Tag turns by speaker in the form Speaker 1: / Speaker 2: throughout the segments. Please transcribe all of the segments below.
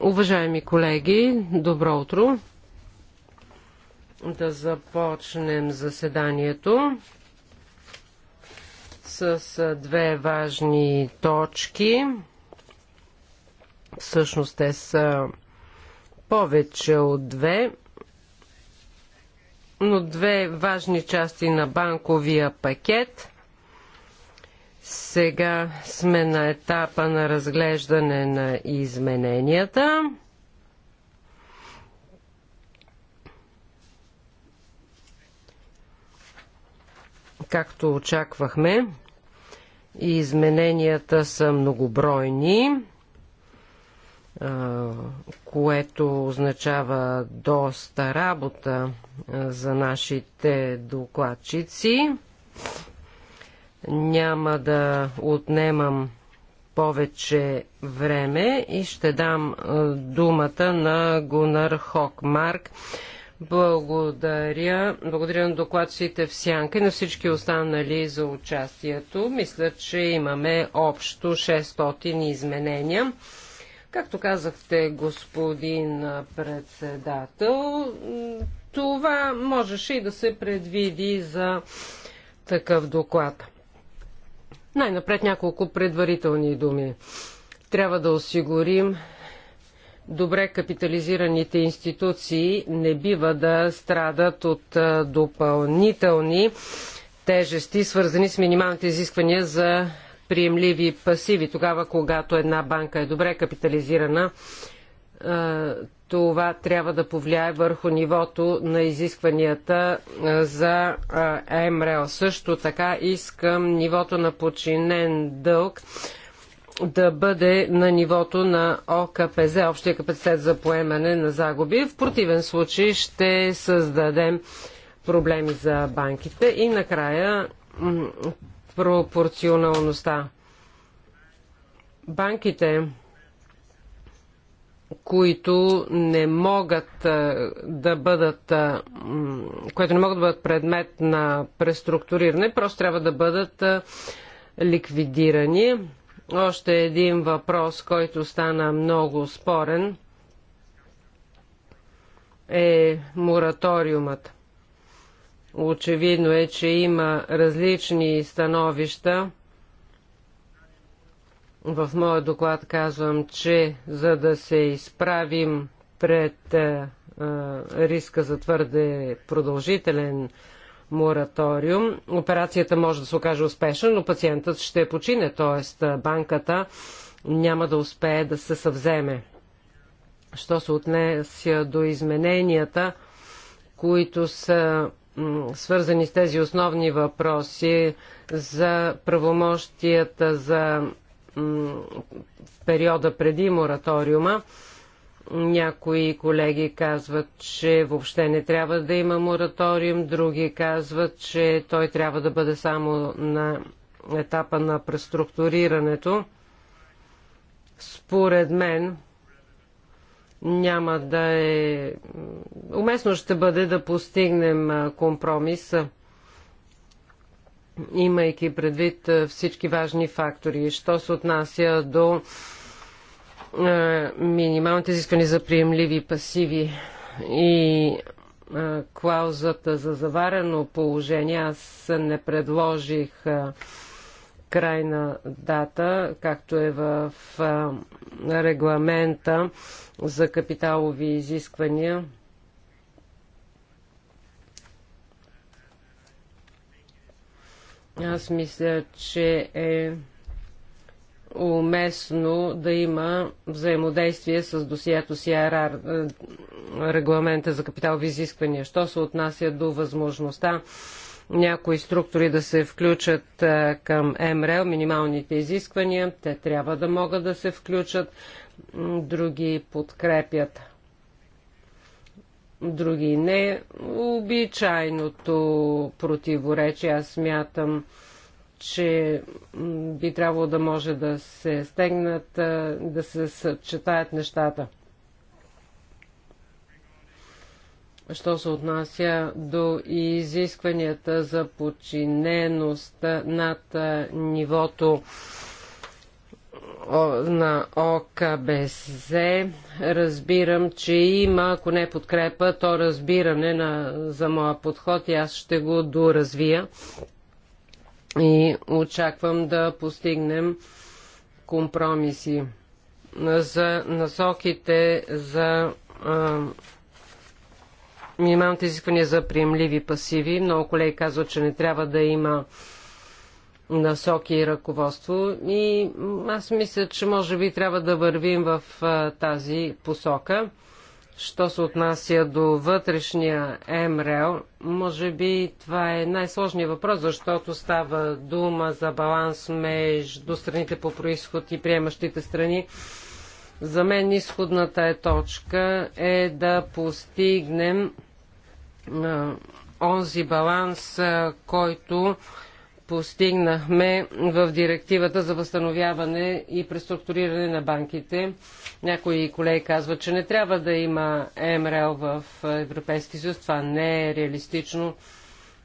Speaker 1: Уважаеми колеги, добро утро! Да започнем заседанието с две важни точки. Всъщност те са повече от две, но две важни части на банковия пакет – сега сме на етапа на разглеждане на измененията. Както очаквахме, измененията са многобройни, което означава доста работа за нашите докладчици. Няма да отнемам повече време и ще дам е, думата на Гунар Хокмарк. Благодаря. Благодаря на докладците в Сянка и на всички останали за участието. Мисля, че имаме общо 600 изменения. Както казахте, господин председател, това можеше и да се предвиди за такъв доклад. Най-напред няколко предварителни думи. Трябва да осигурим добре капитализираните институции не бива да страдат от допълнителни тежести, свързани с минималните изисквания за приемливи пасиви. Тогава, когато една банка е добре капитализирана, това трябва да повлияе върху нивото на изискванията за МРЛ. Също така искам нивото на подчинен дълг да бъде на нивото на ОКПЗ, общия капацитет за поемане на загуби. В противен случай ще създадем проблеми за банките и накрая пропорционалността. Банките които не могат да бъдат, които не могат да бъдат предмет на преструктуриране, просто трябва да бъдат ликвидирани. Още един въпрос, който стана много спорен е мораториумът. Очевидно е, че има различни становища в моя доклад казвам, че за да се изправим пред а, е, е, риска за твърде продължителен мораториум, операцията може да се окаже успешна, но пациентът ще почине, т.е. банката няма да успее да се съвземе. Що се отнесе до измененията, които са свързани с тези основни въпроси за правомощията за в периода преди мораториума. Някои колеги казват, че въобще не трябва да има мораториум, други казват, че той трябва да бъде само на етапа на преструктурирането. Според мен няма да е... Уместно ще бъде да постигнем компромис имайки предвид е, всички важни фактори. Що се отнася до е, минималните изисквания за приемливи пасиви и е, клаузата за заварено положение, аз не предложих крайна дата, както е в регламента за капиталови изисквания. Аз мисля, че е уместно да има взаимодействие с досието CRR, е, регламента за капиталови изисквания. Що се отнася до възможността някои структури да се включат е, към МРЛ, минималните изисквания, те трябва да могат да се включат, други подкрепят други не. Обичайното противоречие, аз смятам, че би трябвало да може да се стегнат, да се съчетаят нещата. Що се отнася до изискванията за подчиненост над нивото на ОКБЗ. Разбирам, че има, ако не подкрепа, то разбиране на, за моя подход и аз ще го доразвия. И очаквам да постигнем компромиси за насоките за а, минималните изисквания за приемливи пасиви. Много колеги казват, че не трябва да има насоки и ръководство. И аз мисля, че може би трябва да вървим в тази посока. Що се отнася до вътрешния МРЛ, може би това е най-сложният въпрос, защото става дума за баланс между страните по происход и приемащите страни. За мен изходната е точка е да постигнем а, онзи баланс, а, който постигнахме в директивата за възстановяване и преструктуриране на банките. Някои колеги казват, че не трябва да има МРЛ в Европейски съюз. Това не е реалистично.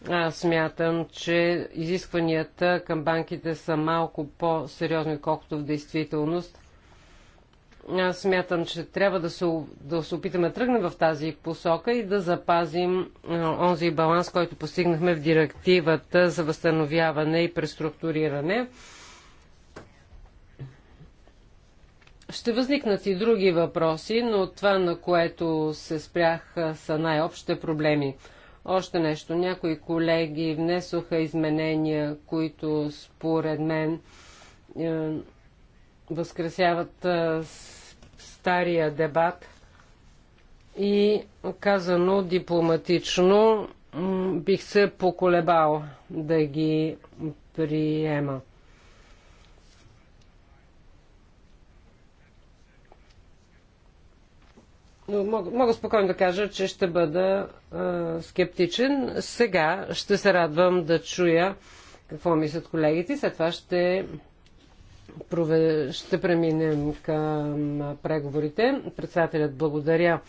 Speaker 1: Аз смятам, че изискванията към банките са малко по-сериозни, отколкото в действителност. Аз смятам, че трябва да се, да се опитаме да тръгнем в тази посока и да запазим онзи баланс, който постигнахме в директивата за възстановяване и преструктуриране. Ще възникнат и други въпроси, но това, на което се спрях, са най-общите проблеми. Още нещо. Някои колеги внесоха изменения, които според мен е, възкрасяват стария дебат и казано дипломатично бих се поколебал да ги приема. Но мога, мога спокойно да кажа, че ще бъда а, скептичен. Сега ще се радвам да чуя какво мислят колегите. След това ще ще преминем към преговорите. Председателят благодаря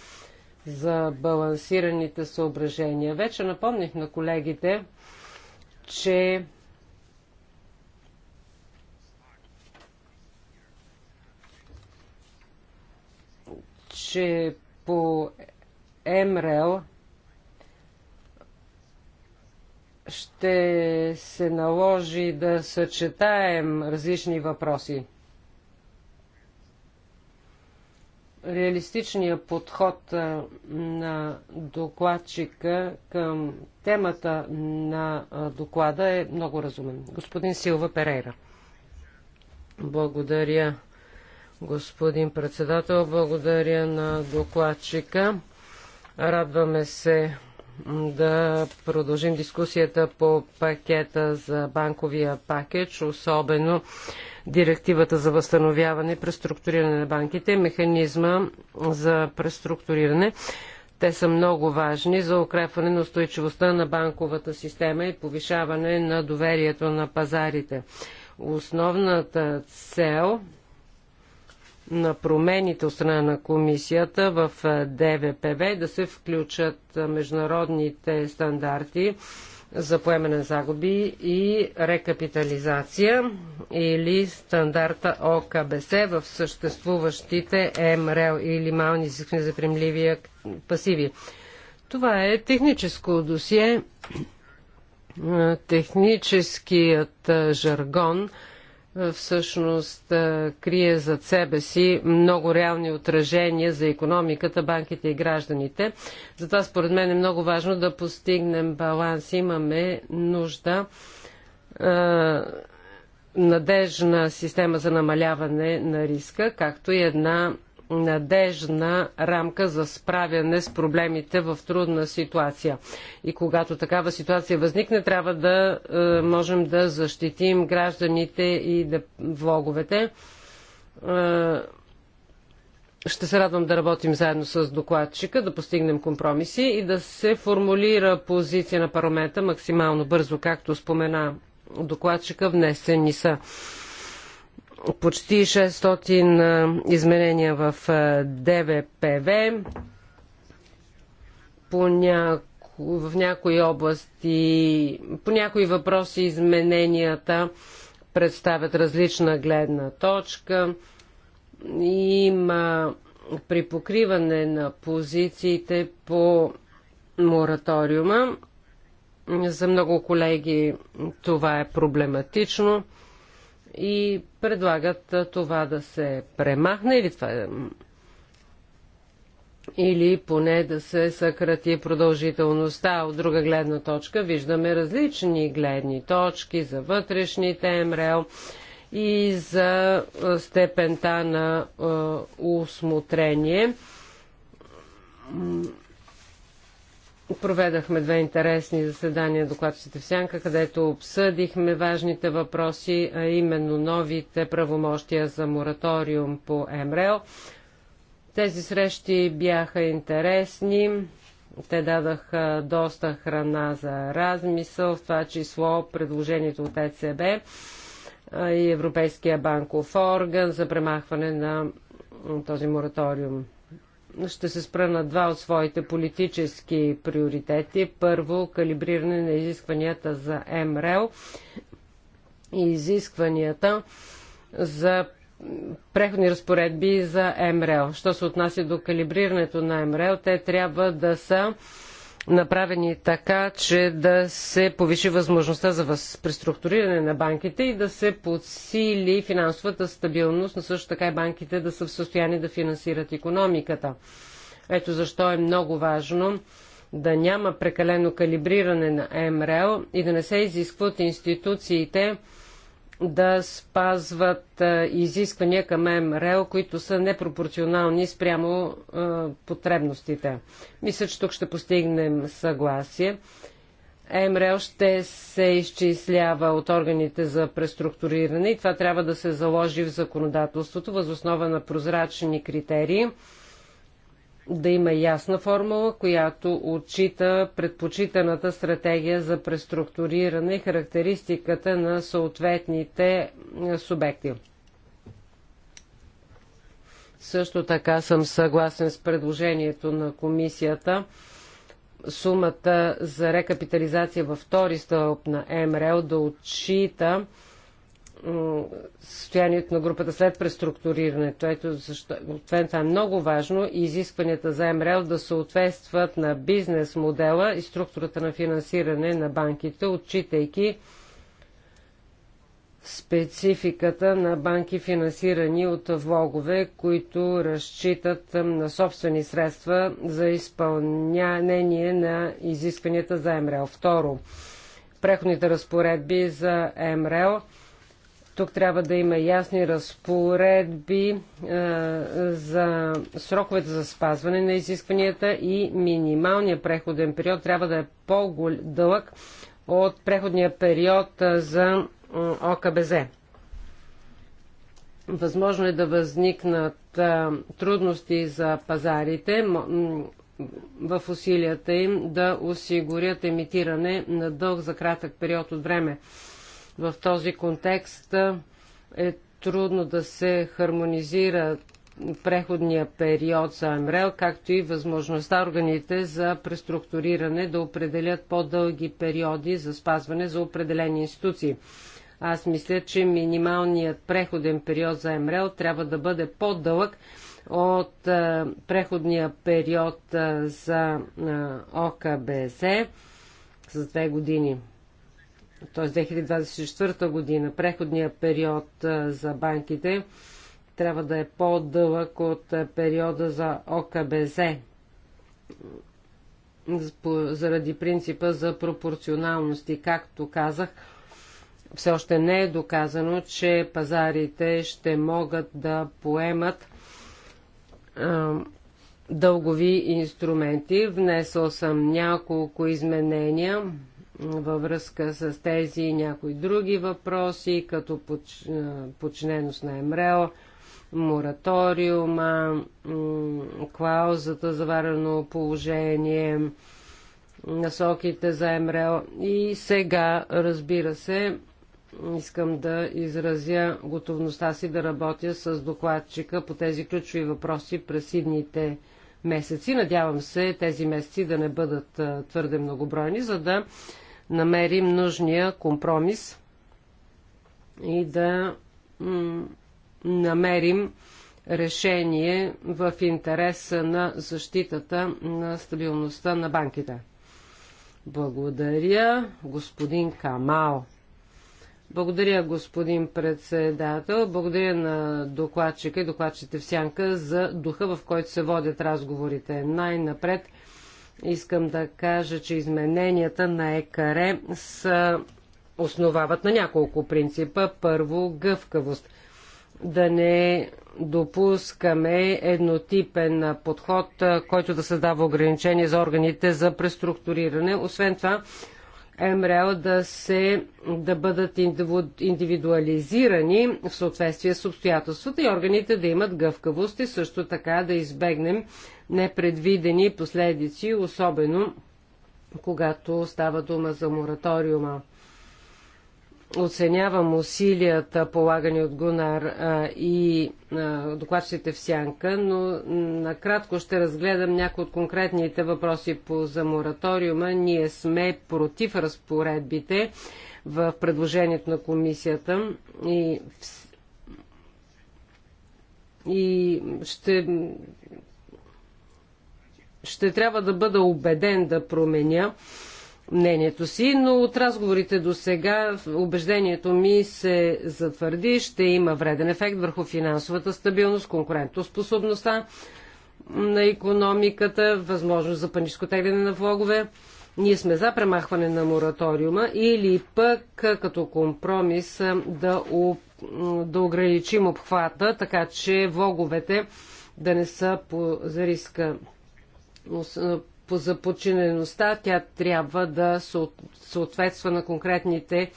Speaker 1: за балансираните съображения. Вече напомних на колегите, че че по МРЛ ще се наложи да съчетаем различни въпроси. Реалистичният подход на докладчика към темата на доклада е много разумен. Господин Силва Перейра. Благодаря, господин председател. Благодаря на докладчика. Радваме се да продължим дискусията по пакета за банковия пакет, особено директивата за възстановяване, преструктуриране на банките, механизма за преструктуриране. Те са много важни за укрепване на устойчивостта на банковата система и повишаване на доверието на пазарите. Основната цел на промените от страна на комисията в е, ДВПВ да се включат е, международните стандарти за поемане на загуби и рекапитализация или стандарта ОКБС в съществуващите МРЕЛ или мални изисквания за примливи пасиви. Това е техническо досие. Е, техническият жаргон – е, всъщност е, крие зад себе си много реални отражения за економиката, банките и гражданите. Затова според мен е много важно да постигнем баланс. Имаме нужда е, надежна система за намаляване на риска, както и една надежна рамка за справяне с проблемите в трудна ситуация. И когато такава ситуация възникне, трябва да е, можем да защитим гражданите и да, влоговете. Е, ще се радвам да работим заедно с докладчика, да постигнем компромиси и да се формулира позиция на парламента максимално бързо, както спомена докладчика, внесени са почти 600 изменения в ДВПВ. По няко... В някои области, по някои въпроси измененията представят различна гледна точка. Има припокриване на позициите по мораториума. За много колеги това е проблематично и предлагат това да се премахне или това или поне да се съкрати продължителността. От друга гледна точка виждаме различни гледни точки за вътрешните МРЛ и за степента на е, усмотрение проведахме две интересни заседания докладчите в Сянка, където обсъдихме важните въпроси, а именно новите правомощия за мораториум по МРЕО. Тези срещи бяха интересни. Те дадаха доста храна за размисъл, в това число предложението от ЕЦБ и Европейския банков орган за премахване на този мораториум ще се спра на два от своите политически приоритети. Първо, калибриране на изискванията за МРЕЛ и изискванията за преходни разпоредби за МРЕЛ. Що се отнася до калибрирането на МРЕЛ, те трябва да са направени така, че да се повиши възможността за преструктуриране на банките и да се подсили финансовата стабилност, но също така и банките да са в състояние да финансират економиката. Ето защо е много важно да няма прекалено калибриране на МРЛ и да не се изисква от институциите да спазват изисквания към МРЛ, които са непропорционални спрямо потребностите. Мисля, че тук ще постигнем съгласие. МРЛ ще се изчислява от органите за преструктуриране и това трябва да се заложи в законодателството възоснова на прозрачни критерии – да има ясна формула, която отчита предпочитаната стратегия за преструктуриране и характеристиката на съответните субекти. Също така съм съгласен с предложението на комисията сумата за рекапитализация във втори стълб на МРЛ да отчита състоянието на групата след преструктурирането. Ето защо, освен това е много важно и изискванията за МРЛ да съответстват на бизнес модела и структурата на финансиране на банките, отчитайки спецификата на банки финансирани от влогове, които разчитат на собствени средства за изпълнение на изискванията за МРЛ. Второ, преходните разпоредби за МРЛ – тук трябва да има ясни разпоредби а, е, за сроковете за спазване на изискванията и минималния преходен период трябва да е по-дълъг от преходния период е, за ОКБЗ. Възможно е да възникнат а, е, трудности за пазарите в усилията им да осигурят емитиране на дълг за кратък период от време в този контекст е трудно да се хармонизира преходния период за МРЕЛ, както и възможността органите за преструктуриране да определят по-дълги периоди за спазване за определени институции. Аз мисля, че минималният преходен период за МРЕЛ трябва да бъде по-дълъг от преходния период за ОКБС с две години т.е. 2024 година, преходния период за банките трябва да е по-дълъг от периода за ОКБЗ заради принципа за пропорционалност и както казах, все още не е доказано, че пазарите ще могат да поемат а, дългови инструменти. Внесъл съм няколко изменения във връзка с тези и някои други въпроси, като подчиненост на МРЕО, мораториума, клаузата за варено положение, насоките за МРЕО. И сега, разбира се, искам да изразя готовността си да работя с докладчика по тези ключови въпроси през идните месеци. Надявам се тези месеци да не бъдат твърде многобройни, за да намерим нужния компромис и да намерим решение в интереса на защитата на стабилността на банките. Благодаря, господин Камал. Благодаря, господин председател. Благодаря на докладчика и докладчите в сянка за духа, в който се водят разговорите. Най-напред – Искам да кажа, че измененията на ЕКАРЕ са основават на няколко принципа. Първо, гъвкавост. Да не допускаме еднотипен подход, който да създава ограничения за органите за преструктуриране. Освен това, МРЛ да, се, да бъдат индивидуализирани в съответствие с обстоятелствата и органите да имат гъвкавост и също така да избегнем непредвидени последици, особено когато става дума за мораториума. Оценявам усилията, полагани от Гунар а, и докладчите в Сянка, но накратко ще разгледам някои от конкретните въпроси по за мораториума. Ние сме против разпоредбите в предложението на комисията и, и ще ще трябва да бъда убеден да променя мнението си, но от разговорите до сега убеждението ми се затвърди, ще има вреден ефект върху финансовата стабилност, конкурентоспособността на економиката, възможност за паническо тегляне на влогове. Ние сме за премахване на мораториума или пък като компромис да, да ограничим обхвата, така че влоговете да не са по, за риска за подчинеността, тя трябва да съответства на конкретните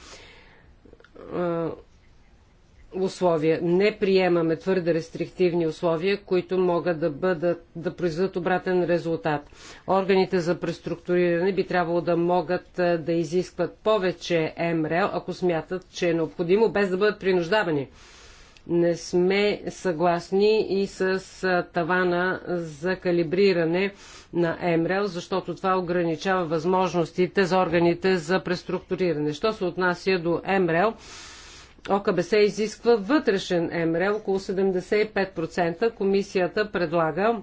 Speaker 1: условия. Не приемаме твърде рестриктивни условия, които могат да бъдат да произведат обратен резултат. Органите за преструктуриране би трябвало да могат да изискват повече МРЛ, ако смятат, че е необходимо, без да бъдат принуждавани. Не сме съгласни и с тавана за калибриране на МРЛ, защото това ограничава възможностите за органите за преструктуриране. Що се отнася до МРЛ, ОКБС изисква вътрешен МРЛ около 75%. Комисията предлага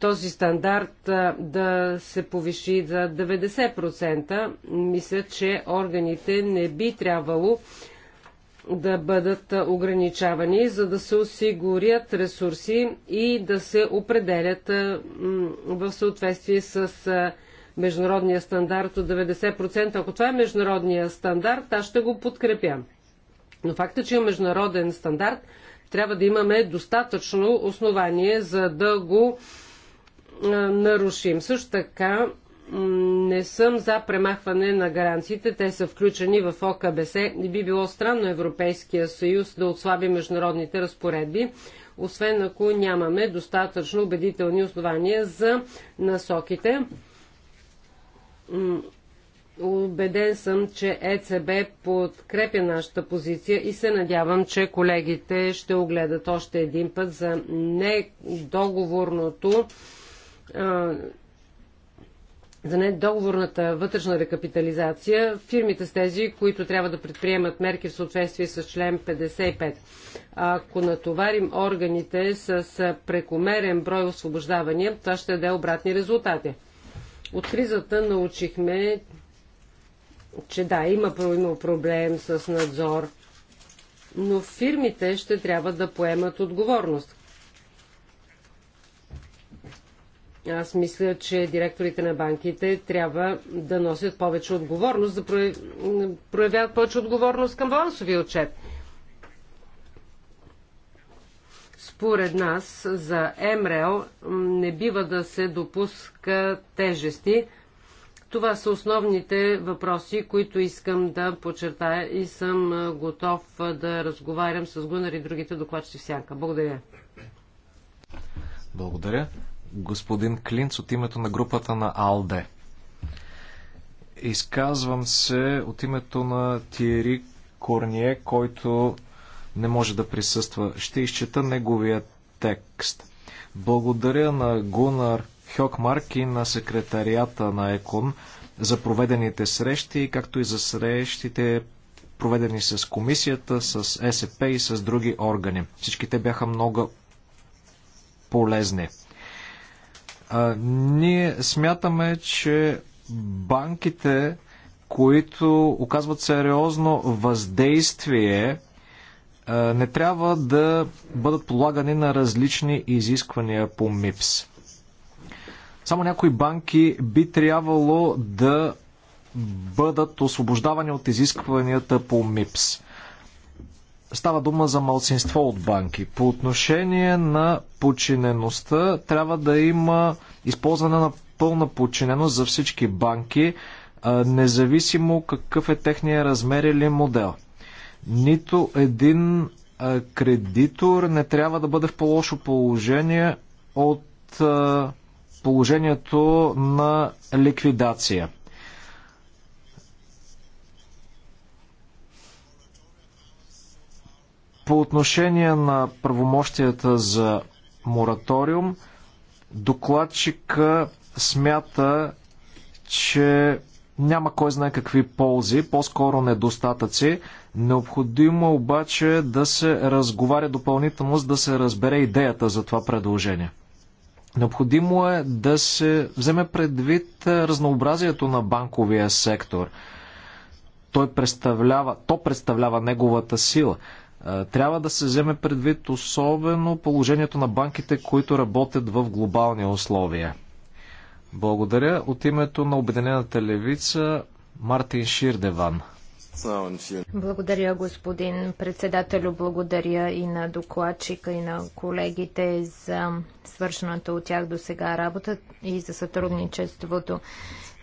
Speaker 1: този стандарт да се повиши за 90%, мисля, че органите не би трябвало да бъдат ограничавани, за да се осигурят ресурси и да се определят в съответствие с международния стандарт от 90%. Ако това е международния стандарт, аз ще го подкрепя. Но факта, че има е международен стандарт, трябва да имаме достатъчно основание, за да го нарушим. Също така не съм за премахване на гаранциите. Те са включени в ОКБС Не би било странно Европейския съюз да отслаби международните разпоредби, освен ако нямаме достатъчно убедителни основания за насоките. Убеден съм, че ЕЦБ подкрепя нашата позиция и се надявам, че колегите ще огледат още един път за недоговорното за недоговорната вътрешна рекапитализация, фирмите с тези, които трябва да предприемат мерки в съответствие с член 55. Ако натоварим органите с прекомерен брой освобождавания, това ще даде обратни резултати. От кризата научихме, че да, има проблем с надзор, но фирмите ще трябва да поемат отговорност. Аз мисля, че директорите на банките трябва да носят повече отговорност, да проявяват повече отговорност към балансовия отчет. Според нас за МРЛ не бива да се допуска тежести. Това са основните въпроси, които искам да подчертая и съм готов да разговарям с Гунар и другите докладчици в сянка. Благодаря. Благодаря
Speaker 2: господин Клинц от името на групата на АЛДЕ. Изказвам се от името на Тиери Корние, който не може да присъства. Ще изчета неговия текст. Благодаря на Гунар Хьокмарк и на секретарията на ЕКОН за проведените срещи, както и за срещите проведени с комисията, с СП и с други органи. Всички те бяха много полезни. Ние смятаме, че банките, които оказват сериозно въздействие, не трябва да бъдат подлагани на различни изисквания по МИПС. Само някои банки би трябвало да бъдат освобождавани от изискванията по МИПС. Става дума за малцинство от банки. По отношение на подчинеността, трябва да има използване на пълна подчиненост за всички банки, независимо какъв е техния размер или модел. Нито един кредитор не трябва да бъде в по-лошо положение от положението на ликвидация. По отношение на правомощията за мораториум, докладчика смята, че няма кой знае какви ползи, по-скоро недостатъци. Необходимо обаче да се разговаря допълнително, за да се разбере идеята за това предложение. Необходимо е да се вземе предвид разнообразието на банковия сектор. Той представлява, то представлява неговата сила. Трябва да се вземе предвид особено положението на банките, които работят в глобални условия. Благодаря. От името на Обединената левица Мартин Ширдеван.
Speaker 3: Благодаря, господин председателю. Благодаря и на докладчика, и на колегите за свършената от тях до сега работа и за сътрудничеството.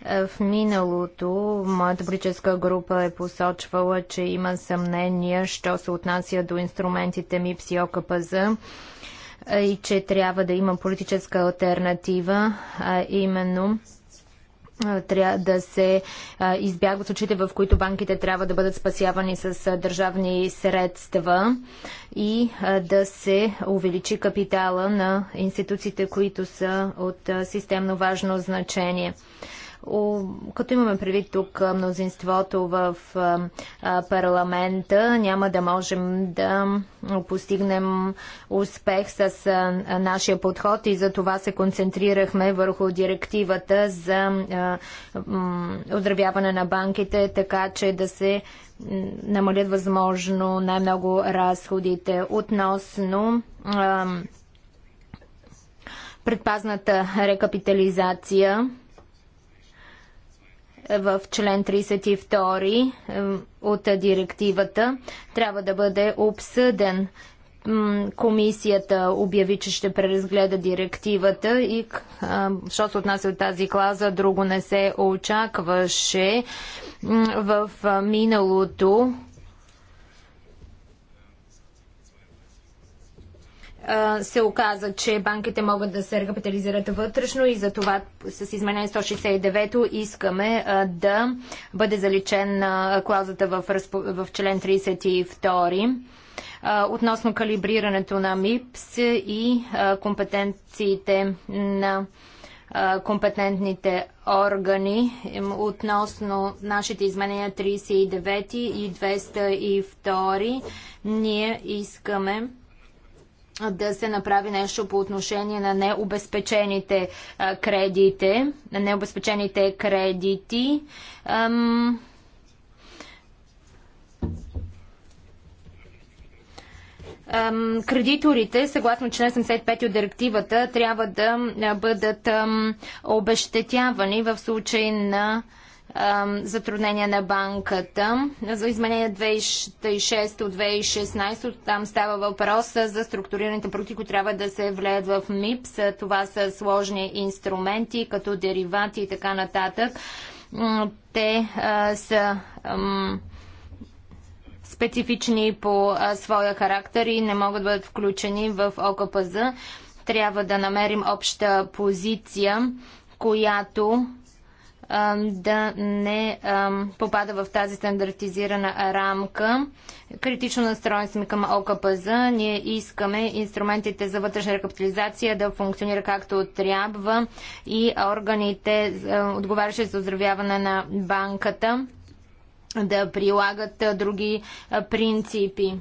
Speaker 3: В миналото моята политическа група е посочвала, че има съмнения, що се отнася до инструментите ми и и че трябва да има политическа альтернатива, а именно трябва да се избягват случаите, в които банките трябва да бъдат спасявани с държавни средства и да се увеличи капитала на институциите, които са от системно важно значение като имаме предвид тук мнозинството в парламента, няма да можем да постигнем успех с нашия подход и за това се концентрирахме върху директивата за оздравяване на банките, така че да се намалят възможно най-много разходите относно предпазната рекапитализация в член 32 от директивата трябва да бъде обсъден. Комисията обяви, че ще преразгледа директивата и, що се отнася от тази клаза, друго не се очакваше в миналото се оказа, че банките могат да се рекапитализират вътрешно и за това с изменение 169 искаме да бъде заличен клаузата в, в член 32 относно калибрирането на МИПС и компетенциите на компетентните органи относно нашите изменения 39 и 202. Ние искаме да се направи нещо по отношение на необезпечените кредите, на необезпечените кредити. Ам... кредиторите, съгласно член 75 от директивата, трябва да бъдат обещетявани в случай на затруднения на банката. За изменение 2006 от 2016 там става въпрос за структурираните продукти, които трябва да се влеят в МИПС. Това са сложни инструменти, като деривати и така нататък. Те а, са ам, специфични по а, своя характер и не могат да бъдат включени в ОКПЗ. Трябва да намерим обща позиция, която да не попада в тази стандартизирана рамка. Критично настроен сме към ОКПЗ. Ние искаме инструментите за вътрешна рекапитализация да функционира както трябва и органите, отговарящи за оздравяване на банката, да прилагат други принципи.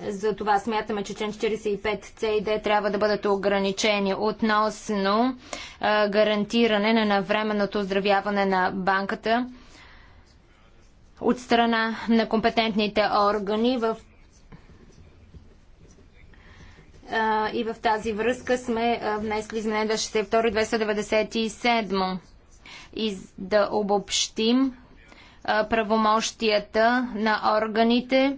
Speaker 3: Затова смятаме, че член 45C трябва да бъдат ограничени относно а, гарантиране на навременното оздравяване на банката от страна на компетентните органи в и в тази връзка сме а, внесли изменение 62 297 и да обобщим правомощията на органите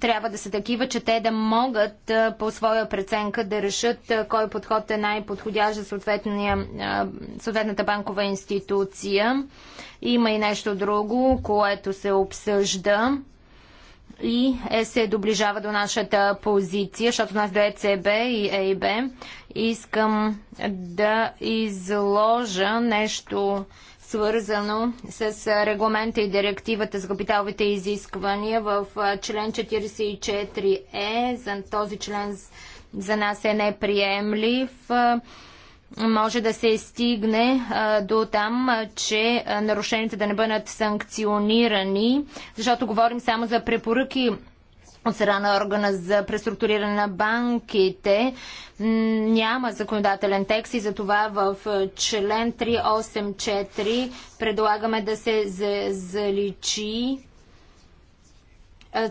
Speaker 3: трябва да са такива, че те да могат по своя преценка да решат кой подход е най-подходящ за съответната банкова институция. Има и нещо друго, което се обсъжда и е, се доближава до нашата позиция, защото нас до ЕЦБ и ЕИБ. Искам да изложа нещо, свързано с регламента и директивата за капиталовите изисквания в член 44е. За този член за нас е неприемлив. Може да се стигне до там, че нарушените да не бъдат санкционирани, защото говорим само за препоръки от страна на органа за преструктуриране на банките няма законодателен текст и затова в е, член 384 предлагаме да се заличи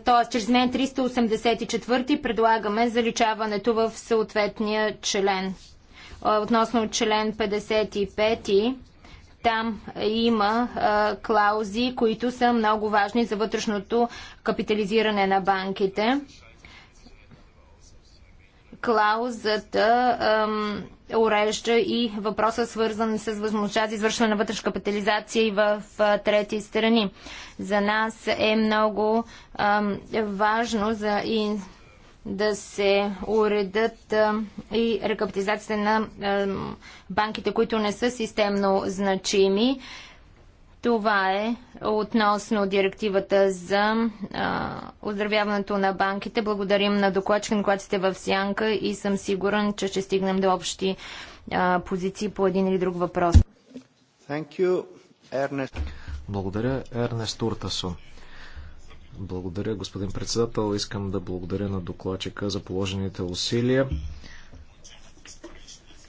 Speaker 3: т.е. чрез мен 384 предлагаме заличаването в съответния член. Е, относно член 55 там има а, клаузи, които са много важни за вътрешното капитализиране на банките. Клаузата ам, урежда и въпроса свързан с възможността за извършване на вътрешна капитализация и в а, трети страни. За нас е много ам, важно за и да се уредат и рекапитализацията на банките, които не са системно значими. Това е относно директивата за а, оздравяването на банките. Благодарим на докладчика, на която сте в сянка и съм сигурен, че ще стигнем до общи а, позиции по един или друг въпрос.
Speaker 2: Thank you, Ernest. Благодаря, Ернест Уртасон. Благодаря, господин председател. Искам да благодаря на докладчика за положените усилия.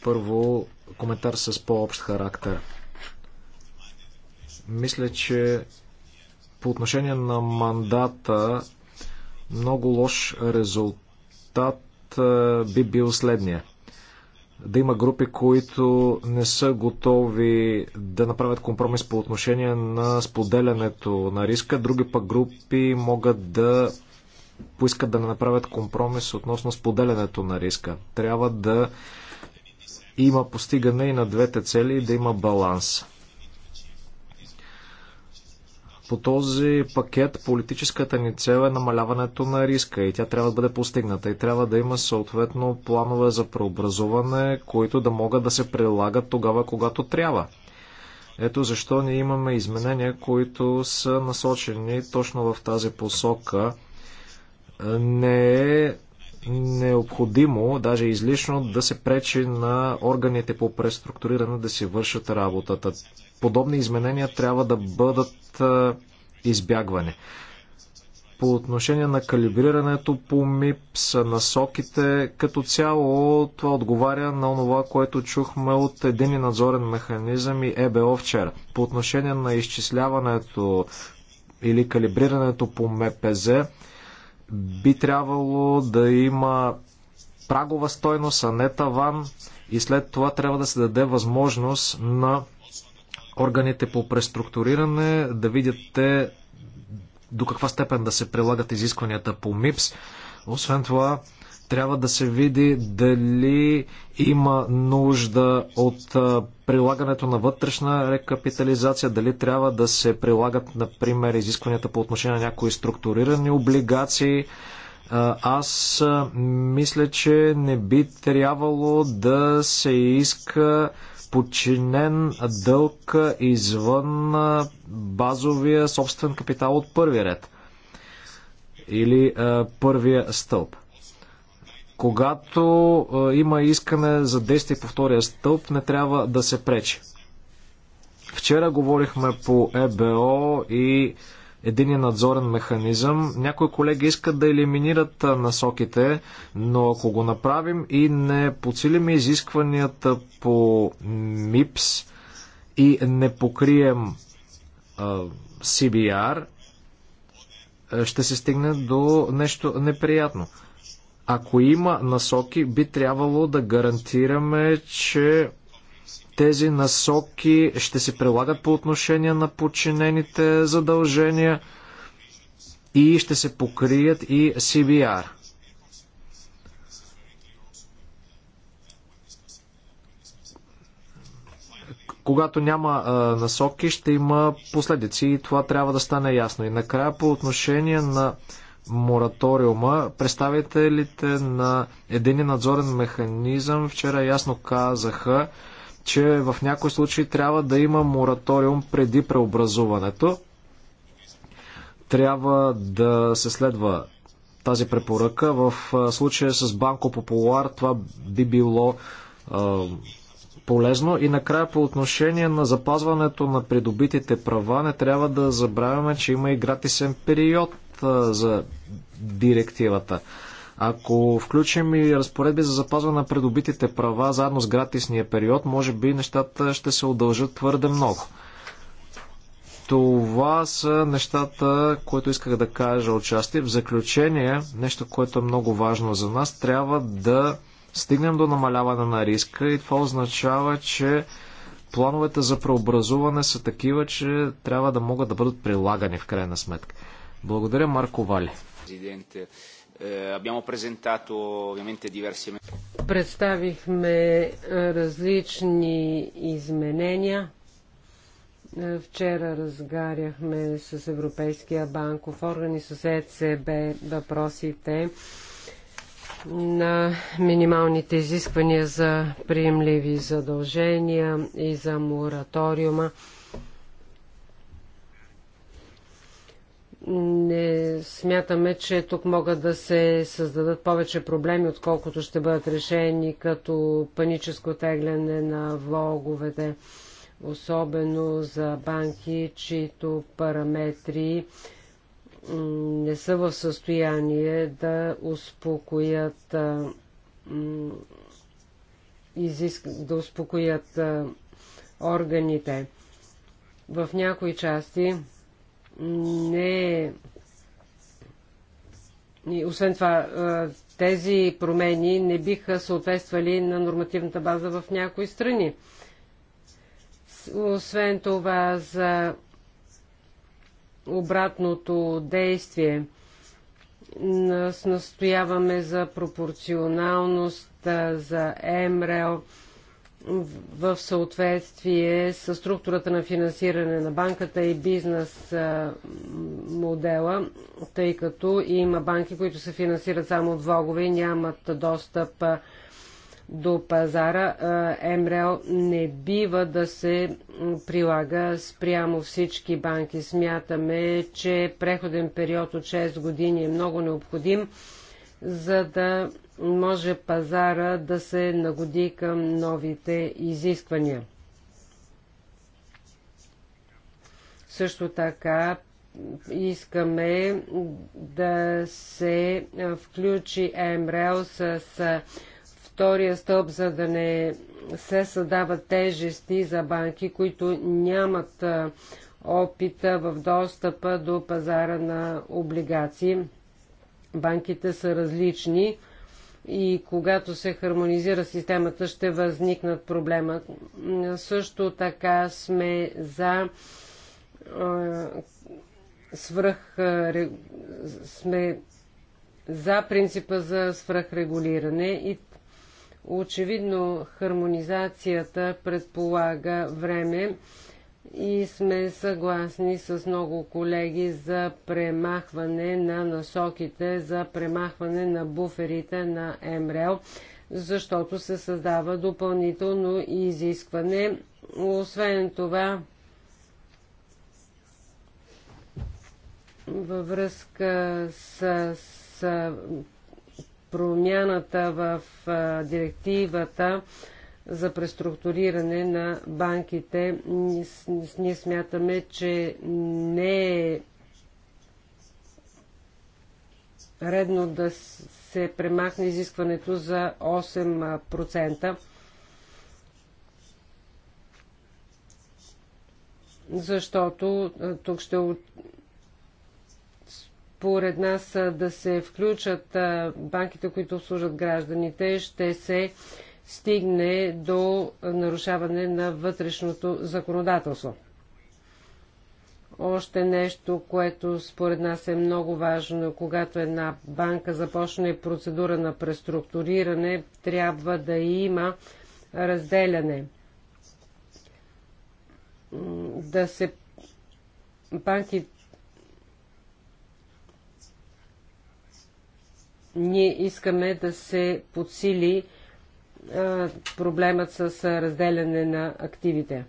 Speaker 2: Първо, коментар с по-общ характер. Мисля, че по отношение на мандата много лош резултат е, би бил следния да има групи, които не са готови да направят компромис по отношение на споделянето на риска. Други пък групи могат да поискат да не направят компромис относно споделянето на риска. Трябва да има постигане и на двете цели и да има баланс. По този пакет политическата ни цел е намаляването на риска и тя трябва да бъде постигната и трябва да има съответно планове за преобразуване, които да могат да се прилагат тогава, когато трябва. Ето защо ние имаме изменения, които са насочени точно в тази посока. Не е необходимо, даже излишно, да се пречи на органите по преструктуриране да си вършат работата. Подобни изменения трябва да бъдат избягване. По отношение на калибрирането по МИПС, насоките, като цяло това отговаря на това, което чухме от един надзорен механизъм и ЕБО вчера. По отношение на изчисляването или калибрирането по МПЗ, би трябвало да има прагова стойност, а не таван и след това трябва да се даде възможност на органите по преструктуриране, да видят те до каква степен да се прилагат изискванията по МИПС. Освен това, трябва да се види дали има нужда от прилагането на вътрешна рекапитализация, дали трябва да се прилагат, например, изискванията по отношение на някои структурирани облигации. Аз мисля, че не би трябвало да се иска подчинен дълг извън базовия собствен капитал от първи ред или а, първия стълб. Когато а, има искане за действие по втория стълб, не трябва да се пречи. Вчера говорихме по ЕБО и а, един надзорен механизъм. Някои колеги искат да елиминират насоките, но ако го направим и не подсилим изискванията по МИПС и не покрием а, CBR, ще се стигне до нещо неприятно. Ако има насоки, би трябвало да гарантираме, че тези насоки ще се прилагат по отношение на подчинените задължения и ще се покрият и CBR. когато няма а, насоки, ще има последици и това трябва да стане ясно. И накрая по отношение на мораториума, представителите на един надзорен механизъм вчера ясно казаха, че в някои случаи трябва да има мораториум преди преобразуването. Трябва да се следва тази препоръка. В случая с Банко Популар това би било е, полезно. И накрая по отношение на запазването на придобитите права не трябва да забравяме, че има и гратисен период е, за директивата. Ако включим и разпоредби за запазване на предобитите права заедно с гратисния период, може би нещата ще се удължат твърде много. Това са нещата, които исках да кажа отчасти. В заключение, нещо, което е много важно за нас, трябва да стигнем до намаляване на риска и това означава, че плановете за преобразуване са такива, че трябва да могат да бъдат прилагани в крайна сметка. Благодаря, Марко Вали.
Speaker 3: Eh, abbiamo presentato ovviamente diversi
Speaker 1: Представихме различни изменения. Е, вчера разгаряхме с Европейския банков орган и с ЕЦБ въпросите на минималните изисквания за приемливи задължения и за мораториума. не смятаме, че тук могат да се създадат повече проблеми, отколкото ще бъдат решени като паническо тегляне на влоговете, особено за банки, чието параметри не са в състояние да успокоят да успокоят органите. В някои части не и освен това, тези промени не биха съответствали на нормативната база в някои страни. Освен това, за обратното действие нас настояваме за пропорционалност, за МРЛ в съответствие с структурата на финансиране на банката и бизнес модела, тъй като има банки, които се финансират само от влогове и нямат достъп до пазара. МРЛ не бива да се прилага спрямо всички банки. Смятаме, че преходен период от 6 години е много необходим, за да може пазара да се нагоди към новите изисквания. Също така искаме да се включи МРЛ с втория стълб, за да не се създават тежести за банки, които нямат опита в достъпа до пазара на облигации. Банките са различни и когато се хармонизира системата, ще възникнат проблема. Също така сме за свръх сме за принципа за свръхрегулиране и очевидно хармонизацията предполага време и сме съгласни с много колеги за премахване на насоките, за премахване на буферите на МРЛ, защото се създава допълнително изискване. Освен това, във връзка с, с промяната в директивата, за преструктуриране на банките. Ние смятаме, че не е редно да се премахне изискването за 8%. защото тук ще според нас да се включат банките, които обслужат гражданите, ще се стигне до нарушаване на вътрешното законодателство. Още нещо, което според нас е много важно, когато една банка започне процедура на преструктуриране, трябва да има разделяне. Да се банки ние искаме да се подсили проблемът с разделяне на активите.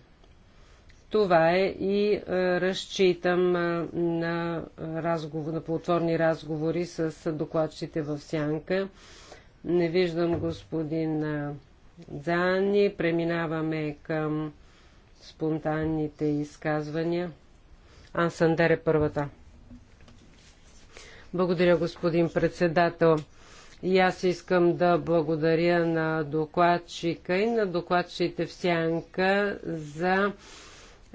Speaker 1: Това е и разчитам на, разговор, на плодотворни разговори с докладчите в Сянка. Не виждам господин Дзани. Преминаваме към спонтанните изказвания. Ансандер е първата. Благодаря, господин председател. И аз искам да благодаря на докладчика и на докладчите в Сянка за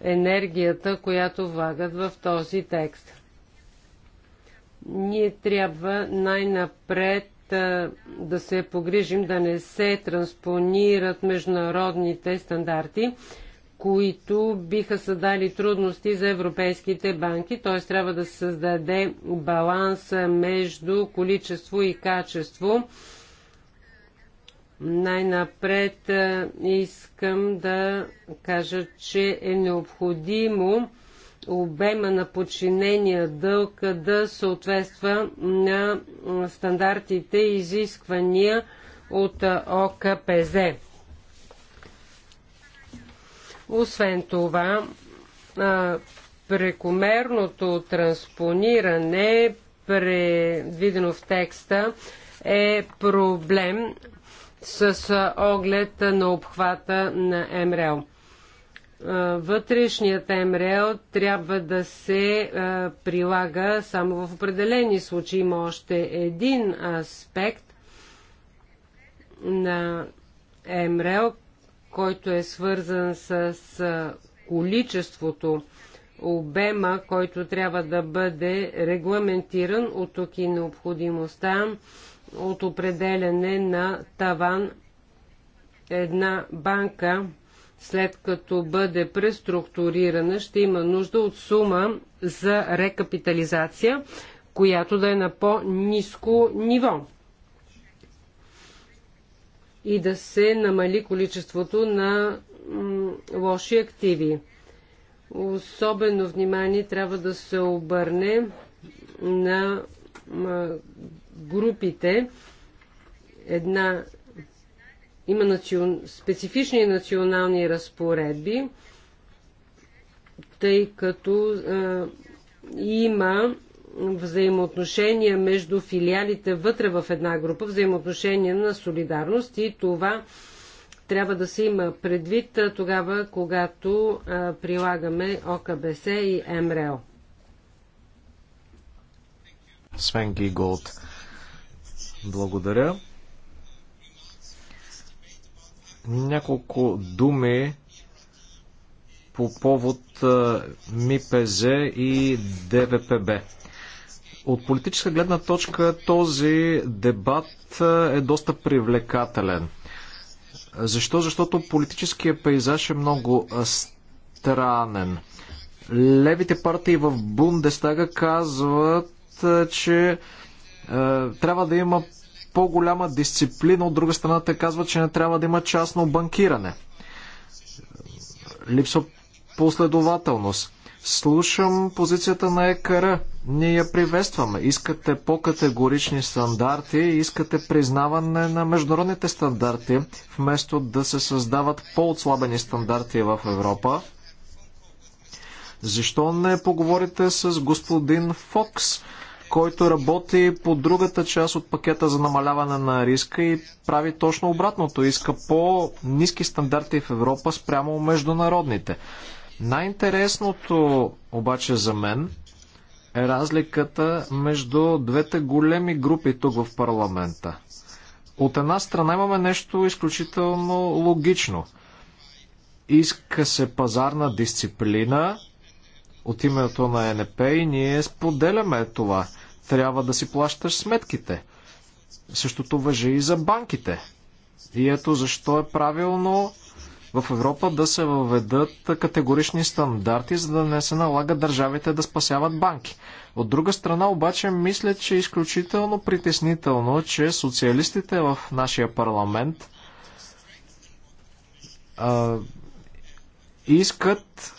Speaker 1: енергията, която влагат в този текст. Ние трябва най-напред да се погрижим да не се транспонират международните стандарти които биха създали трудности за европейските банки, т.е. трябва да се създаде баланс между количество и качество. Най-напред е, искам да кажа, че е необходимо обема на подчинения дълг да съответства на стандартите и изисквания от ОКПЗ. Освен това, прекомерното транспониране, предвидено в текста, е проблем с оглед на обхвата на МРЛ. Вътрешният МРЛ трябва да се прилага само в определени случаи. Има още един аспект на МРЛ, който е свързан с количеството, обема, който трябва да бъде регламентиран от тук и необходимостта от определене на таван една банка след като бъде преструктурирана, ще има нужда от сума за рекапитализация, която да е на по-низко ниво и да се намали количеството на лоши активи. Особено внимание трябва да се обърне на групите. Една има национ... специфични национални разпоредби, тъй като а, има взаимоотношения между филиалите вътре в една група, взаимоотношения на солидарност и това трябва да се има предвид тогава, когато прилагаме ОКБС и МРЕО.
Speaker 2: Свен Гиголд. Благодаря. Няколко думи по повод МИПЗ и ДВПБ. От политическа гледна точка този дебат е, е доста привлекателен. Защо? Защото политическия пейзаж е много странен. Левите партии в Бундестага казват, че е, трябва да има по-голяма дисциплина, от друга страна те казват, че не трябва да има частно банкиране. Липсва последователност слушам позицията на ЕКР. Ние я приветстваме. Искате по-категорични стандарти, искате признаване на международните стандарти, вместо да се създават по-отслабени стандарти в Европа. Защо не поговорите с господин Фокс, който работи по другата част от пакета за намаляване на риска и прави точно обратното. Иска по-низки стандарти в Европа спрямо международните. Най-интересното обаче за мен е разликата между двете големи групи тук в парламента. От една страна имаме нещо изключително логично. Иска се пазарна дисциплина от името на НП и ние споделяме това. Трябва да си плащаш сметките. Същото въжи и за банките. И ето защо е правилно в Европа да се въведат категорични стандарти, за да не се налага държавите да спасяват банки. От друга страна обаче мисля, че е изключително притеснително, че социалистите в нашия парламент а, искат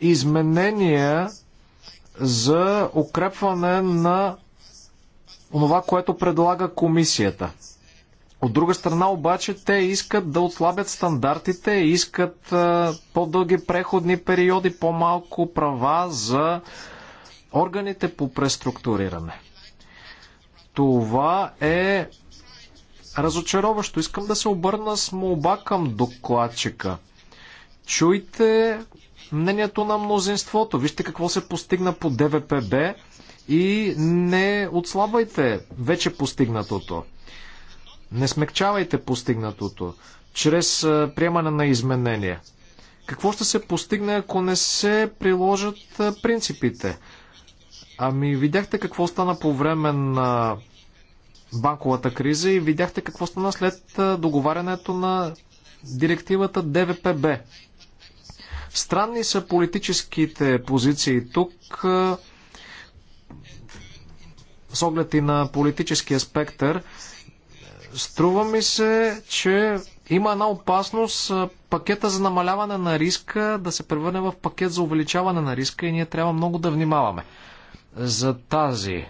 Speaker 2: изменения за укрепване на онова, което предлага комисията. От друга страна обаче те искат да отслабят стандартите, искат по-дълги преходни периоди, по-малко права за органите по преструктуриране. Това е разочароващо. Искам да се обърна с молба към докладчика. Чуйте мнението на мнозинството. Вижте какво се постигна по ДВПБ и не отслабвайте вече постигнатото. Не смекчавайте постигнатото чрез приемане на изменения. Какво ще се постигне, ако не се приложат принципите? Ами видяхте какво стана по време на банковата криза и видяхте какво стана след договарянето на директивата ДВПБ. Странни са политическите позиции тук с оглед и на политическия спектър. Струва ми се, че има една опасност пакета за намаляване на риска да се превърне в пакет за увеличаване на риска и ние трябва много да внимаваме за тази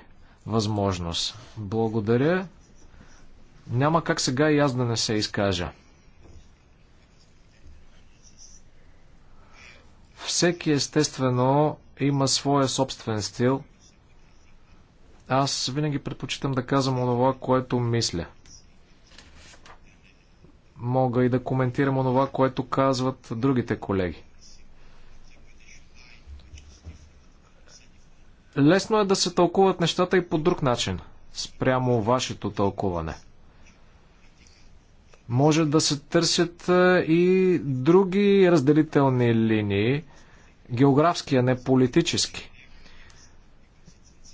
Speaker 2: възможност. Благодаря. Няма как сега и аз да не се изкажа. Всеки естествено има своя собствен стил. Аз винаги предпочитам да казвам онова, което мисля – мога и да коментирам онова, което казват другите колеги. Лесно е да се тълкуват нещата и по друг начин, спрямо вашето тълкуване. Може да се търсят и други разделителни линии, географски, а не политически.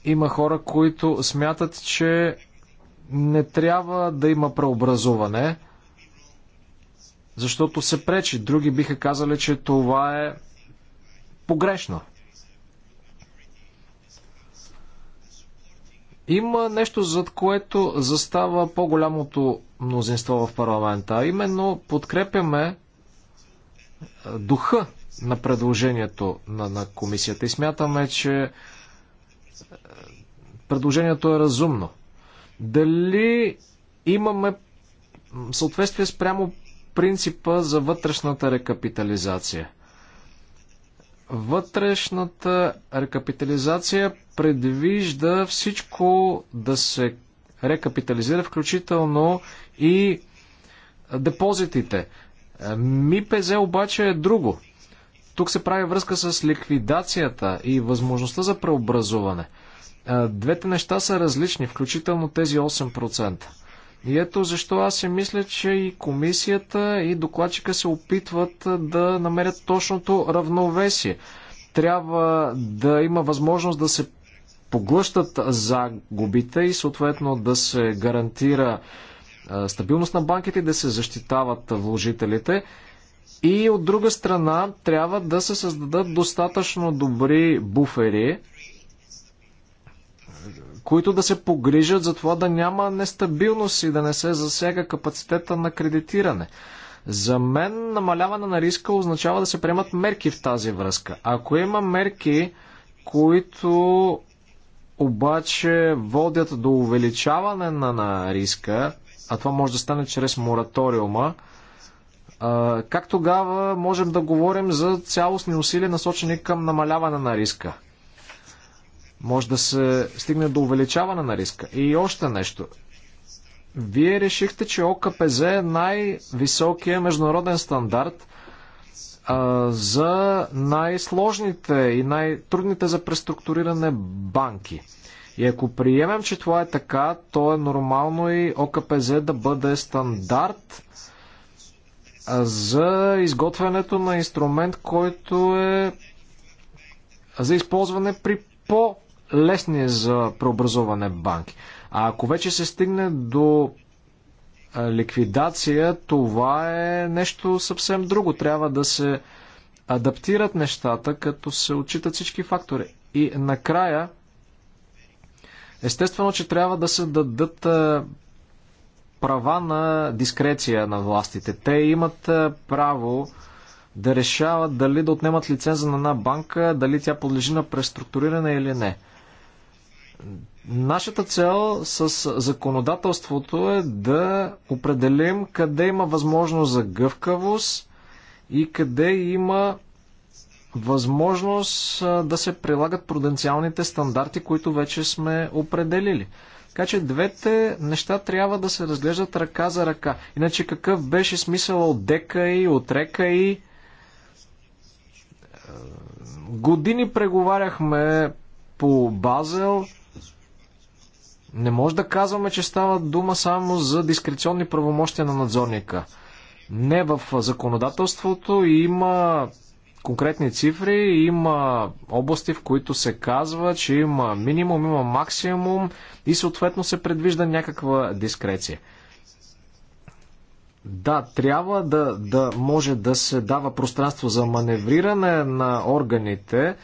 Speaker 2: Има хора, които смятат, че не трябва да има преобразуване – защото се пречи. Други биха казали, че това е погрешно. Има нещо, зад което застава по-голямото мнозинство в парламента, а именно подкрепяме духа на предложението на, на комисията и смятаме, че предложението е разумно. Дали имаме съответствие спрямо принципа за вътрешната рекапитализация. Вътрешната рекапитализация предвижда всичко да се рекапитализира, включително и депозитите. МИПЗ обаче е друго. Тук се прави връзка с ликвидацията и възможността за преобразуване. Двете неща са различни, включително тези 8%. И ето защо аз си мисля, че и комисията, и докладчика се опитват да намерят точното равновесие. Трябва да има възможност да се поглъщат загубите и съответно да се гарантира стабилност на банките и да се защитават вложителите. И от друга страна трябва да се създадат достатъчно добри буфери, които да се погрижат за това да няма нестабилност и да не се засяга капацитета на кредитиране. За мен намаляване на риска означава да се приемат мерки в тази връзка. Ако има мерки, които обаче водят до увеличаване на, на риска, а това може да стане чрез мораториума, а, как тогава можем да говорим за цялостни усилия насочени към намаляване на риска? Може да се стигне до увеличаване на риска. И още нещо. Вие решихте, че ОКПЗ е най-високия международен стандарт а, за най-сложните и най-трудните за преструктуриране банки. И ако приемем, че това е така, то е нормално и ОКПЗ да бъде стандарт за изготвянето на инструмент, който е за използване при по лесни е за преобразуване банки. А ако вече се стигне до ликвидация, това е нещо съвсем друго. Трябва да се адаптират нещата, като се отчитат всички фактори. И накрая, естествено, че трябва да се дадат права на дискреция на властите. Те имат право да решават дали да отнемат лиценза на една банка, дали тя подлежи на преструктуриране или не. Нашата цел с законодателството е да определим къде има възможност за гъвкавост и къде има възможност да се прилагат пруденциалните стандарти, които вече сме определили. Така че двете неща трябва да се разглеждат ръка за ръка. Иначе какъв беше смисъл от дека и от река и е, години преговаряхме по Базел – не може да казваме, че става дума само за дискреционни правомощия на надзорника. Не в законодателството има конкретни цифри, има области, в които се казва, че има минимум, има максимум и съответно се предвижда някаква дискреция. Да, трябва да, да може да се дава пространство за маневриране на органите. Е,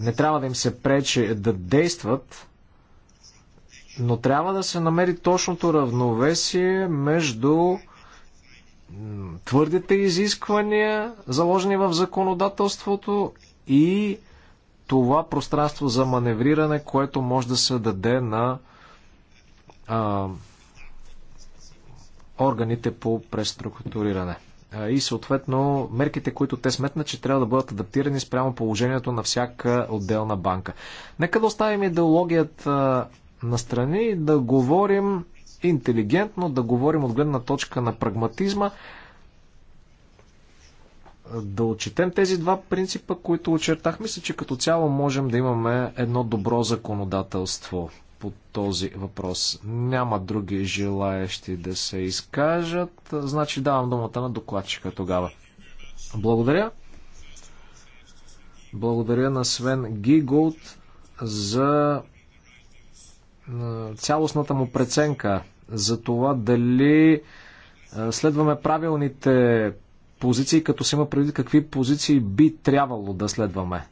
Speaker 2: не трябва да им се пречи да действат. Но трябва да се намери точното равновесие между твърдите изисквания, заложени в законодателството и това пространство за маневриране, което може да се даде на а, органите по преструктуриране. И съответно мерките, които те сметнат, че трябва да бъдат адаптирани спрямо положението на всяка отделна банка. Нека да оставим идеологията настрани и да говорим интелигентно, да говорим от гледна точка на прагматизма, да отчетем тези два принципа, които очертах. Мисля, че като цяло можем да имаме едно добро законодателство по този въпрос. Няма други желаящи да се изкажат. Значи давам думата на докладчика тогава. Благодаря. Благодаря на Свен Гиголд за е, цялостната му преценка за това дали е, следваме правилните позиции, като се има предвид какви позиции би трябвало да следваме.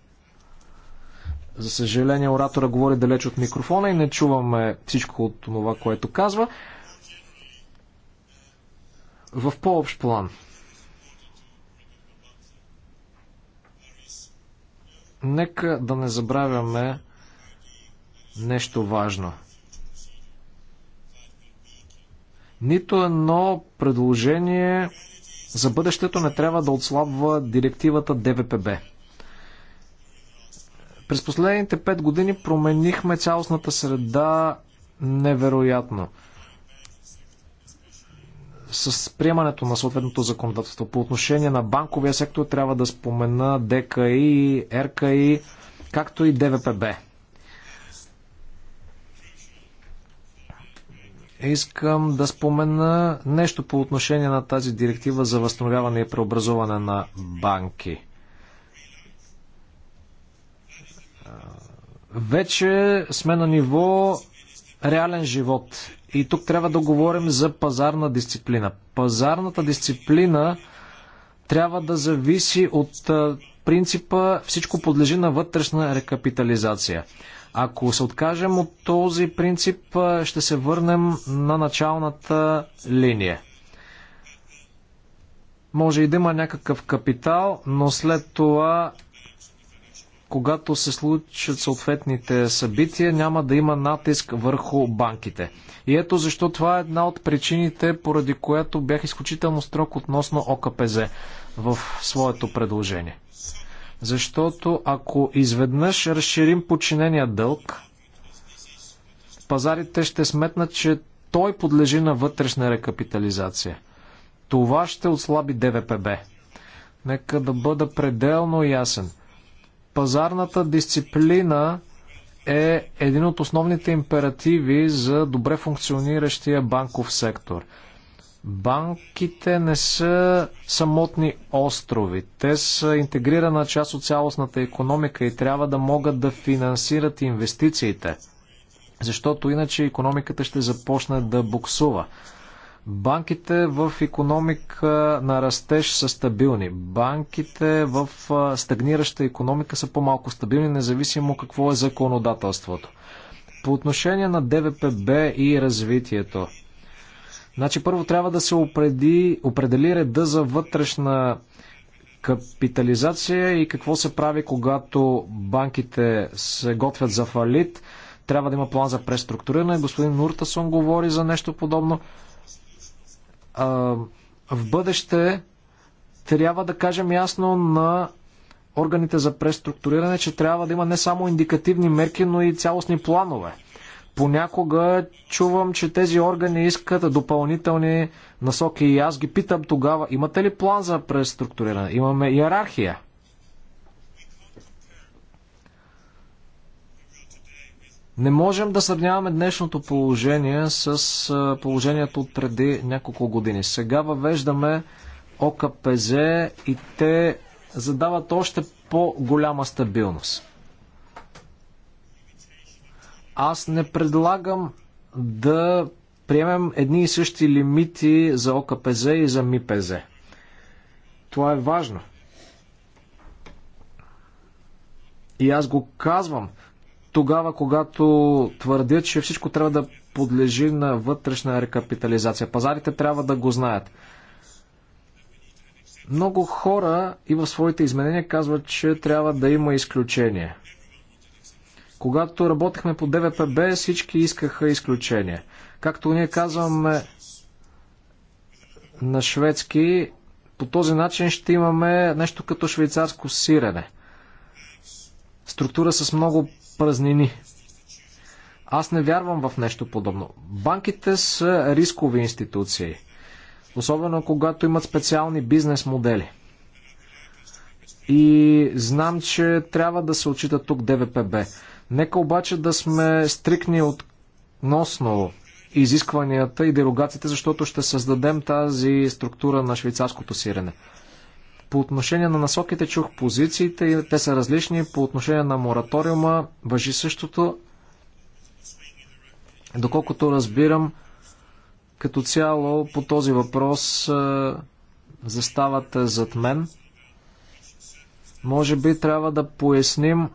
Speaker 2: За съжаление, оратора говори далеч от микрофона и не чуваме всичко от това, което казва. В по-общ план. Нека да не забравяме, нещо важно. Нито едно предложение за бъдещето не трябва да отслабва директивата ДВПБ. През последните 5 години променихме цялостната среда невероятно с приемането на съответното законодателство. По отношение на банковия сектор трябва да спомена ДКИ, РКИ, както и ДВПБ. Искам да спомена нещо по отношение на тази директива за възстановяване и преобразуване на банки. Вече сме на ниво реален живот. И тук трябва да говорим за пазарна дисциплина. Пазарната дисциплина трябва да зависи от принципа всичко подлежи на вътрешна рекапитализация. Ако се откажем от този принцип, ще се върнем на началната линия. Може и да има някакъв капитал, но след това, когато се случат съответните събития, няма да има натиск върху банките. И ето защо това е една от причините, поради която бях изключително строг относно ОКПЗ в своето предложение. Защото ако изведнъж разширим подчинения дълг, пазарите ще сметнат, че той подлежи на вътрешна рекапитализация. Това ще отслаби ДВПБ. Нека да бъда пределно ясен. Пазарната дисциплина е един от основните императиви за добре функциониращия банков сектор. Банките не са самотни острови. Те са интегрирана част от цялостната економика и трябва да могат да финансират инвестициите, защото иначе економиката ще започне да буксува. Банките в економика на растеж са стабилни. Банките в стагнираща економика са по-малко стабилни, независимо какво е законодателството. По отношение на ДВПБ и развитието – Значи първо трябва да се определи, определи реда за вътрешна капитализация и какво се прави, когато банките се готвят за фалит. Трябва да има план за преструктуриране. Господин Нуртасон говори за нещо подобно. А, в бъдеще трябва да кажем ясно на органите за преструктуриране, че трябва да има не само индикативни мерки, но и цялостни планове Понякога чувам, че тези органи искат допълнителни насоки и аз ги питам тогава, имате ли план за преструктуриране? Имаме иерархия. Не можем да сравняваме днешното положение с положението от преди няколко години. Сега въвеждаме ОКПЗ и те задават още по-голяма стабилност. Аз не предлагам да приемем едни и същи лимити за ОКПЗ и за МИПЗ. Това е важно. И аз го казвам тогава, когато твърдя, че всичко трябва да подлежи на вътрешна рекапитализация. Пазарите трябва да го знаят. Много хора и в своите изменения казват, че трябва да има изключение. Когато работехме по ДВПБ, всички искаха изключение. Както ние казваме на шведски, по този начин ще имаме нещо като швейцарско сирене. Структура с много празнини. Аз не вярвам в нещо подобно. Банките са рискови институции. Особено когато имат специални бизнес модели. И знам, че трябва да се отчита тук ДВПБ. Нека обаче да сме стрикни относно изискванията и дерогациите, защото ще създадем тази структура на швейцарското сирене. По отношение на насоките чух позициите и те са различни. По отношение на мораториума въжи същото. Доколкото разбирам, като цяло по този въпрос е, заставате зад мен. Може би трябва да поясним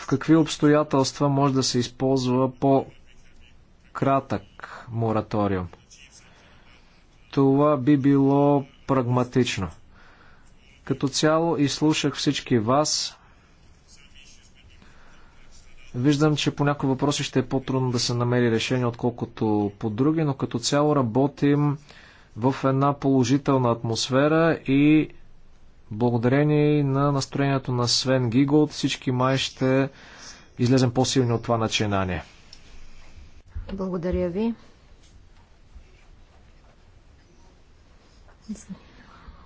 Speaker 2: в какви обстоятелства може да се използва по-кратък мораториум. Това би било прагматично. Като цяло изслушах всички вас. Виждам, че по някои въпроси ще е по-трудно да се намери решение, отколкото по други, но като цяло работим в една положителна атмосфера и Благодарение и на настроението на Свен Гиголд, всички май ще излезем по-силни от това начинание.
Speaker 3: Благодаря ви.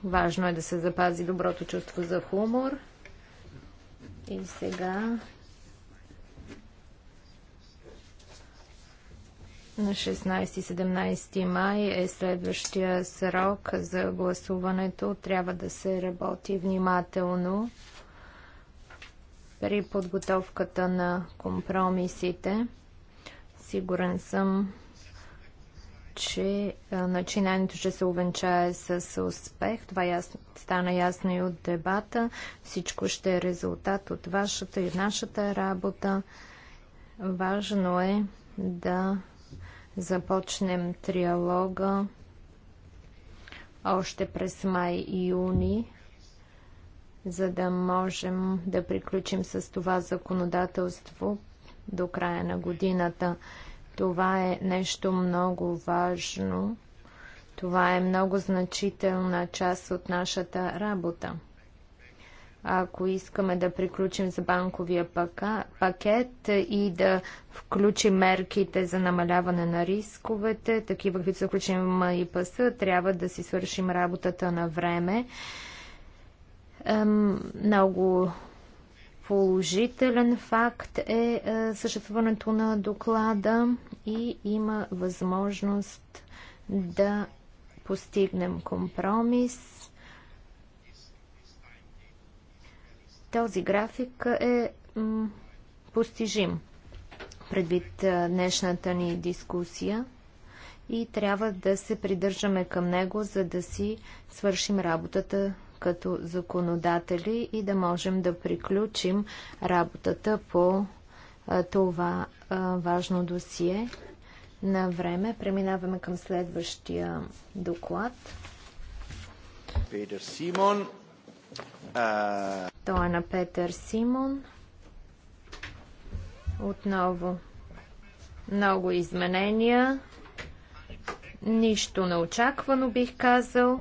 Speaker 3: Важно е да се запази доброто чувство за хумор. И сега На 16 и 17 май е следващия срок за гласуването. Трябва да се работи внимателно при подготовката на компромисите. Сигурен съм, че начинанието ще се увенчае с успех. Това ясно, стана ясно и от дебата. Всичко ще е резултат от вашата и нашата работа. Важно е да започнем триалога още през май и юни, за да можем да приключим с това законодателство до края на годината. Това е нещо много важно. Това е много значителна част от нашата работа. Ако искаме да приключим с банковия пакет и да включим мерките за намаляване на рисковете, такива каквито са включени в МИПС, трябва да си свършим работата на време. много положителен факт е, е съществуването на доклада и има възможност да постигнем компромис Този график е постижим предвид днешната ни дискусия и трябва да се придържаме към него, за да си свършим работата като законодатели и да можем да приключим работата по това важно досие на време. Преминаваме към следващия доклад. Пейдер Симон. Той е на Петър Симон. Отново много изменения. Нищо неочаквано бих казал.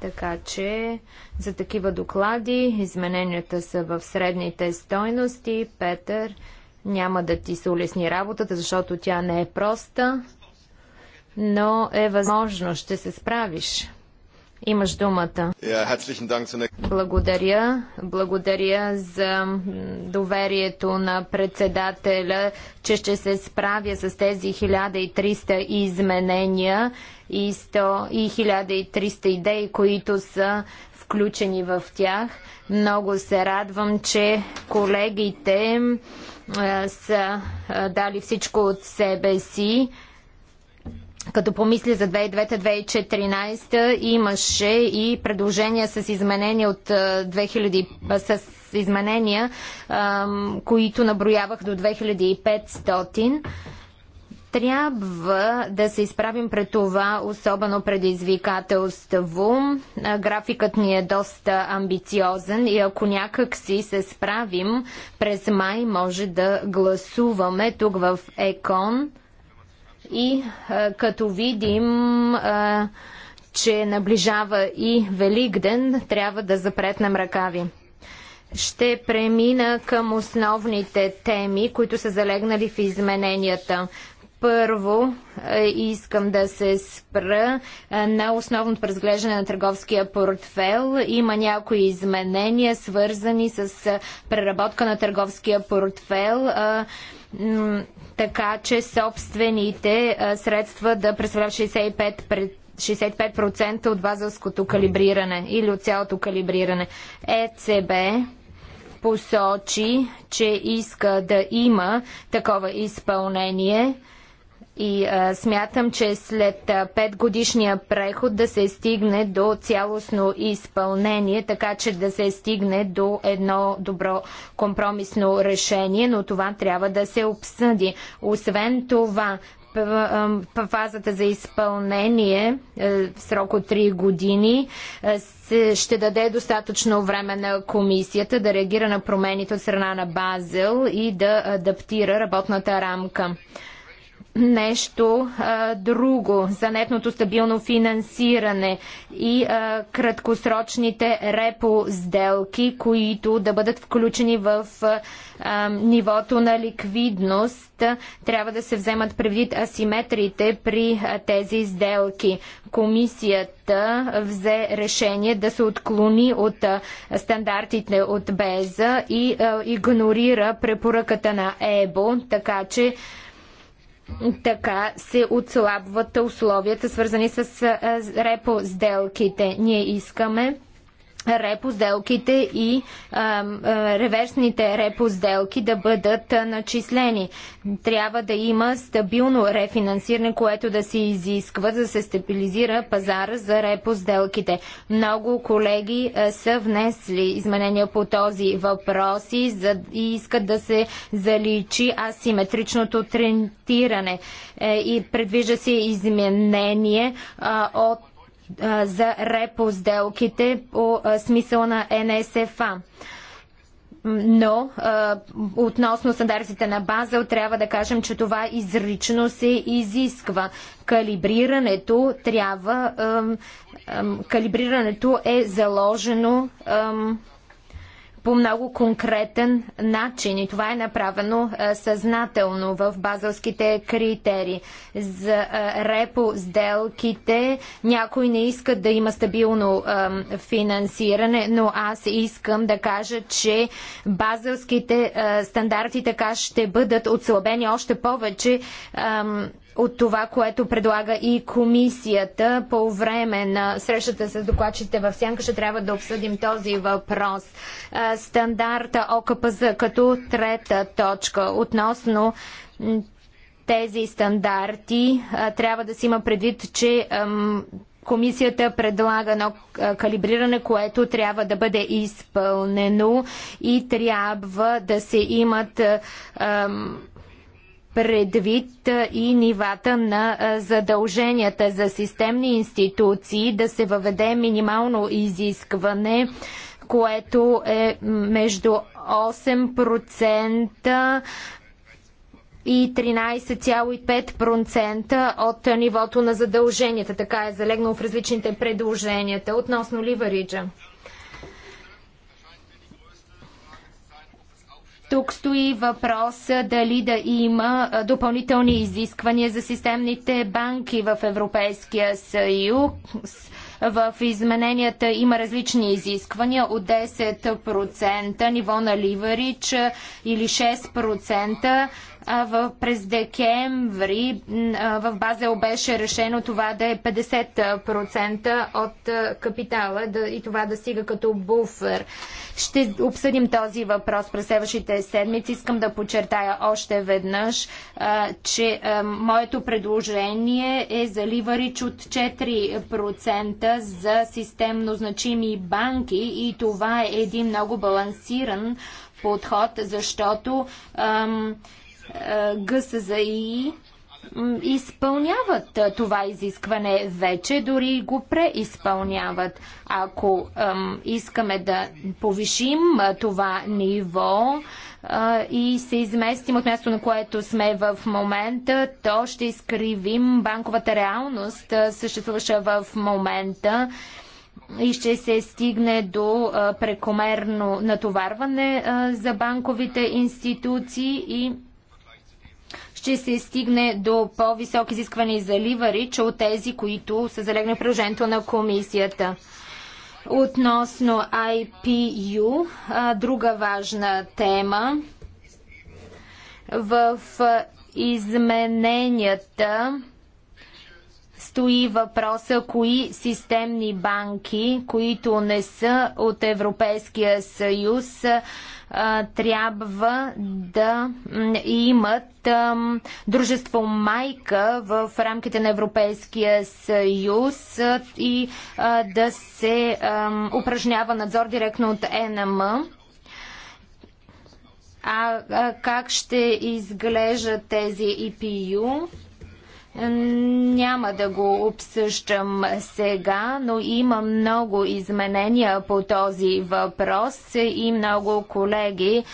Speaker 3: Така че за такива доклади измененията са в средните стойности. Петър, няма да ти се улесни работата, защото тя не е проста, но е възможно. Ще се справиш. Имаш думата. Благодаря. Благодаря за доверието на председателя, че ще се справя с тези 1300 изменения и, 100, и 1300 идеи, които са включени в тях. Много се радвам, че колегите са дали всичко от себе си като помисли за 2009-2014, имаше и предложения с изменения от 2000, с изменения, които наброявах до 2500. Трябва да се изправим пред това особено предизвикателство. Графикът ни е доста амбициозен и ако някак си се справим, през май може да гласуваме тук в ЕКОН и а, като видим, а, че наближава и Великден, трябва да запретнем ръкави. Ще премина към основните теми, които са залегнали в измененията. Първо искам да се спра на основното разглеждане на търговския портфел. Има някои изменения, свързани с преработка на търговския портфел така че собствените средства да представляват 65 пред 65% от базовското калибриране или от цялото калибриране. ЕЦБ посочи, че иска да има такова изпълнение и а, смятам, че след пет годишния преход да се стигне до цялостно изпълнение, така че да се стигне до едно добро компромисно решение, но това трябва да се обсъди. Освен това, фазата за изпълнение е, в срок от 3 години е, ще даде достатъчно време на комисията да реагира на промените от страна на Базел и да адаптира работната рамка нещо а, друго за нетното стабилно финансиране и а, краткосрочните репо сделки, които да бъдат включени в а, нивото на ликвидност. Трябва да се вземат предвид асиметриите при а, тези сделки. Комисията взе решение да се отклони от а, стандартите от БЕЗА и а, игнорира препоръката на ЕБО, така че така се отслабват условията, свързани с репо сделките. Ние искаме репо сделките и а, реверсните репо сделки да бъдат начислени. Трябва да има стабилно рефинансиране, което да се изисква, за да се стабилизира пазара за репо сделките. Много колеги а, са внесли изменения по този въпрос и, за, и искат да се заличи асиметричното трентиране. Е, и предвижда се изменение а, от за репо сделките по смисъла на НСФА. Но относно стандартите на Базел трябва да кажем, че това изрично се изисква. Калибрирането трябва. Калибрирането е заложено по много конкретен начин и това е направено а, е, съзнателно в базалските критерии. За а, е, репо сделките някой не иска да има стабилно а, финансиране, но аз искам да кажа, че базалските е, стандарти така ще бъдат отслабени още повече от това, което предлага и комисията по време на срещата с докладчите в Сянка. Ще трябва да обсъдим този въпрос. Стандарта ОКПЗ като трета точка относно тези стандарти трябва да си има предвид, че Комисията предлага едно калибриране, което трябва да бъде изпълнено и трябва да се имат предвид и нивата на задълженията за системни институции да се въведе минимално изискване, което е между 8% и 13,5% от нивото на задълженията. Така е залегнал в различните предложенията. Относно ливариджа. Тук стои въпрос дали да има допълнителни изисквания за системните банки в Европейския съюз. В измененията има различни изисквания от 10% ниво на ливарич или 6% в, през декември в Базел беше решено това да е 50% от капитала да, и това да стига като буфер. Ще обсъдим този въпрос през следващите седмици. Искам да подчертая още веднъж, а, че а, моето предложение е за ливарич от 4% за системно значими банки и това е един много балансиран подход, защото ам, ГСЗИ изпълняват това изискване вече, дори го преизпълняват. Ако ем, искаме да повишим това ниво е, и се изместим от място, на което сме в момента, то ще изкривим банковата реалност, съществуваща в момента и ще се стигне до прекомерно натоварване за банковите институции и ще се стигне до по-високи изисквания за ливарич от тези, които са залегнали в приложението на комисията. Относно IPU, друга важна тема в измененията стои въпроса кои системни банки, които не са от Европейския съюз, трябва да имат дружество майка в рамките на Европейския съюз и да се упражнява надзор директно от ЕНМ. А, а как ще изглежда тези EPU? Няма да го обсъщам сега, но има много изменения по този въпрос и много колеги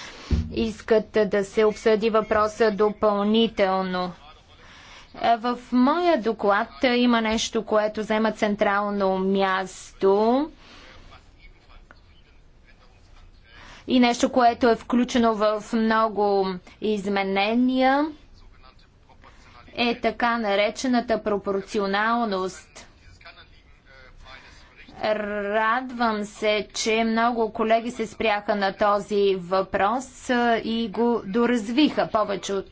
Speaker 3: искат да се обсъди въпроса допълнително. В моя доклад има нещо, което взема централно място и нещо, което е включено в много изменения е така наречената пропорционалност. Радвам се, че много колеги се спряха на този въпрос и го доразвиха повече от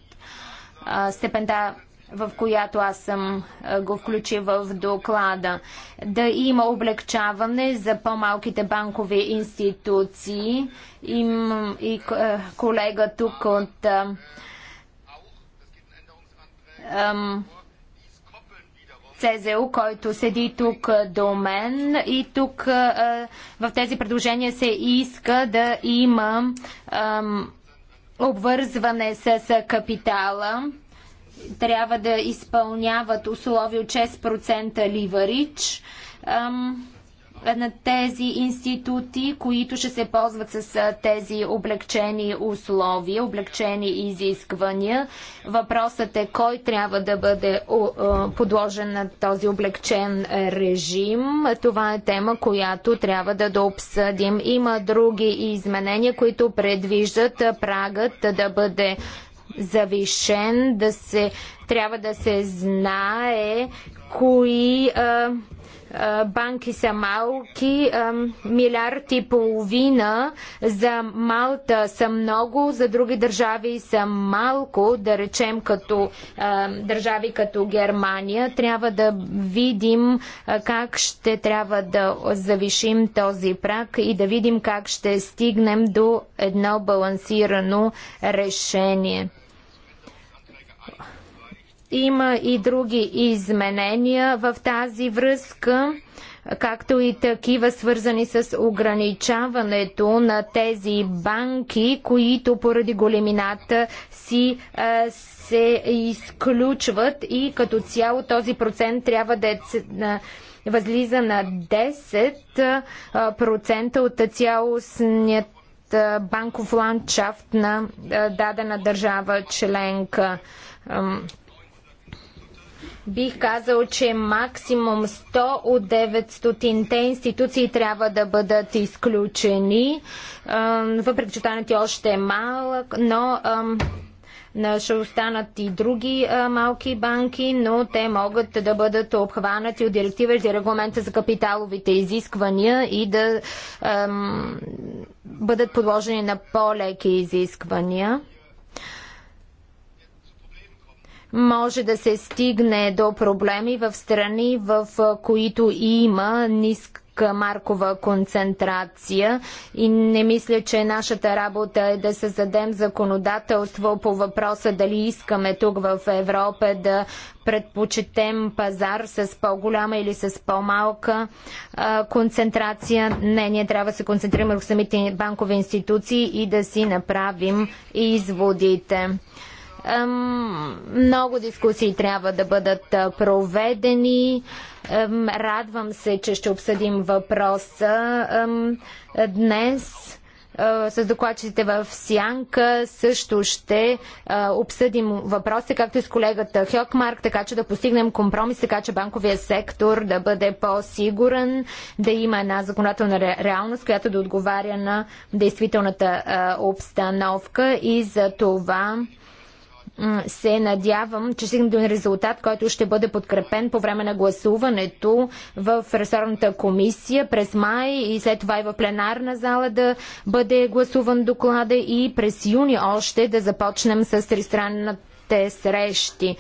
Speaker 3: степента в която аз съм го включил в доклада. Да има облегчаване за по-малките банкови институции. Им и колега тук от ЦЗУ, който седи тук до мен и тук в тези предложения се иска да има обвързване с капитала. Трябва да изпълняват условие от 6% ливарич. Ам, на тези институти, които ще се ползват с тези облегчени условия, облегчени изисквания. Въпросът е кой трябва да бъде подложен на този облегчен режим. Това е тема, която трябва да, обсъдим. Има други изменения, които предвиждат прагът да бъде завишен, да се, трябва да се знае кои а, банки са малки, милиард и половина за Малта са много, за други държави са малко, да речем като държави като Германия. Трябва да видим как ще трябва да завишим този прак и да видим как ще стигнем до едно балансирано решение. Има и други изменения в тази връзка, както и такива свързани с ограничаването на тези банки, които поради големината си се изключват и като цяло този процент трябва да е възлиза на 10% от цялостният банков ландшафт на дадена държава членка. Бих казал, че максимум 100 от 900-те институции трябва да бъдат изключени, въпреки че останат и още малък, но ще останат и други малки банки, но те могат да бъдат обхванати от директива и регламента за капиталовите изисквания и да бъдат подложени на по-леки изисквания може да се стигне до проблеми в страни, в които има ниска маркова концентрация и не мисля, че нашата работа е да създадем законодателство по въпроса дали искаме тук в Европа да предпочетем пазар с по-голяма или с по-малка концентрация. Не, ние трябва да се концентрираме в самите банкови институции и да си направим изводите. Много дискусии трябва да бъдат проведени. Радвам се, че ще обсъдим въпроса днес с докладчите в Сянка също ще а, обсъдим въпроса, както и с колегата Хьокмарк, така че да постигнем компромис, така че банковия сектор да бъде по-сигурен, да има една законодателна реалност, която да отговаря на действителната а, обстановка и за това се надявам, че стигнем до резултат, който ще бъде подкрепен по време на гласуването в ресорната комисия през май и след това и в пленарна зала да бъде гласуван доклада и през юни още да започнем с тристранната те срещи.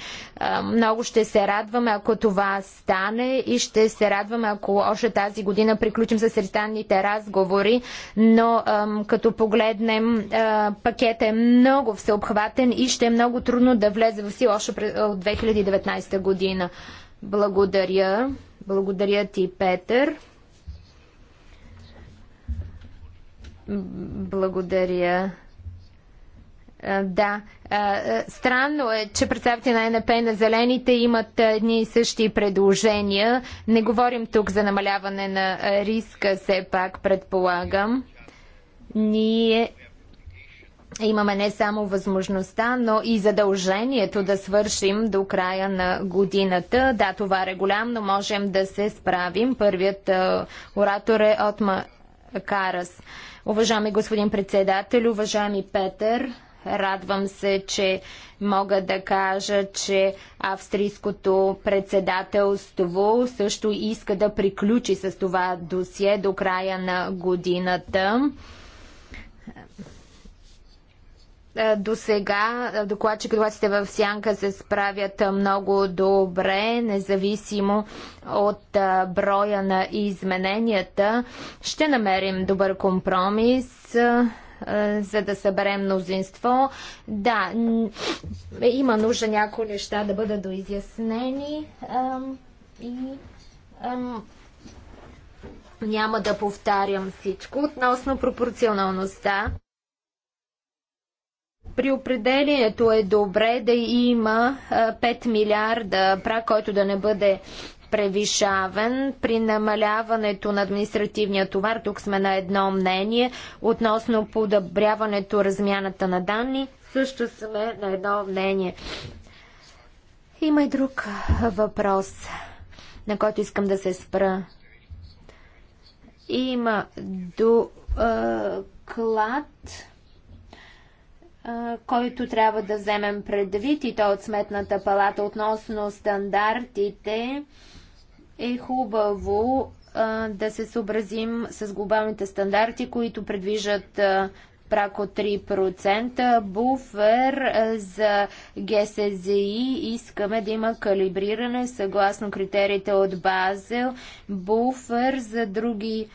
Speaker 3: Много ще се радваме, ако това стане и ще се радваме, ако още тази година приключим с рестанните разговори, но като погледнем, пакет е много всеобхватен и ще е много трудно да влезе в сила още от 2019 година. Благодаря. Благодаря ти, Петър. Благодаря да, странно е, че представите на НП на зелените имат едни и същи предложения. Не говорим тук за намаляване на риска, все пак предполагам. Ние имаме не само възможността, но и задължението да свършим до края на годината. Да, това е голям, но можем да се справим. Първият оратор е Отма Карас. Уважаеми господин председател, уважаеми Петър, Радвам се, че мога да кажа, че австрийското председателство също иска да приключи с това досие до края на годината. Е, до сега е, докладчик докладците в Сянка се справят много добре, независимо от е, броя на измененията. Ще намерим добър компромис е, за да съберем мнозинство. Да, има нужда някои неща да бъдат доизяснени и няма да повтарям всичко относно пропорционалността. При определението е добре да има 5 е, милиарда прак, който да не бъде превишаван. При намаляването на административния товар, тук сме на едно мнение, относно подобряването размяната на данни, също сме на едно мнение. Има и друг въпрос, на който искам да се спра. Има доклад, който трябва да вземем предвид и то от Сметната палата относно стандартите е хубаво а, да се съобразим с глобалните стандарти, които предвижат а, прак от 3%, буфер а, за ГСЗИ искаме да има калибриране съгласно критериите от Базел, буфер за други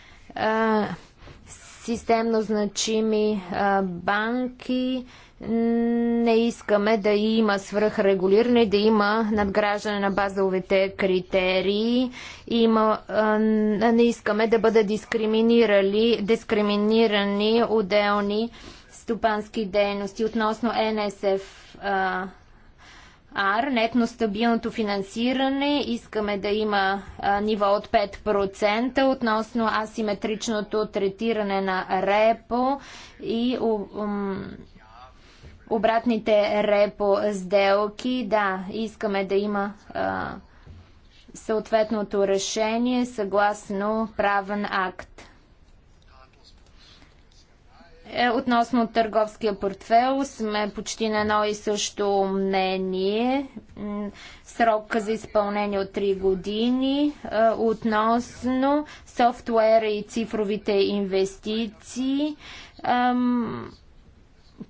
Speaker 3: системно значими банки, не искаме да има свръхрегулиране, да има надграждане на базовите критерии. Има, не искаме да бъдат дискриминирали, дискриминирани отделни стопански дейности. Относно НСФ АР, нетно стабилното финансиране, искаме да има а, ниво от 5% относно асиметричното третиране на репо и у, обратните репо сделки. Да, искаме да има а, съответното решение съгласно правен акт. Е, относно търговския портфел сме почти на едно и също мнение. Срок за изпълнение от 3 години. относно софтуера и цифровите инвестиции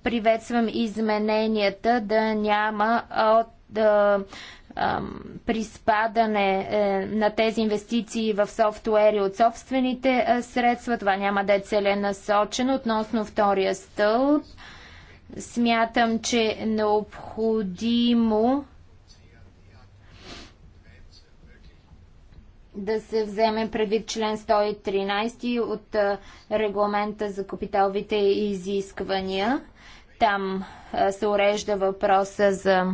Speaker 3: приветствам измененията да няма от да, приспадане е, на тези инвестиции в софтуери от собствените е, средства. Това няма да е целенасочено. Относно втория стълб, смятам, че е необходимо да се вземе предвид член 113 от регламента за капиталовите изисквания. Там се урежда въпроса за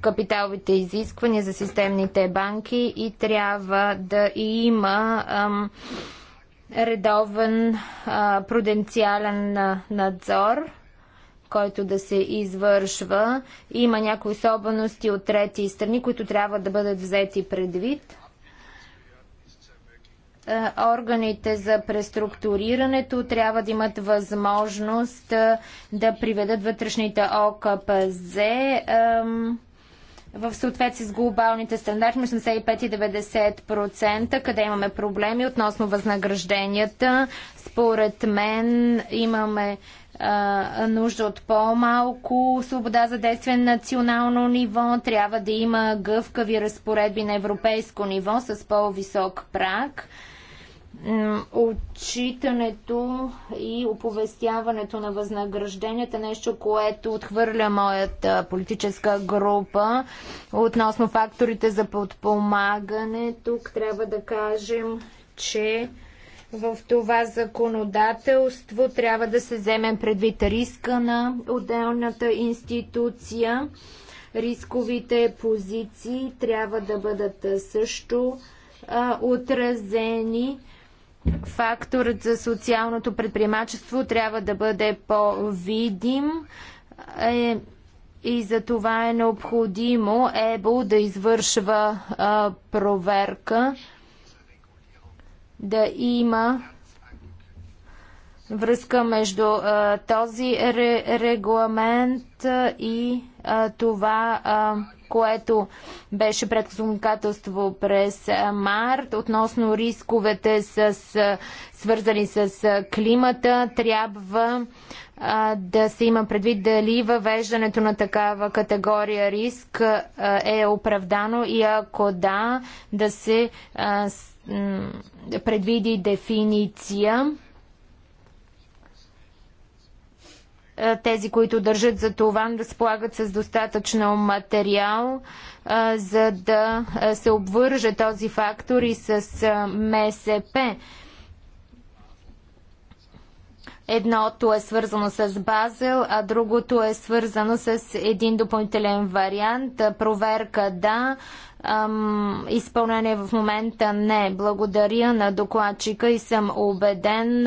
Speaker 3: капиталовите изисквания за системните банки и трябва да има редовен пруденциален надзор, който да се извършва. Има някои особености от трети страни, които трябва да бъдат взети предвид. Е, органите за преструктурирането трябва да имат възможност е, да приведат вътрешните ОКПЗ е, в съответствие с глобалните стандарти 85 и 90%, къде имаме проблеми относно възнагражденията. Според мен имаме а, нужда от по-малко свобода за действие на национално ниво. Трябва да има гъвкави разпоредби на европейско ниво с по-висок прак отчитането и оповестяването на възнагражденията, е нещо, което отхвърля моята политическа група. Относно факторите за подпомагане, тук трябва да кажем, че в това законодателство трябва да се вземем предвид риска на отделната институция. Рисковите позиции трябва да бъдат също а, отразени Факторът за социалното предприемачество трябва да бъде по-видим е, и за това е необходимо ЕБО да извършва проверка, да има връзка между този регламент и това което беше предкомуникателство през март относно рисковете с, свързани с климата. Трябва да се има предвид дали въвеждането на такава категория риск е оправдано и ако да, да се предвиди дефиниция. Е, тези, които държат за това, да сполагат с достатъчно материал, е, за да е, се обвърже този фактор и с МСП. Едното е свързано с Базел, а другото е свързано с един допълнителен вариант. Проверка да, ам, изпълнение в момента не. Благодаря на докладчика и съм убеден,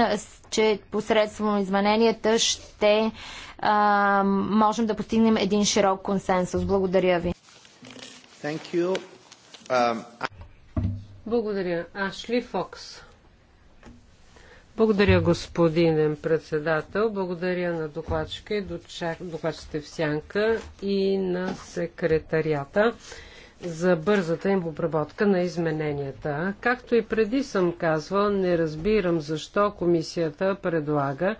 Speaker 3: че посредством измененията ще ам, можем да постигнем един широк консенсус. Благодаря ви.
Speaker 1: Thank you. Um, I... Благодаря. Ашли Фокс. Благодаря, господин председател. Благодаря на докладчика и докладчите в сянка и на секретарията за бързата им обработка на измененията. Както и преди съм казвал, не разбирам защо комисията предлага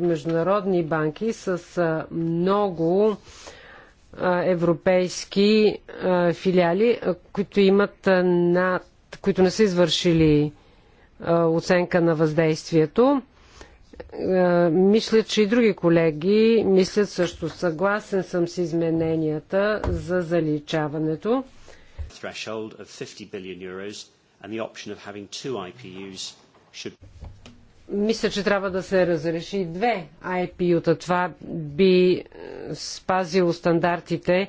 Speaker 1: международни банки с много европейски филиали, които имат над, които не са извършили оценка на въздействието е, мисля, че и други колеги мислят също. Съгласен съм с измененията за заличаването. Мисля, че трябва да се разреши две IPU-та. Това би е, спазило стандартите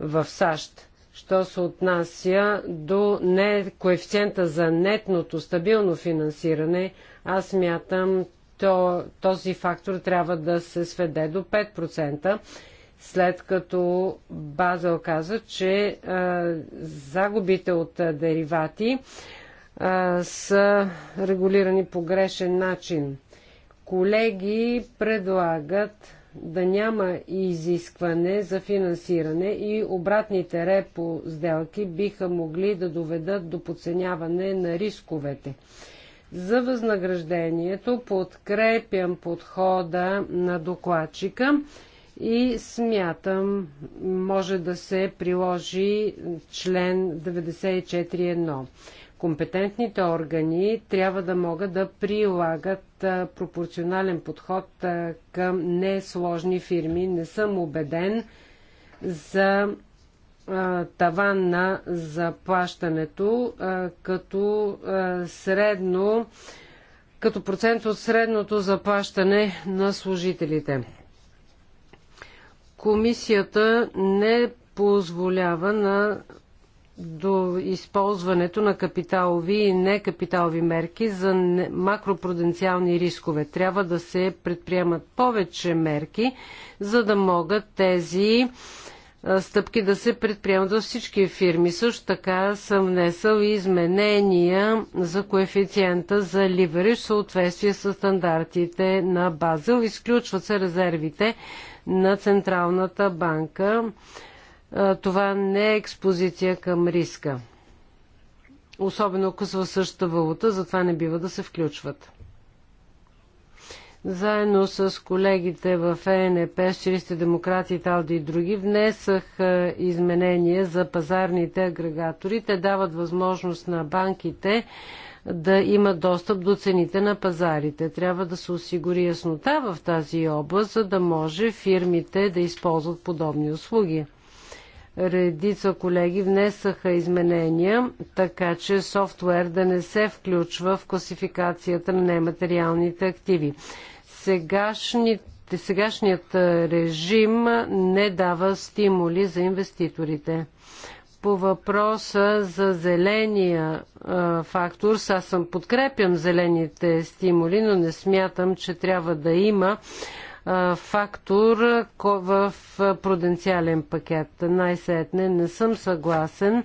Speaker 1: в САЩ. Що се отнася до не, коефициента за нетното стабилно финансиране, аз мятам, то, този фактор трябва да се сведе до 5%, след като Базел каза, че а, загубите от а, деривати а, са регулирани по грешен начин. Колеги предлагат да няма изискване за финансиране и обратните репо сделки биха могли да доведат до подценяване на рисковете. За възнаграждението подкрепям подхода на докладчика и смятам, може да се приложи член 94.1. Компетентните органи трябва да могат да прилагат пропорционален подход към несложни фирми. Не съм убеден за таван на заплащането като средно като процент от средното заплащане на служителите. Комисията не позволява на до използването на капиталови и некапиталови мерки за макропруденциални рискове. Трябва да се предприемат повече мерки, за да могат тези стъпки да се предприемат за всички фирми. Също така съм внесъл и изменения за коефициента за ливери в съответствие с стандартите на Базел. Изключват се резервите на Централната банка. Това не е експозиция към риска. Особено ако са в същата валута, затова не бива да се включват. Заедно с колегите в ЕНП, Ширисти демократи, Талди и други, внесах е, изменения за пазарните агрегатори. Те дават възможност на банките да имат достъп до цените на пазарите. Трябва да се осигури яснота в тази област, за да може фирмите да използват подобни услуги. Редица колеги внесаха изменения, така че софтуер да не се включва в класификацията на нематериалните активи сегашните, сегашният режим не дава стимули за инвеститорите. По въпроса за зеления а, фактор, аз съм подкрепям зелените стимули, но не смятам, че трябва да има а, фактор в пруденциален пакет. Най-сетне не съм съгласен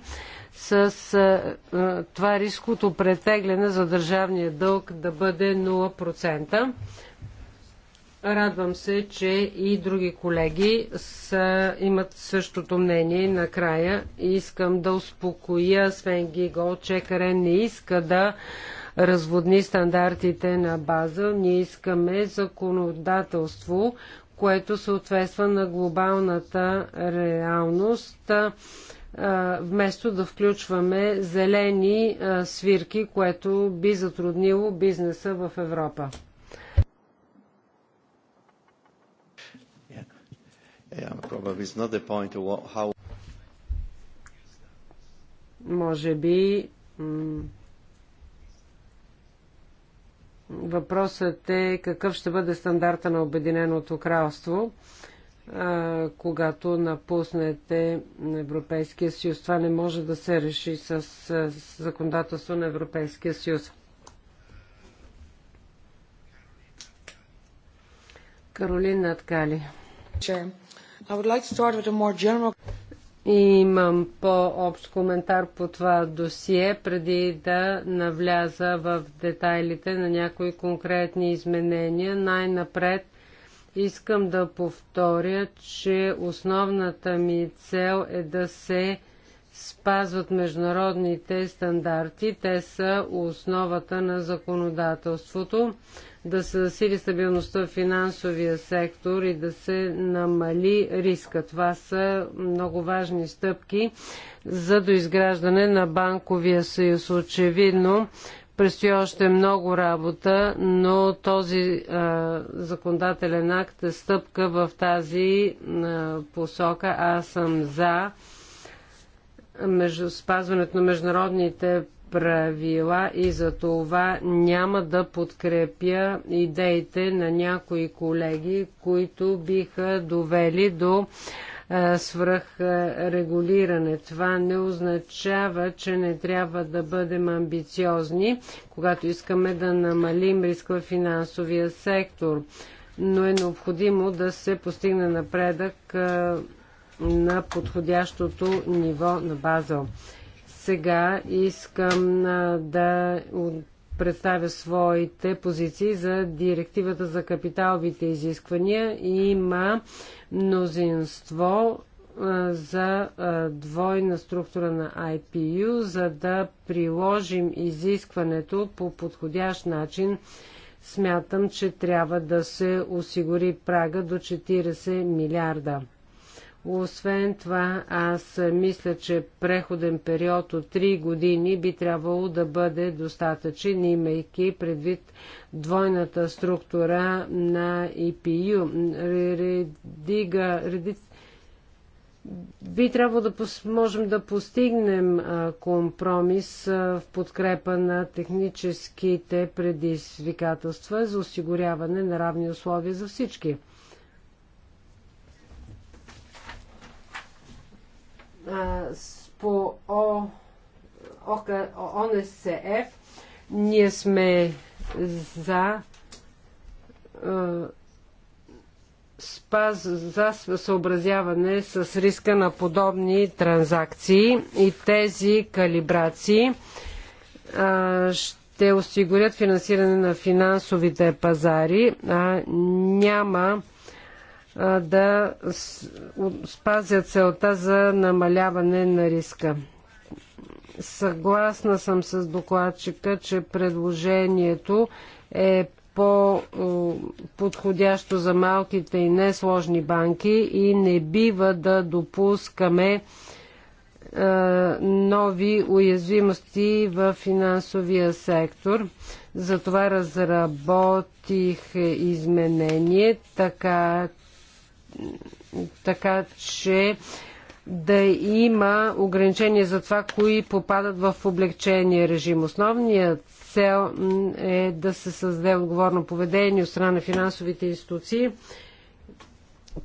Speaker 1: с а, това риското претегляне за държавния дълг да бъде 0%. Радвам се, че и други колеги са, имат същото мнение накрая. Искам да успокоя Свен Гигол, че Карен не иска да разводни стандартите на база. Ние искаме законодателство, което съответства на глобалната реалност, вместо да включваме зелени свирки, което би затруднило бизнеса в Европа. Може би въпросът е какъв ще бъде стандарта на Обединеното кралство, когато напуснете Европейския съюз. Това не може да се реши с, с законодателство на Европейския съюз. Каролина Ткали. Че. Имам по-общ коментар по това досие, преди да навляза в детайлите на някои конкретни изменения. Най-напред искам да повторя, че основната ми цел е да се спазват международните стандарти. Те са основата на законодателството да се засили стабилността в финансовия сектор и да се намали риска. Това са много важни стъпки за доизграждане на банковия съюз. Очевидно, Предстои още много работа, но този а, законодателен акт е стъпка в тази а, посока. Аз съм за между, спазването на международните правила и за това няма да подкрепя идеите на някои колеги, които биха довели до свръхрегулиране. Това не означава, че не трябва да бъдем амбициозни, когато искаме да намалим риска в финансовия сектор, но е необходимо да се постигне напредък на подходящото ниво на база. Сега искам да представя своите позиции за директивата за капиталовите изисквания. Има мнозинство за двойна структура на IPU, за да приложим изискването по подходящ начин. Смятам, че трябва да се осигури прага до 40 милиарда. Освен това, аз мисля, че преходен период от 3 години би трябвало да бъде достатъчен, имайки предвид двойната структура на EPU. Редига, редица би трябвало да можем да постигнем компромис в подкрепа на техническите предизвикателства за осигуряване на равни условия за всички. по ОНСФ ние сме за спаз, за съобразяване с риска на подобни транзакции и тези калибрации ще осигурят финансиране на финансовите пазари, а няма да спазят целта за намаляване на риска. Съгласна съм с докладчика, че предложението е по-подходящо за малките и несложни банки и не бива да допускаме нови уязвимости в финансовия сектор. Затова разработих изменение, така така че да има ограничения за това, кои попадат в облегчения режим. Основният цел е да се създаде отговорно поведение от страна на финансовите институции,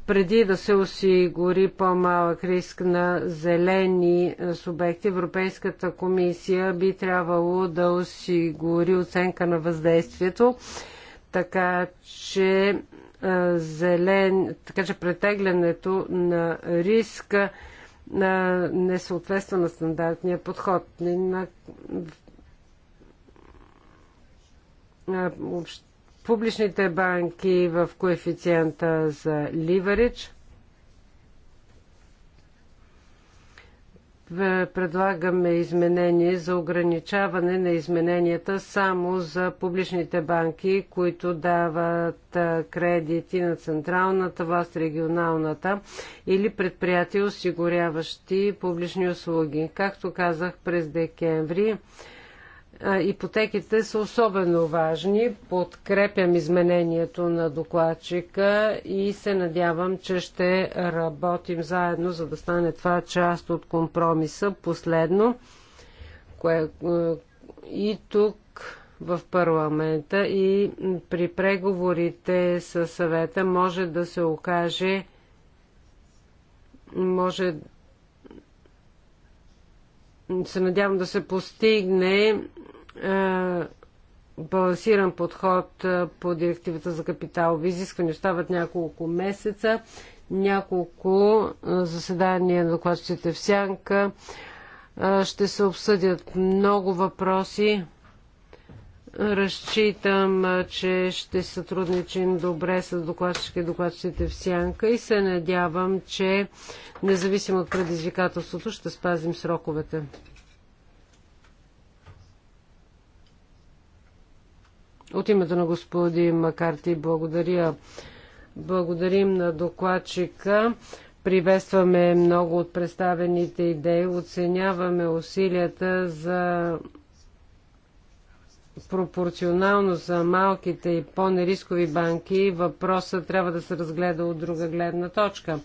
Speaker 1: преди да се осигури по-малък риск на зелени е, субекти. Европейската комисия би трябвало да осигури оценка на въздействието, така че зелен, така че претеглянето на риска не съответства на стандартния подход. На, на публичните банки в коефициента за ливарич – предлагаме изменение за ограничаване на измененията само за публичните банки, които дават кредити на централната власт, регионалната или предприятия, осигуряващи публични услуги. Както казах през декември, Ипотеките са особено важни. Подкрепям изменението на докладчика и се надявам, че ще работим заедно, за да стане това част от компромиса. Последно, кое, и тук в парламента и при преговорите с съвета може да се окаже може се надявам да се постигне е, балансиран подход е, по директивата за капиталови изисквания. Остават няколко месеца, няколко е, заседания на докладчите в Сянка. Ще се обсъдят много въпроси. Разчитам, че ще сътрудничим добре с докладчиците и докладчиците в Сянка и се надявам, че независимо от предизвикателството ще спазим сроковете. От името на господин Макарти благодаря. Благодарим на докладчика. Приветстваме много от представените идеи. Оценяваме усилията за пропорционално за малките и по-нерискови банки, въпросът трябва да се разгледа от друга гледна точка.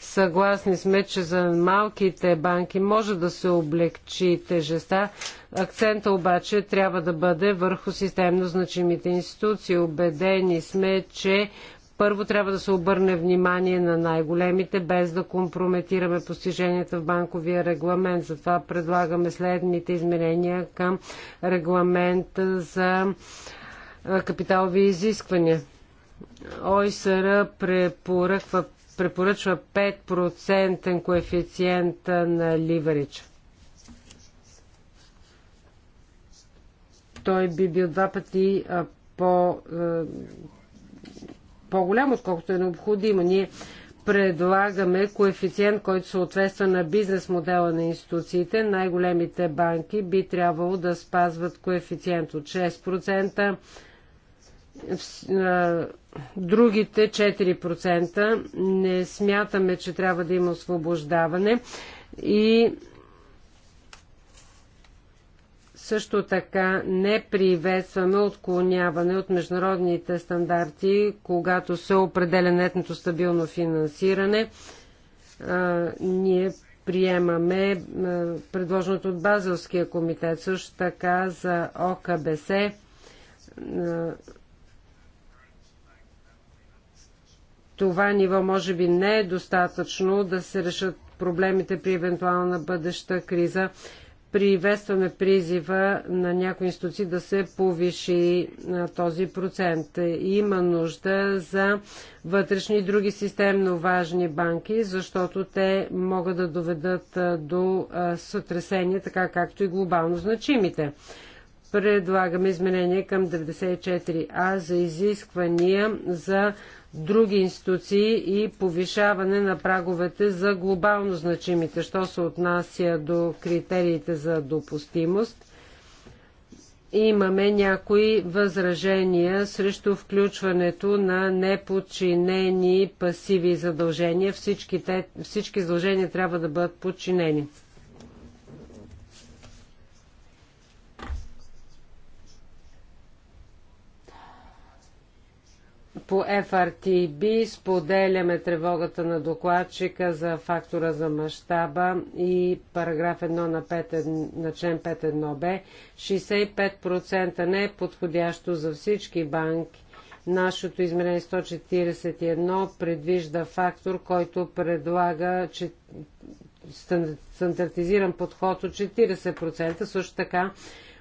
Speaker 1: Съгласни сме, че за малките банки може да се облегчи тежеста. Акцента обаче трябва да бъде върху системно значимите институции. Обедени сме, че първо трябва да се обърне внимание на най-големите, без да компрометираме постиженията в банковия регламент. Затова предлагаме следните изменения към регламента за капиталови изисквания. ОИСР препоръква, препоръчва 5% коефициент на ливерич. Той би бил два пъти по по-голям, отколкото е необходимо. Ние предлагаме коефициент, който съответства на бизнес модела на институциите. Най-големите банки би трябвало да спазват коефициент от 6%, другите 4%. Не смятаме, че трябва да има освобождаване и също така не приветстваме отклоняване от международните стандарти, когато се определя нетното стабилно финансиране. А, ние приемаме а, предложеното от Базелския комитет, също така за ОКБС. А, това ниво може би не е достатъчно да се решат проблемите при евентуална бъдеща криза приветстваме призива на някои институции да се повиши този процент. Има нужда за вътрешни и други системно важни банки, защото те могат да доведат до сътресения, така както и глобално значимите. Предлагаме изменение към 94А за изисквания за други институции и повишаване на праговете за глобално значимите, що се отнася до критериите за допустимост. Имаме някои възражения срещу включването на неподчинени пасиви задължения. Всички, те, всички задължения трябва да бъдат подчинени. По FRTB споделяме тревогата на докладчика за фактора за мащаба и параграф 1 на, 5, на член 5.1b. 65% не е подходящо за всички банки. Нашето измерение 141 предвижда фактор, който предлага че, стандартизиран подход от 40%. Също така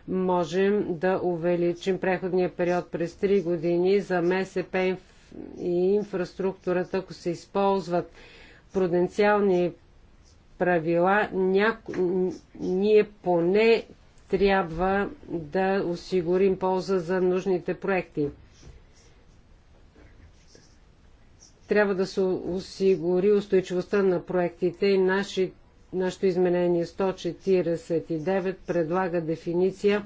Speaker 1: можем да увеличим преходния период през 3 години за МСП и инфраструктурата, ако се използват пруденциални правила, няко... ние поне трябва да осигурим полза за нужните проекти. Трябва да се осигури устойчивостта на проектите и нашите нашето изменение 149 предлага дефиниция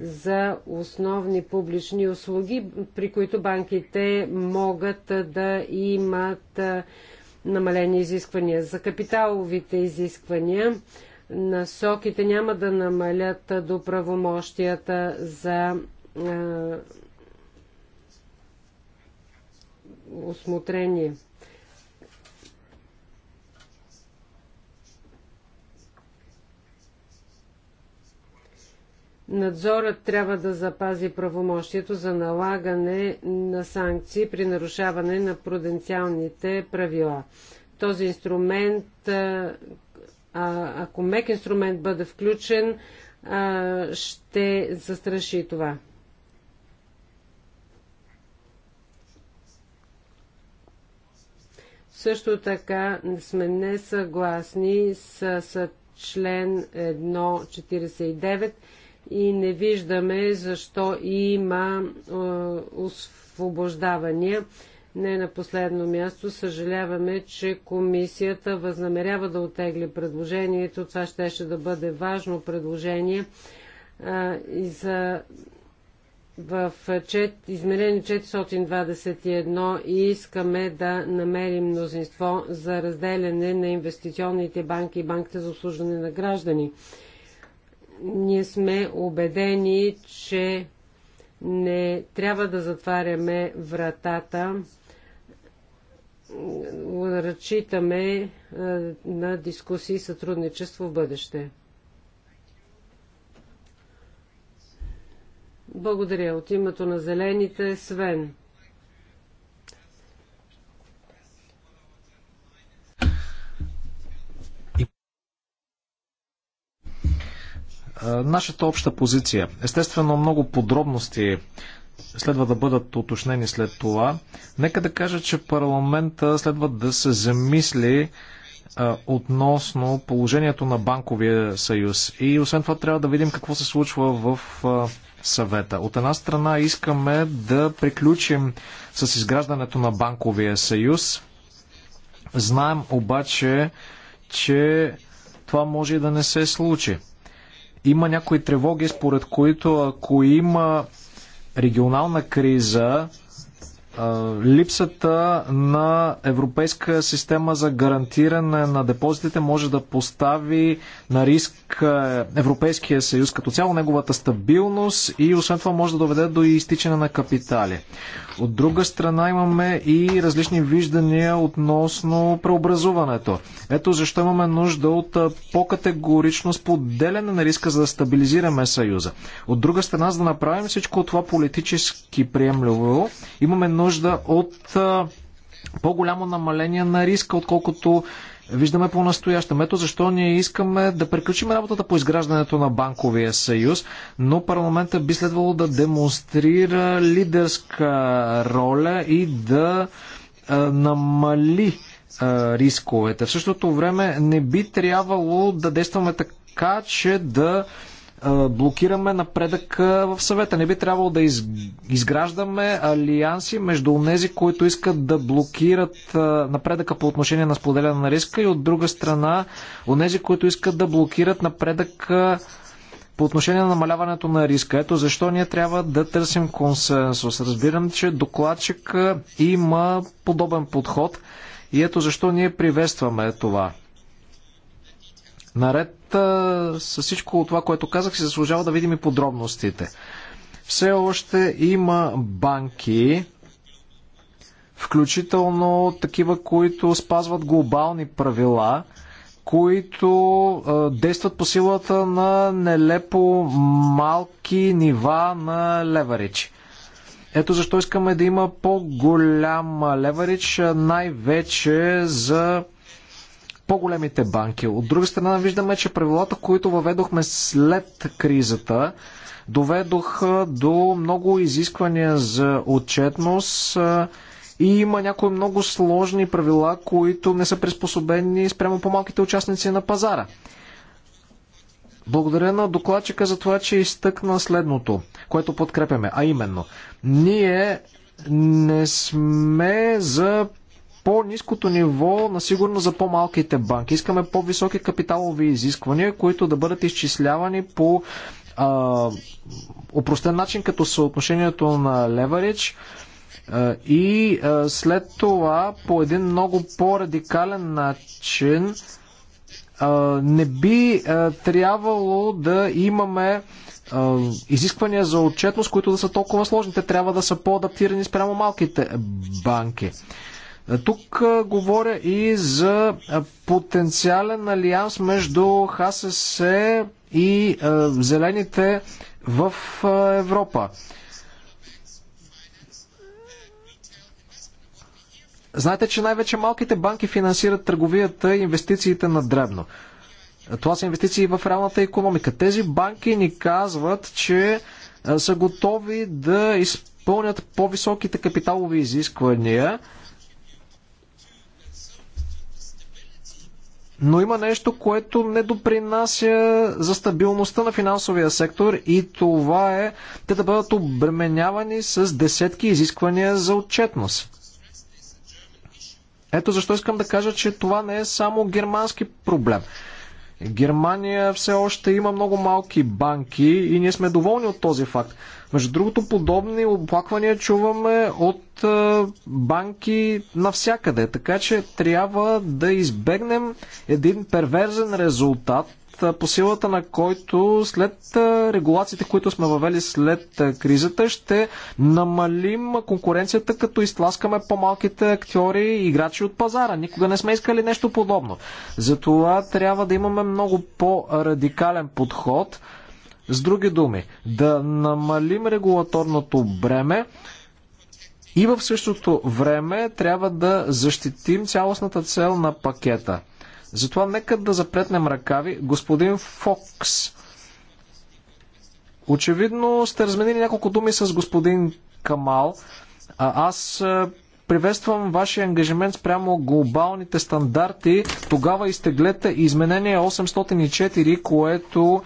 Speaker 1: за основни публични услуги, при които банките могат да имат намалени изисквания. За капиталовите изисквания насоките няма да намалят до правомощията за осмотрение. Надзорът трябва да запази правомощието за налагане на санкции при нарушаване на пруденциалните правила. Този инструмент, ако мек инструмент бъде включен, ще застраши това. Също така сме несъгласни с, с член 1.49 и не виждаме защо има освобождавания. Не на последно място, съжаляваме, че комисията възнамерява да отегли предложението. Това щеше да бъде важно предложение а, и за в чет, измерение 421 и искаме да намерим мнозинство за разделяне на инвестиционните банки и банките за обслужване на граждани. Ние сме убедени, че не трябва да затваряме вратата. Разчитаме е, на дискусии и сътрудничество в бъдеще. Благодаря. От името на зелените, Свен.
Speaker 2: Нашата обща позиция. Естествено, много подробности следва да бъдат уточнени след това. Нека да кажа, че парламента следва да се замисли относно положението на банковия съюз. И освен това трябва да видим какво се случва в съвета. От една страна искаме да приключим с изграждането на банковия съюз. Знаем обаче, че това може и да не се случи. Има някои тревоги, според които ако има регионална криза, липсата на европейска система за гарантиране на депозитите може да постави на риск Европейския съюз като цяло, неговата стабилност и освен това може да доведе до изтичане на капитали. От друга страна имаме и различни виждания относно преобразуването. Ето защо имаме нужда от по-категорично споделяне на риска, за да стабилизираме съюза. От друга страна, за да направим всичко това политически приемливо, имаме нужда нужда от по-голямо намаление на риска, отколкото виждаме по-настоящем. Ето защо ние искаме да приключим работата по изграждането на банковия съюз, но парламента би следвало да демонстрира лидерска роля и да а, намали а, рисковете. В същото време не би трябвало да действаме така, че да блокираме напредък в съвета. Не би трябвало да изграждаме алианси между тези, които искат да блокират напредъка по отношение на споделяне на риска и от друга страна тези, които искат да блокират напредък по отношение на намаляването на риска. Ето защо ние трябва да търсим консенсус. Разбирам, че докладчик има подобен подход и ето защо ние приветстваме това. Наред с всичко това, което казах, се заслужава да видим и подробностите. Все още има банки, включително такива, които спазват глобални правила, които а, действат по силата на нелепо малки нива на леверидж. Ето защо искаме да има по-голям леверидж, най-вече за по-големите банки. От друга страна виждаме, че правилата, които въведохме след кризата, доведоха до много изисквания за отчетност и има някои много сложни правила, които не са приспособени спрямо по-малките участници на пазара. Благодаря на докладчика за това, че изтъкна следното, което подкрепяме, а именно, ние не сме за по-низкото ниво на сигурно за по-малките банки. Искаме по-високи капиталови изисквания, които да бъдат изчислявани по а, упростен начин, като съотношението на леверидж и а, след това по един много по-радикален начин а, не би а, трябвало да имаме изисквания за отчетност, които да са толкова сложни. Те трябва да са по-адаптирани спрямо малките банки. Тук говоря и за потенциален алианс между ХСС и зелените в Европа. Знаете, че най-вече малките банки финансират търговията и инвестициите на дребно. Това са инвестиции в реалната економика. Тези банки ни казват, че са готови да изпълнят по-високите капиталови изисквания, Но има нещо, което не допринася за стабилността на финансовия сектор и това е те да бъдат обременявани с десетки изисквания за отчетност. Ето защо искам да кажа, че това не е само германски проблем. Германия все още има много малки банки и ние сме доволни от този факт. Между другото, подобни оплаквания чуваме от банки навсякъде, така че трябва да избегнем един перверзен резултат, по силата на който след регулациите, които сме въвели след кризата, ще намалим конкуренцията, като изтласкаме по-малките актьори и играчи от пазара. Никога не сме искали нещо подобно. Затова трябва да имаме много по-радикален подход. С други думи, да намалим регулаторното бреме и в същото време трябва да защитим цялостната цел на пакета. Затова нека да запретнем ръкави. Господин Фокс, очевидно сте разменили няколко думи с господин Камал. А, аз е, приветствам вашия ангажимент спрямо глобалните стандарти. Тогава изтеглете изменение 804, което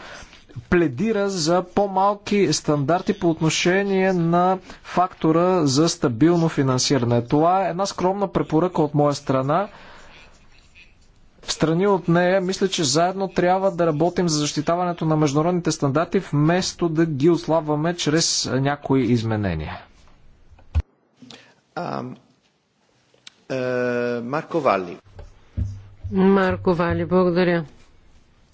Speaker 2: пледира за по-малки стандарти по отношение на фактора за стабилно финансиране. Това е една скромна препоръка от моя страна. В страни от нея, мисля, че заедно трябва да работим за защитаването на международните стандарти, вместо да ги ослабваме чрез някои изменения.
Speaker 3: Е, Марко
Speaker 1: Вали. Марко Вали, благодаря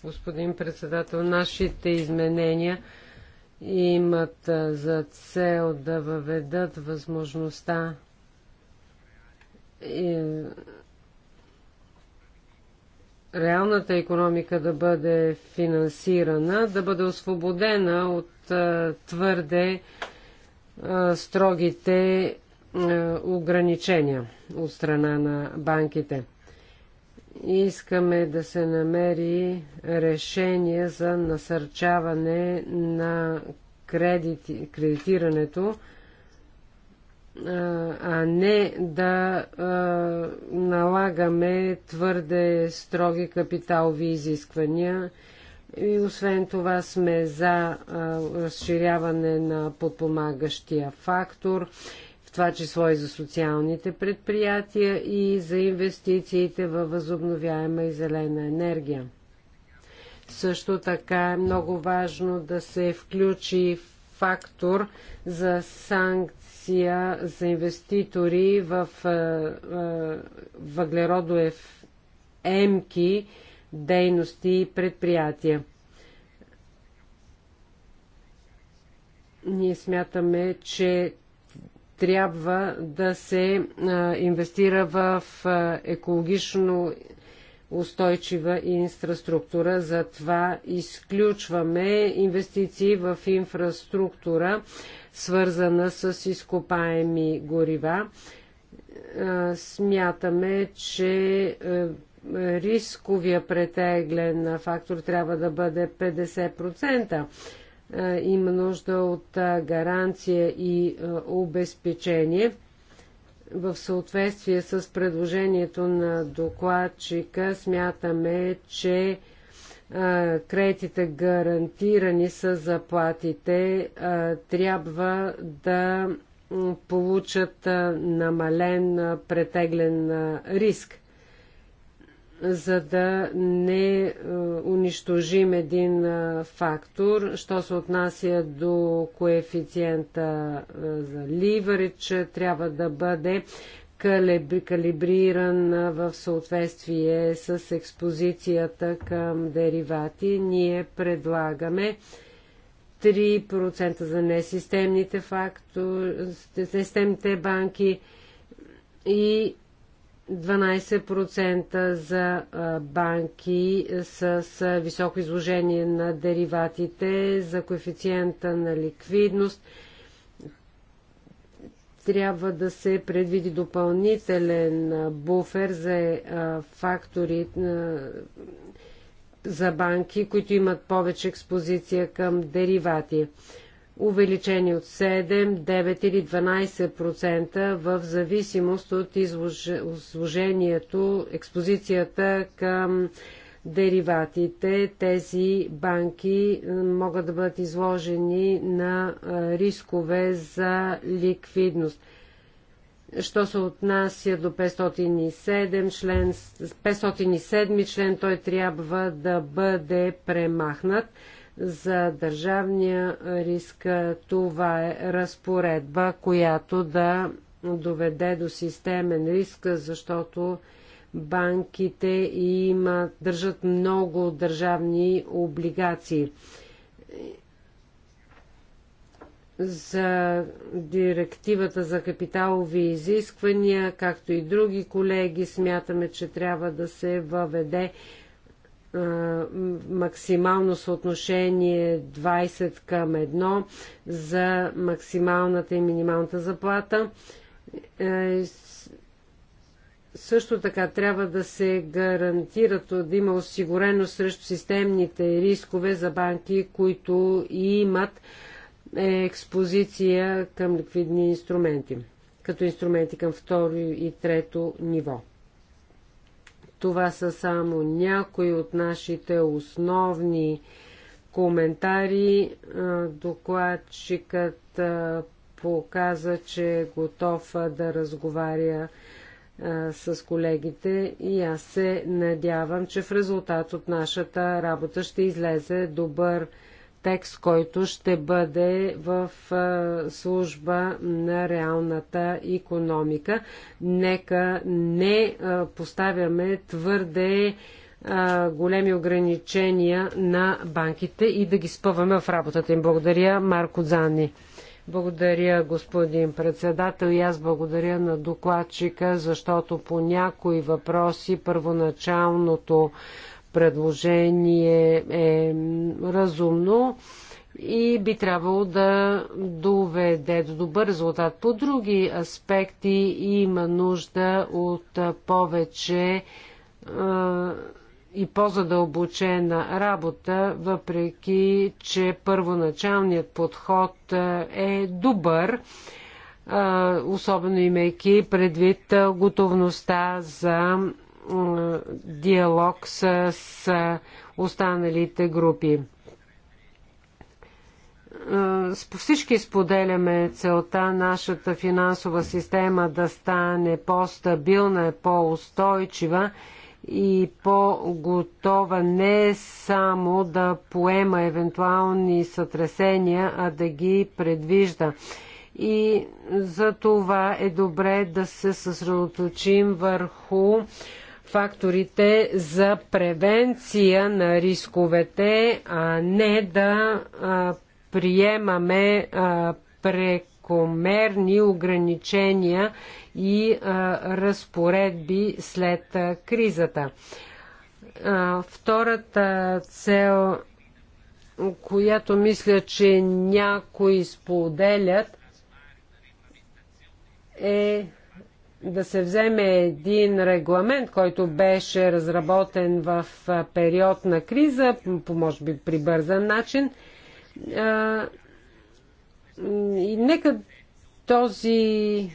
Speaker 1: господин председател. Нашите изменения имат за цел да въведат възможността и реалната економика да бъде финансирана, да бъде освободена от твърде строгите ограничения от страна на банките. Искаме да се намери решение за насърчаване на кредити, кредитирането, а не да а, налагаме твърде строги капиталови изисквания. И освен това сме за а, разширяване на подпомагащия фактор това число и за социалните предприятия и за инвестициите във възобновяема и зелена енергия. Също така е много важно да се включи фактор за санкция за инвеститори в е, е, въглеродоев емки дейности и предприятия. Ние смятаме, че трябва да се инвестира в екологично устойчива инфраструктура. Затова изключваме инвестиции в инфраструктура, свързана с изкопаеми горива. Смятаме, че рисковия претеглен фактор трябва да бъде 50% има нужда от гаранция и обезпечение. В съответствие с предложението на докладчика смятаме, че кредитите гарантирани с заплатите трябва да получат намален претеглен риск за да не е, унищожим един е, фактор. Що се отнася до коефициента е, за ливарич, трябва да бъде калибриран в съответствие с експозицията към деривати. Ние предлагаме 3% за несистемните фактори, системните банки и 12% за банки с високо изложение на дериватите, за коефициента на ликвидност. Трябва да се предвиди допълнителен буфер за фактори за банки, които имат повече експозиция към деривати увеличени от 7, 9 или 12% в зависимост от изложението, експозицията към дериватите. Тези банки могат да бъдат изложени на рискове за ликвидност. Що се отнася до 507, член, 507 член, той трябва да бъде премахнат за държавния риск това е разпоредба, която да доведе до системен риск, защото банките има, държат много държавни облигации. За директивата за капиталови изисквания, както и други колеги, смятаме, че трябва да се въведе е, максимално съотношение 20 към 1 за максималната и минималната заплата. Е, също така трябва да се гарантират да има осигурено срещу системните рискове за банки, които имат е, експозиция към ликвидни инструменти, като инструменти към второ и трето ниво. Това са само някои от нашите основни коментари. Докладчикът показа, че е готов да разговаря с колегите и аз се надявам, че в резултат от нашата работа ще излезе добър текст, който ще бъде в служба на реалната економика. Нека не поставяме твърде големи ограничения на банките и да ги спъваме в работата им. Благодаря, Марко Дзани. Благодаря, господин председател, и аз благодаря на докладчика, защото по някои въпроси първоначалното предложение е разумно и би трябвало да доведе до добър резултат. По други аспекти има нужда от повече е, и по-задълбочена работа, въпреки че първоначалният подход е, е добър, е, особено имайки предвид готовността за диалог с останалите групи. По всички споделяме целта нашата финансова система да стане по-стабилна, по-устойчива и по-готова не само да поема евентуални сътресения, а да ги предвижда. И за това е добре да се съсредоточим върху факторите за превенция на рисковете, а не да а, приемаме а, прекомерни ограничения и а, разпоредби след а, кризата. А, втората цел, която мисля, че някои споделят, е да се вземе един регламент, който беше разработен в период на криза, по може би прибързан начин. И нека този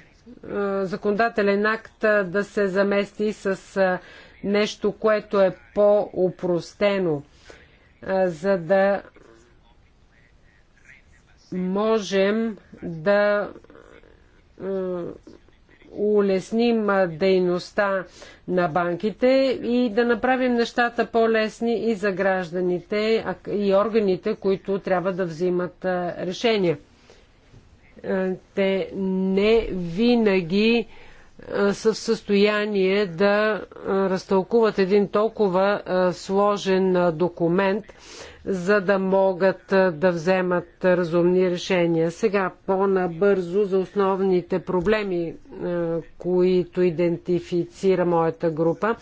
Speaker 1: законодателен акт да се замести с нещо, което е по-упростено, за да можем да улесним дейността на банките и да направим нещата по-лесни и за гражданите и органите, които трябва да взимат решения. Те не винаги са в състояние да разтълкуват един толкова сложен документ за да могат да вземат разумни решения. Сега по-набързо за основните проблеми, които идентифицира моята група.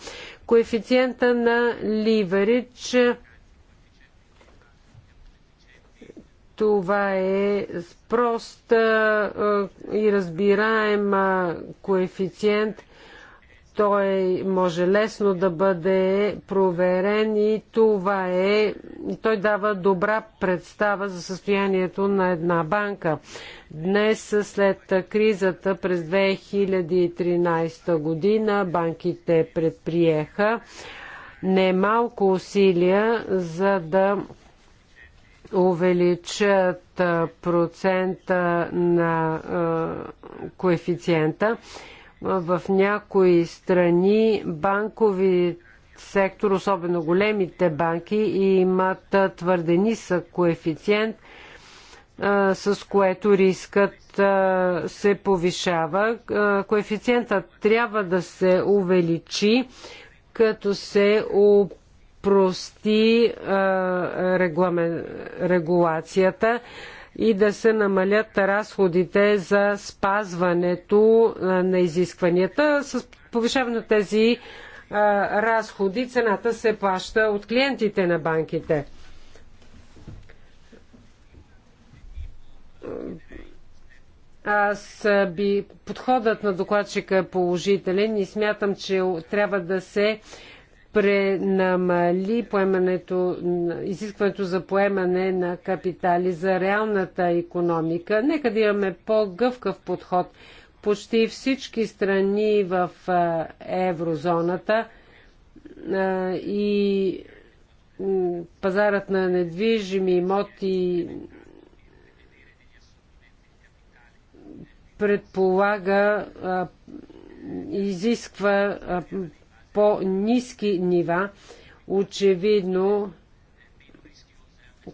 Speaker 1: Коефициента на ливерич това е прост и разбираем коефициент той може лесно да бъде проверен и това е, той дава добра представа за състоянието на една банка. Днес, след кризата през 2013 година, банките предприеха немалко усилия за да увеличат процента на коефициента в някои страни банкови сектор, особено големите банки, имат твърде нисък коефициент, с което рискът се повишава. Коефициентът трябва да се увеличи, като се прости регулацията и да се намалят разходите за спазването на изискванията. С повишаване на тези разходи цената се плаща от клиентите на банките. Аз би подходът на докладчика е положителен и смятам, че трябва да се пренамали поемането, изискването за поемане на капитали за реалната економика. Нека да имаме по-гъвкав подход. Почти всички страни в еврозоната и пазарът на недвижими имоти предполага изисква по-низки нива, очевидно,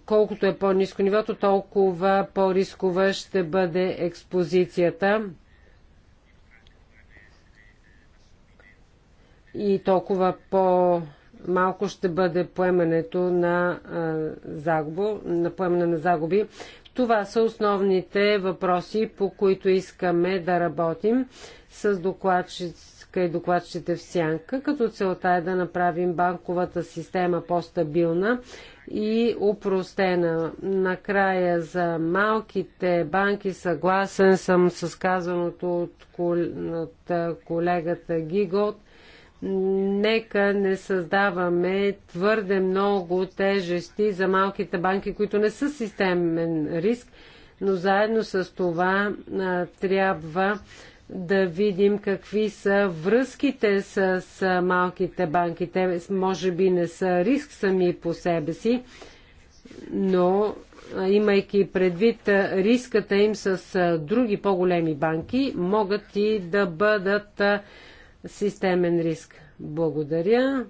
Speaker 1: колкото е по-низко нивото, толкова по-рискова ще бъде експозицията. И толкова по- малко ще бъде поемането на загуба, на поемане на загуби. Това са основните въпроси, по които искаме да работим с, докладчиците докладчика и докладчите в сянка, като целта е да направим банковата система по-стабилна и упростена. Накрая за малките банки съгласен съм с казаното от, колегата Гигот. Нека не създаваме твърде много тежести за малките банки, които не са системен риск, но заедно с това трябва да видим какви са връзките с малките банки. Те може би не са риск сами по себе си, но имайки предвид риската им с други по-големи банки, могат и да бъдат системен риск. Благодаря.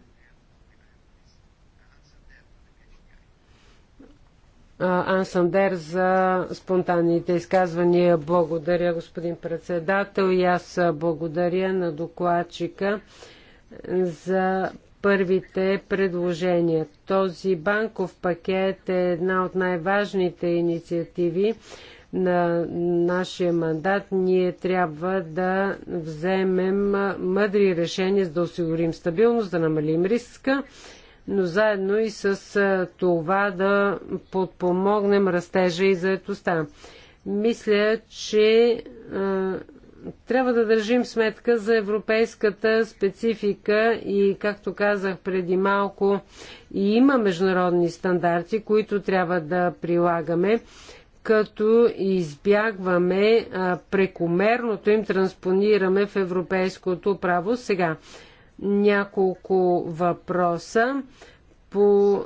Speaker 1: Ансандер за спонтанните изказвания. Благодаря, господин председател, и аз благодаря на докладчика за първите предложения. Този банков пакет е една от най-важните инициативи на нашия мандат. Ние трябва да вземем мъдри решения, за да осигурим стабилност, да намалим риска но заедно и с това да подпомогнем растежа и заетостта. Мисля, че трябва да държим сметка за европейската специфика и, както казах преди малко, и има международни стандарти, които трябва да прилагаме, като избягваме а, прекомерното им транспонираме в европейското право сега няколко въпроса по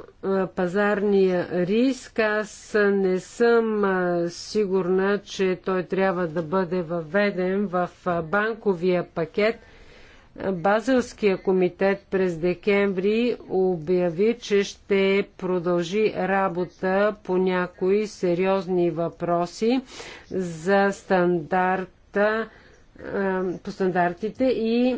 Speaker 1: пазарния риск. Аз не съм сигурна, че той трябва да бъде въведен в банковия пакет. Базелския комитет през декември обяви, че ще продължи работа по някои сериозни въпроси за стандарта по стандартите и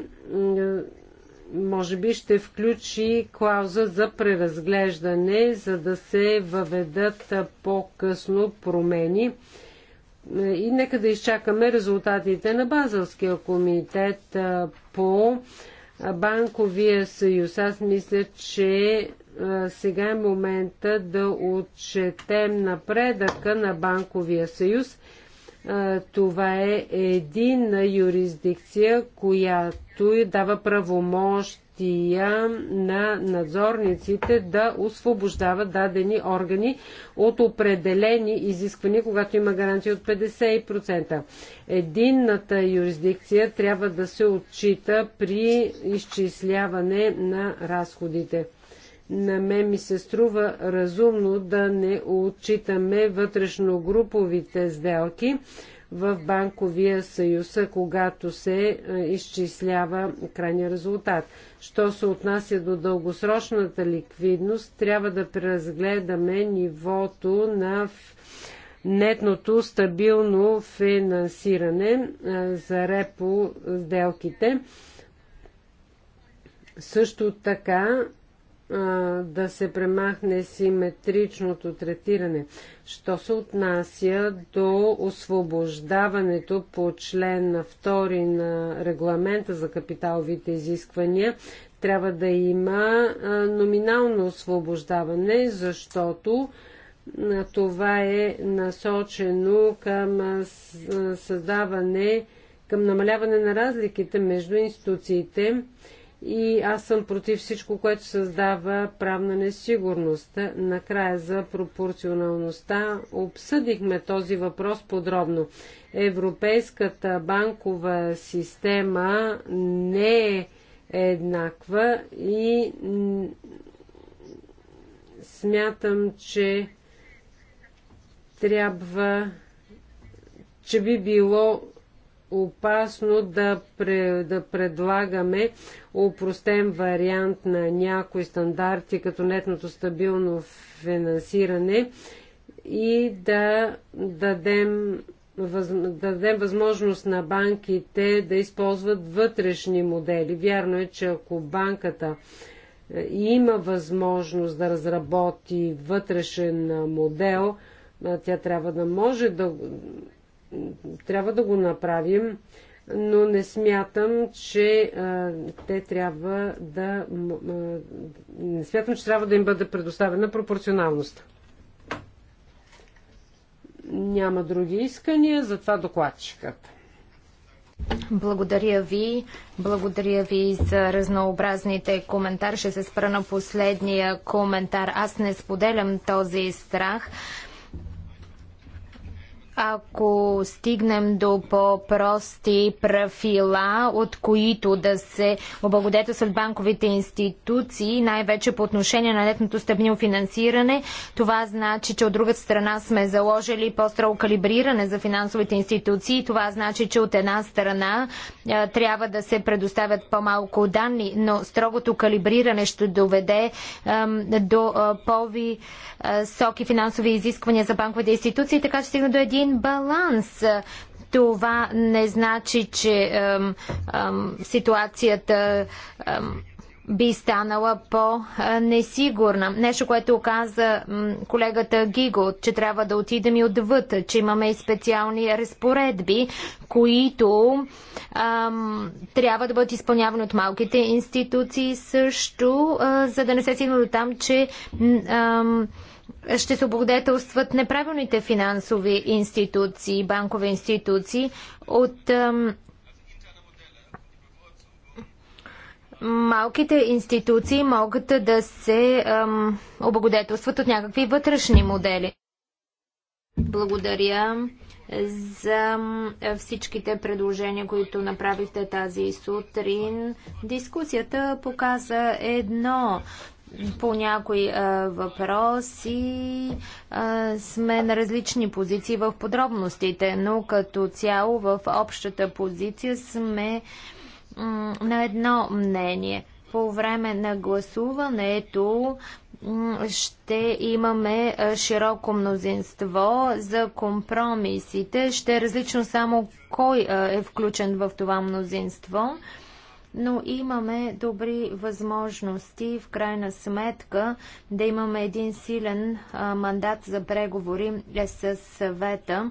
Speaker 1: може би ще включи клауза за преразглеждане, за да се въведат по-късно промени. И нека да изчакаме резултатите на Базълския комитет по банковия съюз. Аз мисля, че сега е момента да отчетем напредъка на банковия съюз. Това е единна юрисдикция, която както и дава правомощия на надзорниците да освобождават дадени органи от определени изисквания, когато има гарантия от 50%. Единната юрисдикция трябва да се отчита при изчисляване на разходите на мен ми се струва разумно да не отчитаме вътрешно груповите сделки, в банковия съюз, когато се е, изчислява крайния резултат. Що се отнася до дългосрочната ликвидност, трябва да преразгледаме нивото на нетното стабилно финансиране е, за репо сделките. Също така да се премахне симетричното третиране. Що се отнася до освобождаването по член на втори на регламента за капиталовите изисквания, трябва да има номинално освобождаване, защото това е насочено към създаване, към намаляване на разликите между институциите и аз съм против всичко, което създава правна несигурност. Накрая за пропорционалността обсъдихме този въпрос подробно. Европейската банкова система не е еднаква и смятам, че трябва, че би било опасно да, пре, да предлагаме упростен вариант на някои стандарти, като нетното стабилно финансиране и да дадем, въз, да дадем възможност на банките да използват вътрешни модели. Вярно е, че ако банката е, има възможност да разработи вътрешен модел, тя трябва да може да трябва да го направим, но не смятам, че те трябва да. не смятам, че трябва да им бъде предоставена пропорционалност. Няма други искания, затова докладчикът.
Speaker 3: Благодаря ви. Благодаря ви за разнообразните коментар. Ще се спра на последния коментар. Аз не споделям този страх. Ако стигнем до по-прости правила, от които да се облагодетелстват банковите институции, най-вече по отношение на летното стабилно финансиране, това значи, че от друга страна сме заложили по-строго калибриране за финансовите институции. Това значи, че от една страна трябва да се предоставят по-малко данни, но строгото калибриране ще доведе до по-високи финансови изисквания за банковите институции, така че стигна до един един баланс. Това не значи, че ем, ем, ситуацията ем, би станала по-несигурна. Нещо, което каза колегата Гиго, че трябва да отидем и отвъд, че имаме и специални разпоредби, които ам, трябва да бъдат изпълнявани от малките институции също, а, е, за да не се стигне до там, че ам, ще се облагодетелстват неправилните финансови институции, банкови институции от малките институции могат да се облагодетелстват от някакви вътрешни модели. Благодаря за всичките предложения, които направихте тази сутрин. Дискусията показа едно по някои а, въпроси а, сме на различни позиции в подробностите, но като цяло в общата позиция сме на едно мнение. По време на гласуването ще имаме широко мнозинство за компромисите. Ще е различно само кой е включен в това мнозинство но имаме добри възможности в крайна сметка да имаме един силен а, мандат за преговори е, с съвета.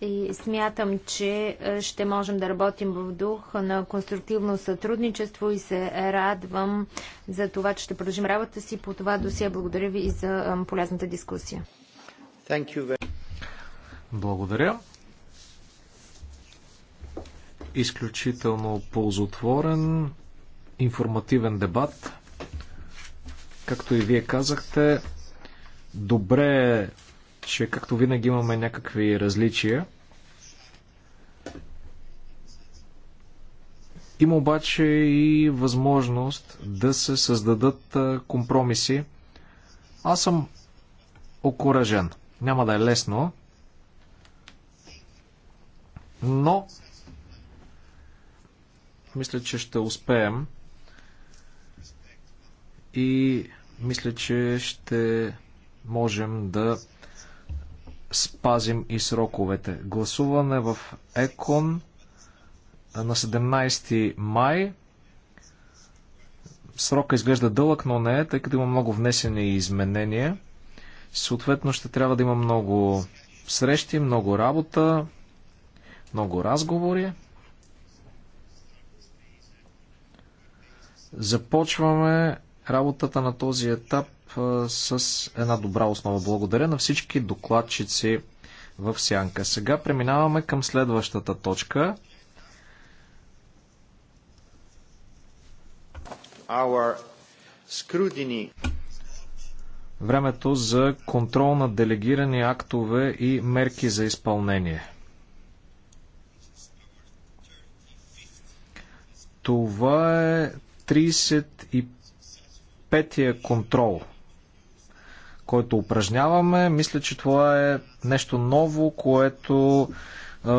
Speaker 3: И смятам, че ще можем да работим в дух на конструктивно сътрудничество и се радвам за това, че ще продължим работа си по това досие. Благодаря ви и за полезната дискусия.
Speaker 2: Благодаря изключително ползотворен, информативен дебат. Както и вие казахте, добре е, че както винаги имаме някакви различия. Има обаче и възможност да се създадат компромиси. Аз съм окоръжен. Няма да е лесно. Но мисля, че ще успеем и мисля, че ще можем да спазим и сроковете. Гласуване в ЕКОН на 17 май. Срока изглежда дълъг, но не е, тъй като има много внесени изменения. Съответно ще трябва да има много срещи, много работа, много разговори. Започваме работата на този етап с една добра основа. Благодаря на всички докладчици в сянка. Сега преминаваме към следващата точка. Our scrutiny. Времето за контрол на делегирани актове и мерки за изпълнение. Това е 35-я контрол, който упражняваме. Мисля, че това е нещо ново, което е,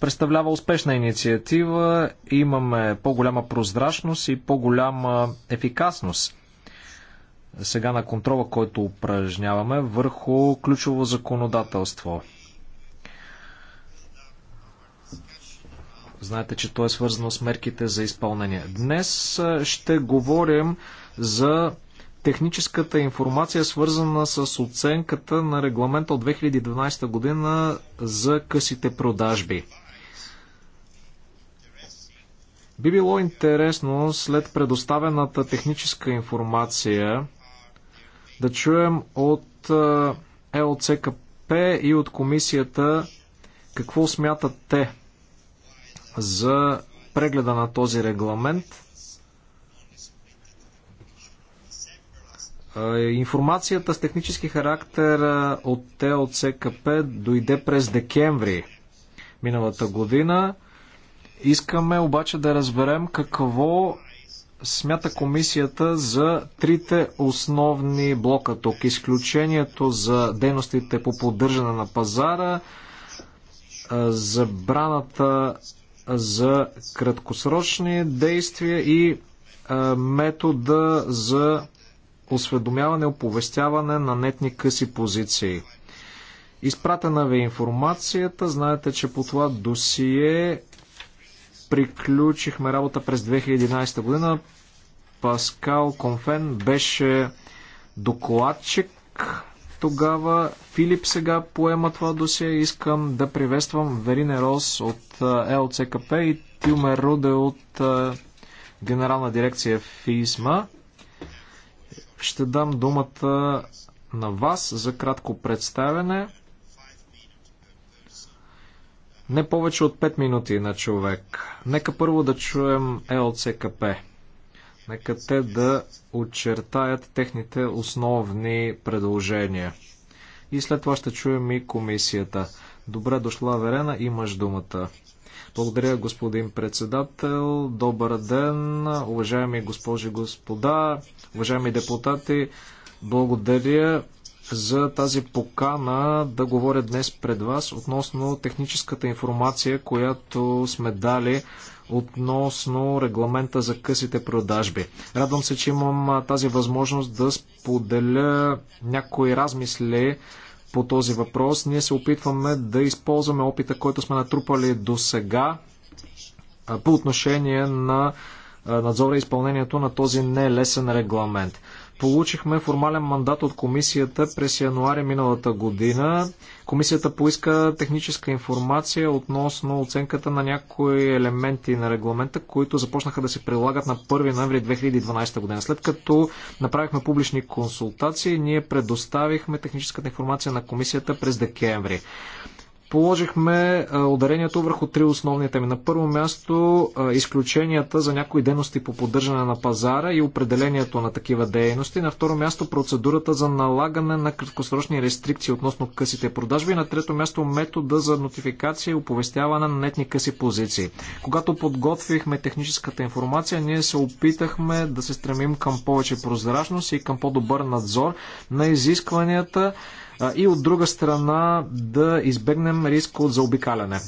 Speaker 2: представлява успешна инициатива. Имаме по-голяма прозрачност и по-голяма ефикасност сега на контрола, който упражняваме върху ключово законодателство. Знаете, че то е свързано с мерките за изпълнение. Днес ще говорим за техническата информация, свързана с оценката на регламента от 2012 година за късите продажби. Би било интересно след предоставената техническа информация да чуем от ЕОЦКП и от комисията какво смятат те за прегледа на този регламент. Информацията с технически характер от ТОЦКП дойде през декември миналата година. Искаме обаче да разберем какво смята комисията за трите основни блока тук. Изключението за дейностите по поддържане на пазара, забраната за краткосрочни действия и метода за осведомяване, оповестяване на нетни къси позиции. Изпратена ви е информацията. Знаете, че по това досие приключихме работа през 2011 година. Паскал Конфен беше докладчик тогава Филип сега поема това досие. Искам да приветствам Верине Рос от ЛЦКП и Тюмер Руде от Генерална дирекция ФИСМА. Ще дам думата на вас за кратко представяне. Не повече от 5 минути на човек. Нека първо да чуем ЛЦКП. Нека те да очертаят техните основни предложения. И след това ще чуем и комисията. Добре дошла, Верена, имаш думата. Благодаря, господин председател. Добър ден, уважаеми госпожи и господа, уважаеми депутати. Благодаря за тази покана да говоря днес пред вас относно техническата информация, която сме дали относно регламента за късите продажби. Радвам се, че имам тази възможност да споделя някои размисли по този въпрос. Ние се опитваме да използваме опита, който сме натрупали до сега по отношение на надзора и изпълнението на този нелесен регламент. Получихме формален мандат от комисията през януаря миналата година. Комисията поиска техническа информация относно оценката на някои елементи на регламента, които започнаха да се прилагат на 1 ноември 2012 година. След като направихме публични консултации, ние предоставихме техническата информация на комисията през декември положихме ударението върху три основни теми. На първо място изключенията за някои дейности по поддържане на пазара и определението на такива дейности. На второ място процедурата за налагане на краткосрочни рестрикции относно късите продажби. И на трето място метода за нотификация и оповестяване на нетни къси позиции. Когато подготвихме техническата информация, ние се опитахме да се стремим към повече прозрачност и към по-добър надзор на изискванията и от друга страна да избегнем риск от заобикаляне.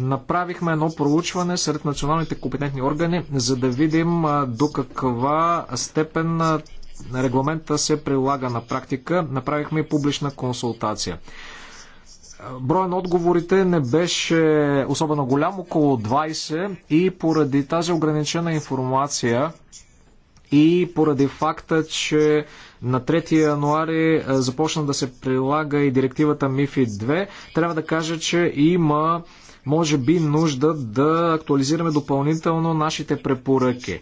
Speaker 2: Направихме едно проучване сред националните компетентни органи, за да видим до каква степен регламента се прилага на практика. Направихме и публична консултация. Броя на отговорите не беше особено голям, около 20 и поради тази ограничена информация и поради факта, че на 3 януари е, започна да се прилага и директивата МИФИ 2. Трябва да кажа, че има може би нужда да актуализираме допълнително нашите препоръки.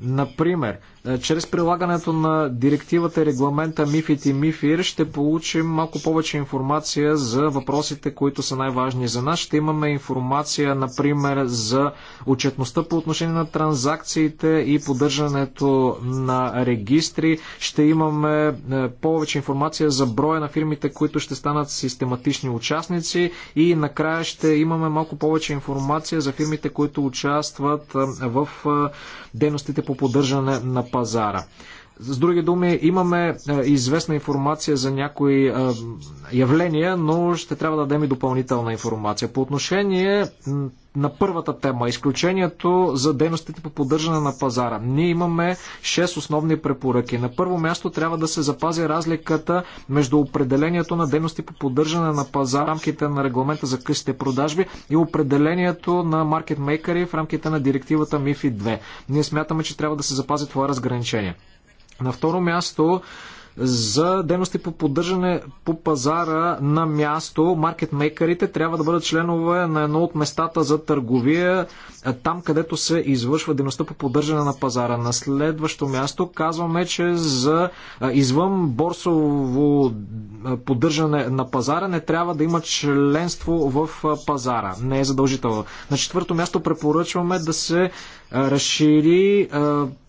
Speaker 2: Например, е, чрез прилагането на директивата, и регламента МИФИТ и МИФИР ще получим малко повече информация за въпросите, които са най-важни за нас. Ще имаме информация, например, за отчетността по отношение на транзакциите и поддържането на регистри. Ще имаме е, повече информация за броя на фирмите, които ще станат систематични участници и накрая ще имаме малко повече информация за фирмите, които участват е, в дейностите по поддържане на пазара. С други думи, имаме е, известна информация за някои е, явления, но ще трябва да дадем и допълнителна информация. По отношение на първата тема, изключението за дейностите по поддържане на пазара. Ние имаме 6 основни препоръки. На първо място трябва да се запази разликата между определението на дейности по поддържане на пазара в рамките на регламента за късите продажби и определението на маркетмейкери в рамките на директивата MIFI 2. Ние смятаме, че трябва да се запази това разграничение. На второ място, за дейности по поддържане по пазара на място, маркетмейкерите трябва да бъдат членове на едно от местата за търговия, там където се извършва дейността по поддържане на пазара. На следващо място казваме, че за извън борсово поддържане на пазара не трябва да има членство в пазара. Не е задължително. На четвърто място препоръчваме да се разшири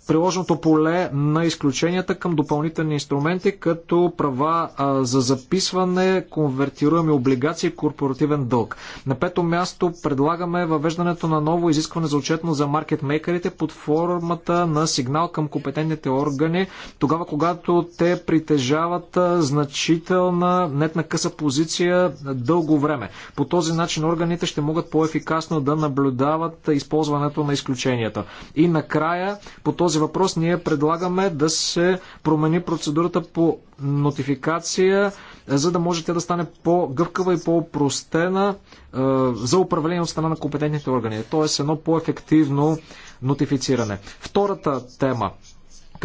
Speaker 2: приложното поле на изключенията към допълнителни инструменти, като права а, за записване, конвертируеми облигации и корпоративен дълг. На пето място предлагаме въвеждането на ново изискване за отчетно за маркетмейкерите под формата на сигнал към компетентните органи, тогава когато те притежават значителна нетна къса позиция дълго време. По този начин органите ще могат по-ефикасно да наблюдават използването на изключенията. И накрая по този този въпрос ние предлагаме да се промени процедурата по нотификация, е, за да може тя да стане по-гъвкава и по-простена е, за управление от страна на компетентните органи. Тоест едно по-ефективно нотифициране. Втората тема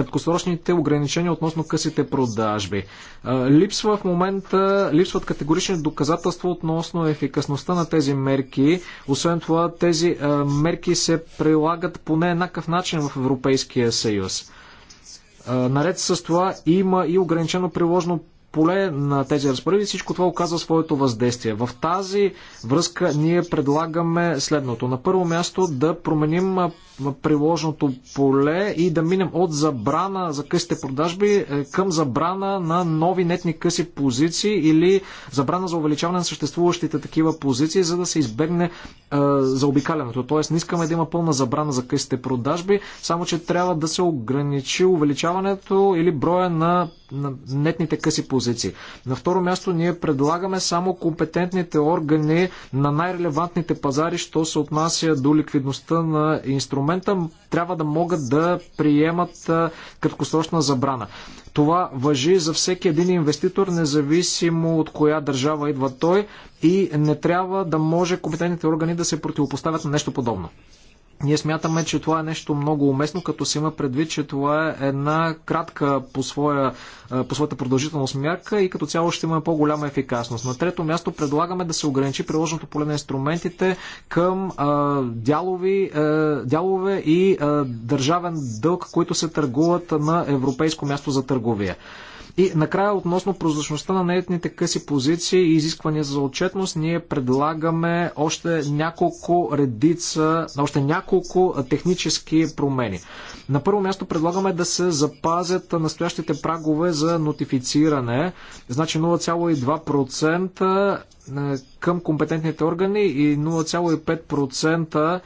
Speaker 2: краткосрочните ограничения относно късите продажби. Липсва в момента, липсват категорични доказателства относно ефикасността на тези мерки. Освен това, тези мерки се прилагат по не еднакъв начин в Европейския съюз. Наред с това има и ограничено приложно поле на тези разпореди, всичко това оказва своето въздействие. В тази връзка ние предлагаме следното. На първо място да променим приложното поле и да минем от забрана за късите продажби е, към забрана на нови нетни къси позиции или забрана за увеличаване на съществуващите такива позиции, за да се избегне е, заобикалянето. Тоест не искаме да има пълна забрана за късите продажби, само че трябва да се ограничи увеличаването или броя на на нетните къси позиции. На второ място ние предлагаме само компетентните органи на най-релевантните пазари, що се отнася до ликвидността на инструмента, трябва да могат да приемат краткосрочна забрана. Това въжи за всеки един инвеститор, независимо от коя държава идва той и не трябва да може компетентните органи да се противопоставят на нещо подобно. Ние смятаме, че това е нещо много уместно, като се има предвид, че това е една кратка по, своя, е, по своята продължителност мярка и като цяло ще има по-голяма ефикасност. На трето място предлагаме да се ограничи приложеното поле на инструментите към а, е, дялови, а, е, дялове и а, държавен дълг, които се търгуват на европейско място за търговия. И накрая относно прозрачността на нетните къси позиции и изисквания за отчетност, ние предлагаме още няколко редица, още няколко технически промени. На първо място предлагаме да се запазят настоящите прагове за нотифициране, значи 0,2% е, към компетентните органи и 0,5%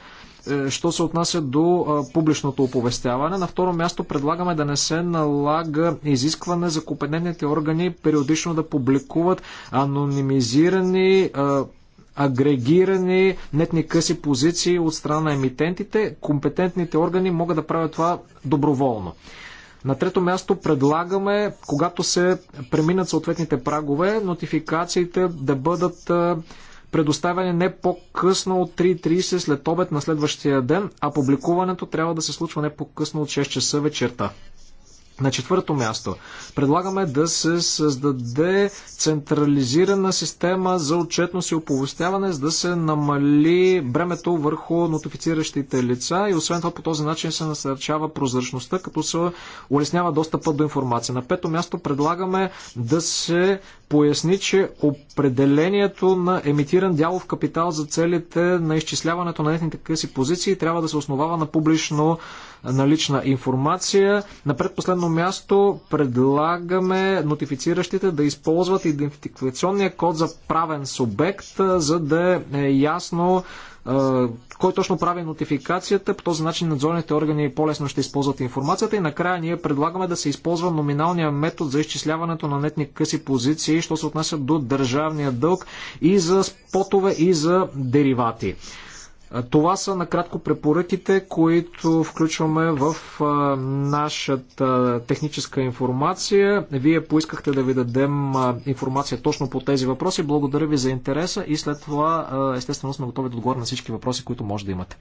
Speaker 2: е, що се отнася до е, публичното оповестяване. На второ място предлагаме да не се налага изискване за компетентните органи периодично да публикуват анонимизирани е, агрегирани нетни къси позиции от страна на емитентите. Компетентните органи могат да правят това доброволно. На трето място предлагаме, когато се преминат съответните прагове, нотификациите да бъдат предоставяне не по-късно от 3.30 след обед на следващия ден, а публикуването трябва да се случва не по-късно от 6 часа вечерта. На четвърто място, предлагаме да се създаде централизирана система за отчетност и оповестяване, за да се намали бремето върху нотифициращите лица и освен това по този начин се насърчава прозрачността, като се улеснява достъпа до информация. На пето място предлагаме да се поясни, че определението на емитиран дялов капитал за целите на изчисляването на етните къси позиции трябва да се основава на публично налична информация. На предпоследно място предлагаме нотифициращите да използват идентификационния код за правен субект, за да е ясно кой точно прави нотификацията. По този начин надзорните органи по-лесно ще използват информацията и накрая ние предлагаме да се използва номиналния метод за изчисляването на нетни къси позиции, що се отнася до държавния дълг и за спотове и за деривати. Това са накратко препоръките, които включваме в нашата техническа информация. Вие поискахте да ви дадем информация точно по тези въпроси. Благодаря ви за интереса и след това естествено сме готови да отговорим на всички въпроси, които може да имате.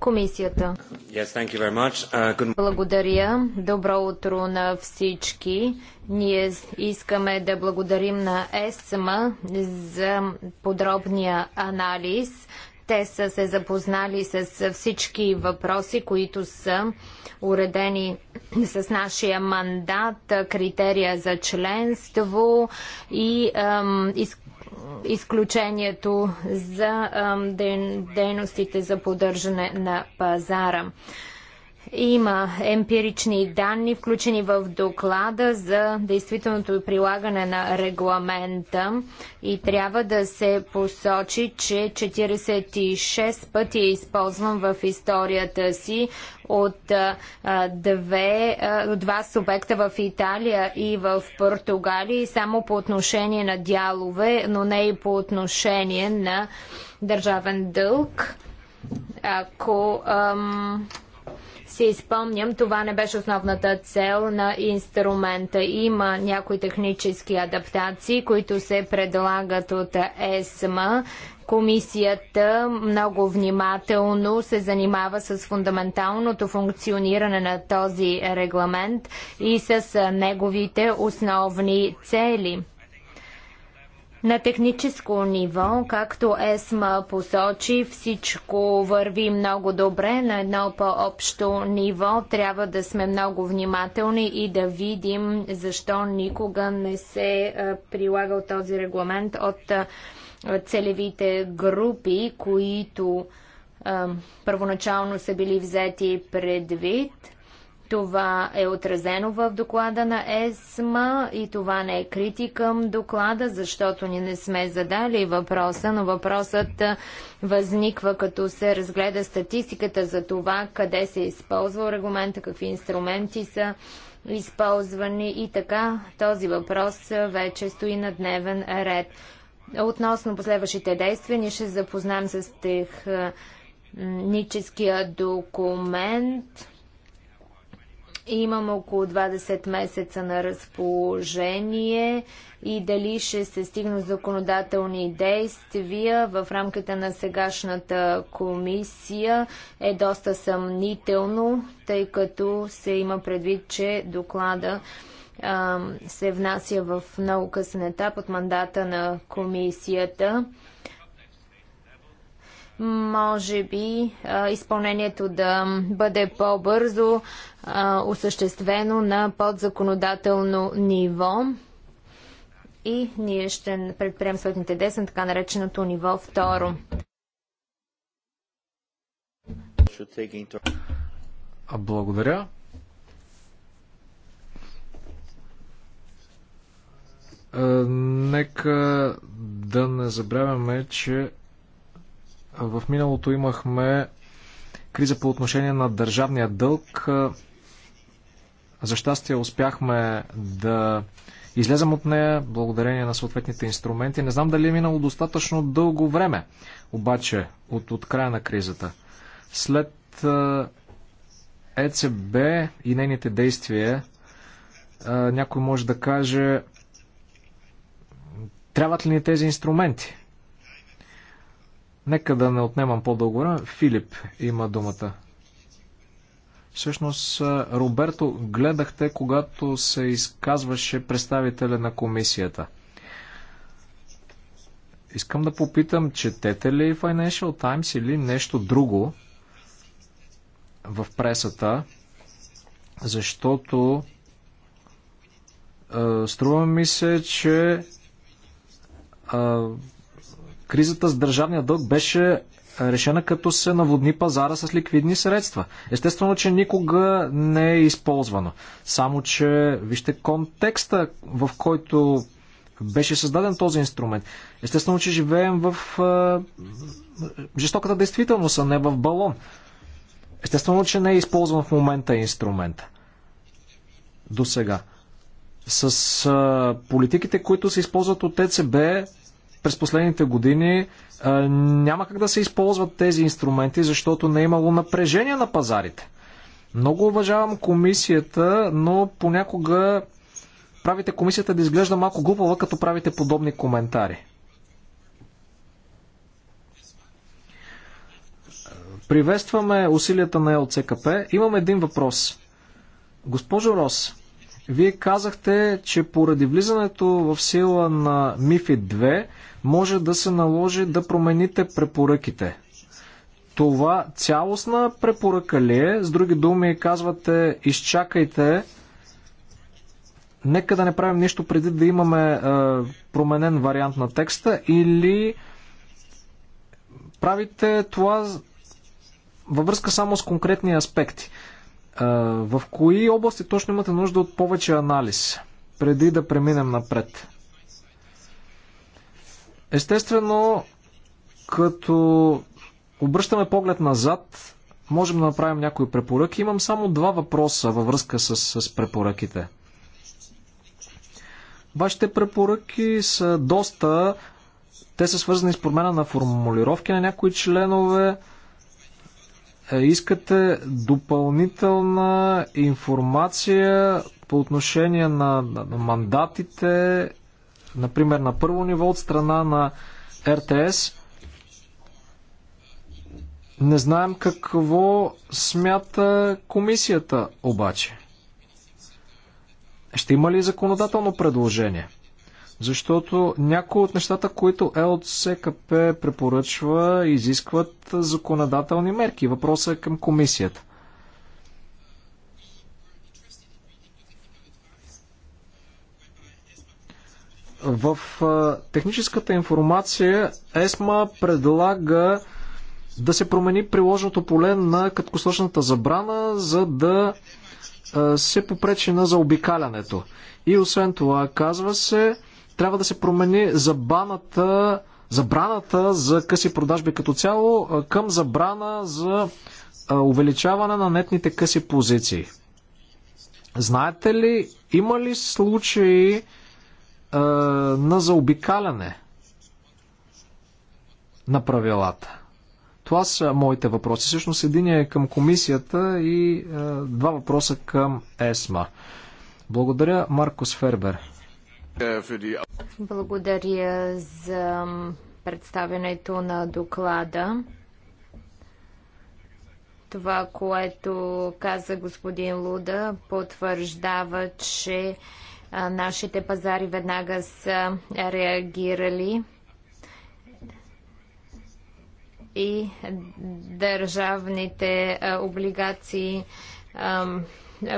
Speaker 3: Комисията.
Speaker 2: Yes, uh,
Speaker 3: Благодаря. Добро утро на всички. Ние искаме да благодарим на ЕСМА за подробния анализ. Те са се запознали с всички въпроси, които са уредени с нашия мандат, критерия за членство и ем, изключението за дейностите за поддържане на пазара. Има емпирични данни, включени в доклада за действителното прилагане на регламента и трябва да се посочи, че 46 пъти е използван в историята си от, две, два субекта в Италия и в Португалия и само по отношение на дялове, но не и по отношение на държавен дълг. Ако ам, си спомням, това не беше основната цел на инструмента. Има някои технически адаптации, които се предлагат от ЕСМА. Комисията много внимателно се занимава с фундаменталното функциониране на този регламент и с неговите основни цели. На техническо ниво, както ЕСМА посочи, всичко върви много добре. На едно по-общо ниво трябва да сме много внимателни и да видим защо никога не се е, прилагал този регламент от е, целевите групи, които е, първоначално са били взети предвид това е отразено в доклада на ЕСМА и това не е критика към доклада, защото ни не сме задали въпроса, но въпросът възниква като се разгледа статистиката за това къде се е използвал регламента, какви инструменти са използвани и така този въпрос вече стои на дневен ред. Относно последващите действия, ние ще запознаем с техническия документ Имам около 20 месеца на разположение и дали ще се стигнат законодателни действия в рамките на сегашната комисия е доста съмнително, тъй като се има предвид, че доклада а, се внася в много късен етап от мандата на комисията може би изпълнението да бъде по-бързо осъществено на подзаконодателно ниво и ние ще предприемем следните действия на така нареченото ниво второ.
Speaker 2: Благодаря. Е, нека да не забравяме, че в миналото имахме криза по отношение на държавния дълг. За щастие успяхме да излезем от нея благодарение на съответните инструменти. Не знам дали е минало достатъчно дълго време, обаче от, от края на кризата. След ЕЦБ и нейните действия, някой може да каже, трябват ли ни тези инструменти? Нека да не отнемам по-дълго време. Филип има думата. Всъщност, Роберто, гледахте, когато се изказваше представителя на комисията. Искам да попитам, четете ли Financial Times или нещо друго в пресата, защото е, струва ми се, че е, кризата с държавния дълг беше решена като се наводни пазара с ликвидни средства. Естествено, че никога не е използвано. Само, че вижте контекста, в който беше създаден този инструмент. Естествено, че живеем в е, жестоката действителност, а не в балон. Естествено, че не е използван в момента инструмента. До сега. С е, политиките, които се използват от ЕЦБ, през последните години няма как да се използват тези инструменти, защото не е имало напрежение на пазарите. Много уважавам комисията, но понякога правите комисията да изглежда малко глупава, като правите подобни коментари. Приветстваме усилията на ЛЦКП. Имам един въпрос. Госпожо Рос, вие казахте, че поради влизането в сила на МИФИ 2 може да се наложи да промените препоръките. Това цялостна препоръка ли е? С други думи казвате, изчакайте, нека да не правим нищо преди да имаме е, променен вариант на текста или правите това във връзка само с конкретни аспекти в кои области точно имате нужда от повече анализ, преди да преминем напред? Естествено, като обръщаме поглед назад, можем да направим някои препоръки. Имам само два въпроса във връзка с, с препоръките. Вашите препоръки са доста. Те са свързани с промена на формулировки на някои членове. Е, искате допълнителна информация по отношение на, на мандатите, например на първо ниво от страна на РТС. Не знаем какво смята комисията обаче. Ще има ли законодателно предложение? Защото някои от нещата, които ЛЦКП препоръчва, изискват законодателни мерки. Въпросът е към комисията. В техническата информация ЕСМА предлага да се промени приложното поле на краткосрочната забрана, за да се попречи на заобикалянето. И освен това, казва се, трябва да се промени забаната, забраната за къси продажби като цяло към забрана за увеличаване на нетните къси позиции. Знаете ли, има ли случаи а, на заобикаляне на правилата? Това са моите въпроси. Всъщност един е към комисията и а, два въпроса към ЕСМА. Благодаря, Маркос Фербер.
Speaker 3: Благодаря за представянето на доклада. Това, което каза господин Луда, потвърждава, че нашите пазари веднага са реагирали и държавните облигации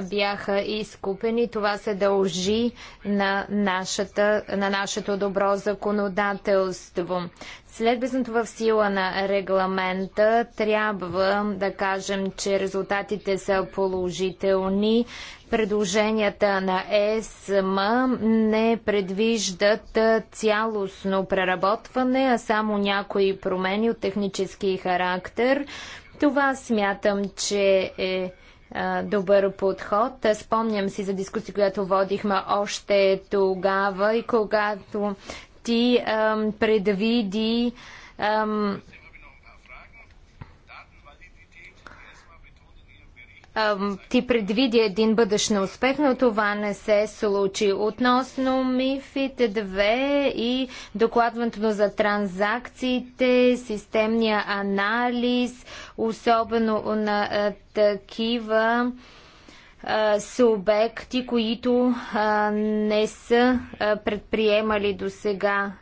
Speaker 3: бяха изкупени. Това се дължи на, нашата, на нашето добро законодателство. След безното в сила на регламента трябва да кажем, че резултатите са положителни. Предложенията на ЕСМ не предвиждат цялостно преработване, а само някои промени от технически характер. Това смятам, че е добър подход. Спомням си за дискусия, която водихме още тогава и когато ти ам, предвиди ам, ти предвиди един бъдещ на успех, но това не се случи. Относно МИФИТ 2 и докладването за транзакциите, системния анализ, особено на такива субекти, които а, не са предприемали до сега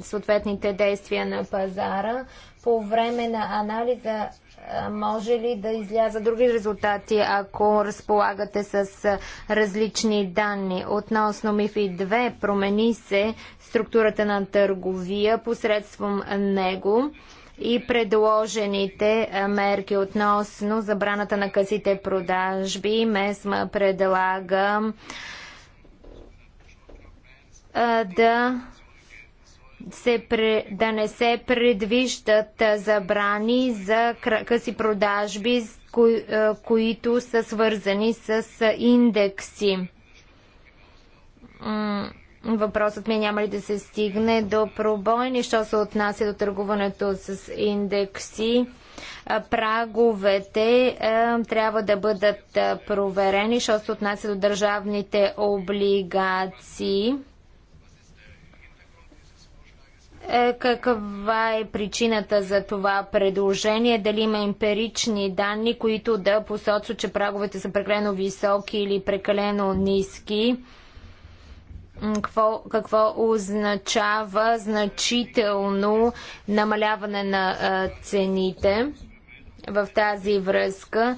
Speaker 3: съответните действия на пазара. По време на анализа може ли да изляза други резултати, ако разполагате с различни данни? Относно МИФИ 2 промени се структурата на търговия посредством него и предложените мерки относно забраната на късите продажби. МЕСМА предлага да се, да не се предвиждат забрани за къси продажби, които са свързани с индекси. Въпросът ми е няма ли да се стигне до пробойни, що се отнася до търгуването с индекси. Праговете е, трябва да бъдат проверени, що се отнася до държавните облигации. Е, каква е причината за това предложение? Дали има емпирични данни, които да посочват, че праговете са прекалено високи или прекалено ниски? Какво, какво означава значително намаляване на цените в тази връзка?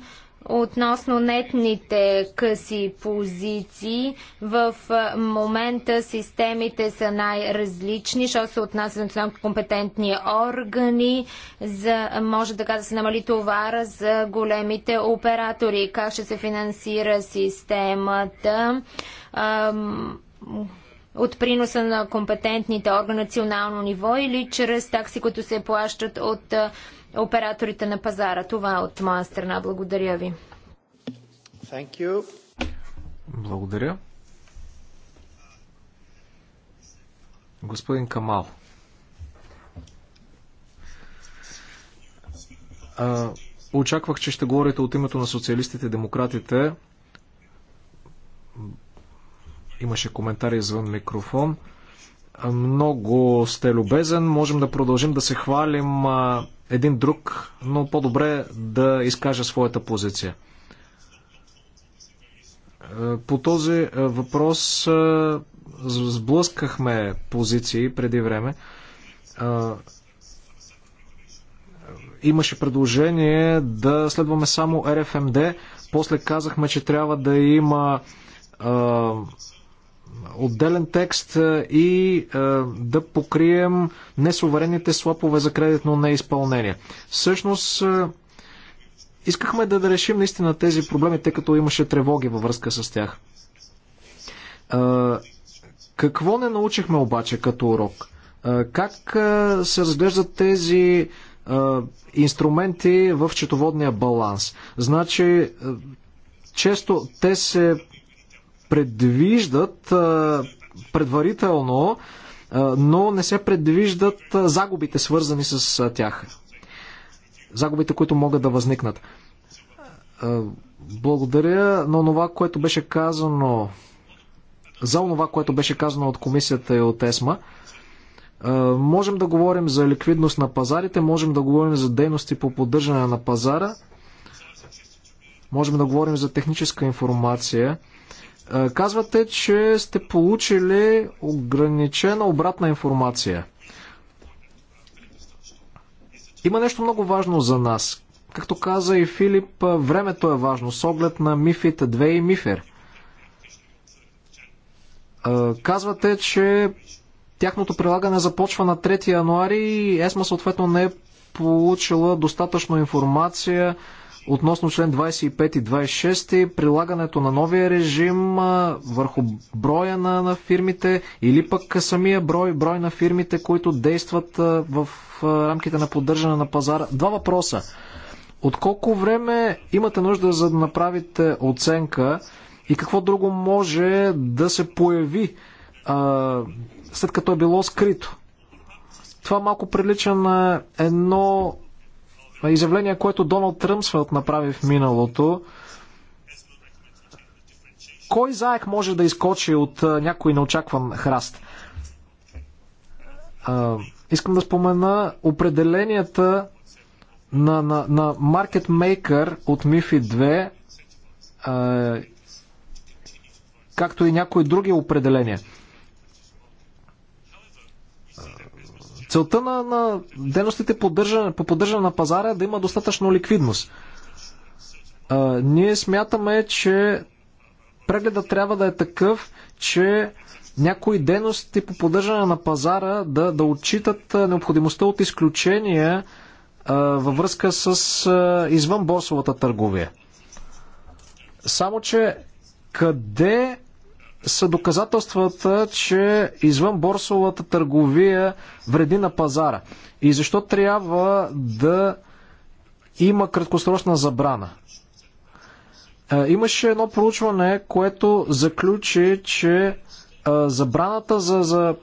Speaker 3: Относно нетните къси позиции, в момента системите са най-различни, що се отнася до националните компетентни органи, за, може така да се намали товара за големите оператори. Как ще се финансира системата? от приноса на компетентните органи национално ниво или чрез такси, които се плащат от операторите на пазара. Това е от моя страна. Благодаря ви.
Speaker 2: Thank you. Благодаря. Господин Камал. А, очаквах, че ще говорите от името на социалистите и демократите. Имаше коментар извън микрофон. Много сте любезен. Можем да продължим да се хвалим един друг, но по-добре да изкаже своята позиция. Е, по този е, въпрос е, сблъскахме позиции преди време. Имаше предложение да следваме само РФМД. После казахме, че трябва да има отделен текст и да покрием несуверенните слапове за кредитно неизпълнение. Всъщност, искахме да, да решим наистина тези проблеми, тъй като имаше тревоги във връзка с тях. какво не научихме обаче като урок? как се разглеждат тези инструменти в четоводния баланс? Значи, често те се предвиждат предварително, но не се предвиждат загубите, свързани с тях. Загубите, които могат да възникнат. Благодаря, но това, което беше казано за това, което беше казано от комисията и от ЕСМА, можем да говорим за ликвидност на пазарите, можем да говорим за дейности по поддържане на пазара, можем да говорим за техническа информация. Е, казвате, че сте получили ограничена обратна информация. Има нещо много важно за нас. Както каза и Филип, е, времето е важно с оглед на Мифит 2 и Мифер. Е, казвате, че тяхното прилагане започва на 3 януари и ЕСМА съответно не е получила достатъчно информация Относно член 25 и 26, прилагането на новия режим върху броя на, на фирмите или пък самия брой, брой на фирмите, които действат в рамките на поддържане на пазара. Два въпроса. От колко време имате нужда за да направите оценка и какво друго може да се появи а, след като е било скрито? Това малко прилича на едно изявление, което Доналд Тръмсфелд направи в миналото. Кой заек може да изкочи от някой неочакван храст? искам да спомена определенията на, на, на Market Maker от MIFI 2, както и някои други определения. Целта на, на дейностите поддържане, по поддържане на пазара е да има достатъчно ликвидност. А, ние смятаме, че прегледът трябва да е такъв, че някои дейности по поддържане на пазара да, да отчитат необходимостта от изключения а, във връзка с а, извънборсовата търговия. Само, че къде са доказателствата, че извън борсовата търговия вреди на пазара. И защо трябва да има краткосрочна забрана? Е, имаше едно проучване, което заключи, че е, забраната за, за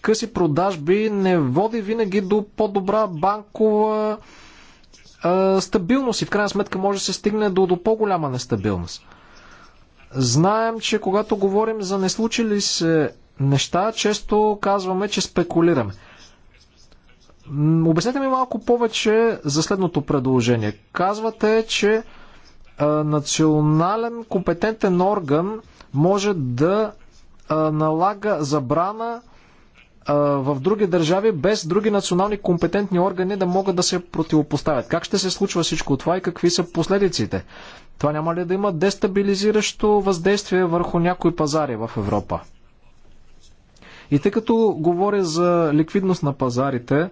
Speaker 2: къси продажби не води винаги до по-добра банкова е, стабилност и в крайна сметка може да се стигне до, до по-голяма нестабилност. Знаем, че когато говорим за не случили се неща, често казваме, че спекулираме. Обяснете ми малко повече за следното предложение. Казвате, че а, национален компетентен орган може да а, налага забрана а, в други държави, без други национални компетентни органи да могат да се противопоставят. Как ще се случва всичко това и какви са последиците? Това няма ли да има дестабилизиращо въздействие върху някои пазари в Европа? И тъй като говоря за ликвидност на пазарите,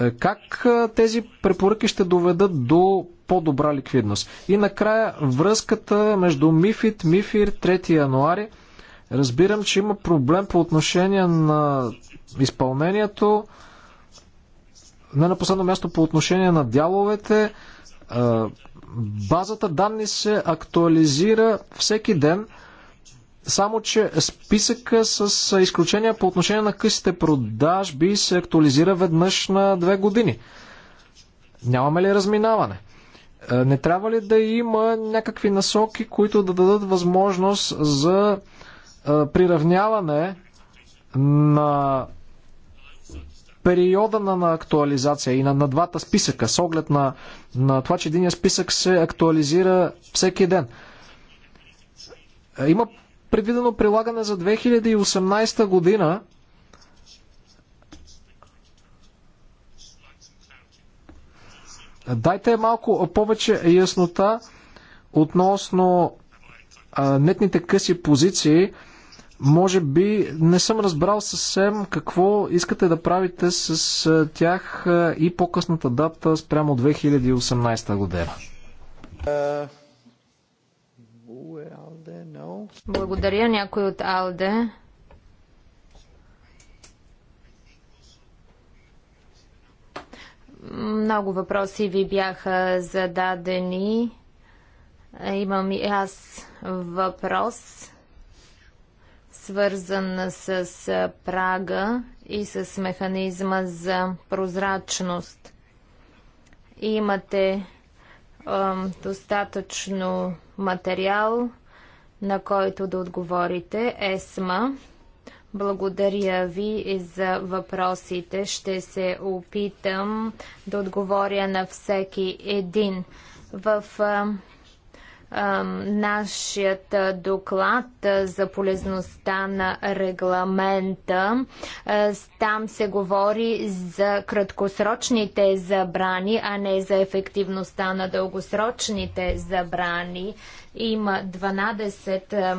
Speaker 2: е, как е, тези препоръки ще доведат до по-добра ликвидност? И накрая връзката между МИФИТ, МИФИР, 3 януари. Разбирам, че има проблем по отношение на изпълнението. Не на последно място по отношение на дяловете. Базата данни се актуализира всеки ден, само че списъка с изключения по отношение на късите продажби се актуализира веднъж на две години. Нямаме ли разминаване? Не трябва ли да има някакви насоки, които да дадат възможност за приравняване на периода на, на актуализация и на, на двата списъка, с оглед на, на това, че един списък се актуализира всеки ден. Има предвидено прилагане за 2018 година. Дайте малко повече яснота относно а, нетните къси позиции. Може би не съм разбрал съвсем какво искате да правите с тях и по-късната дата спрямо 2018 година.
Speaker 3: Благодаря някой от Алде. Много въпроси ви бяха зададени. Имам и аз въпрос свързан с прага и с механизма за прозрачност. Имате е, достатъчно материал, на който да отговорите. Есма, благодаря ви и за въпросите. Ще се опитам да отговоря на всеки един. В нашият доклад за полезността на регламента. Там се говори за краткосрочните забрани, а не за ефективността на дългосрочните забрани. Има 12 е,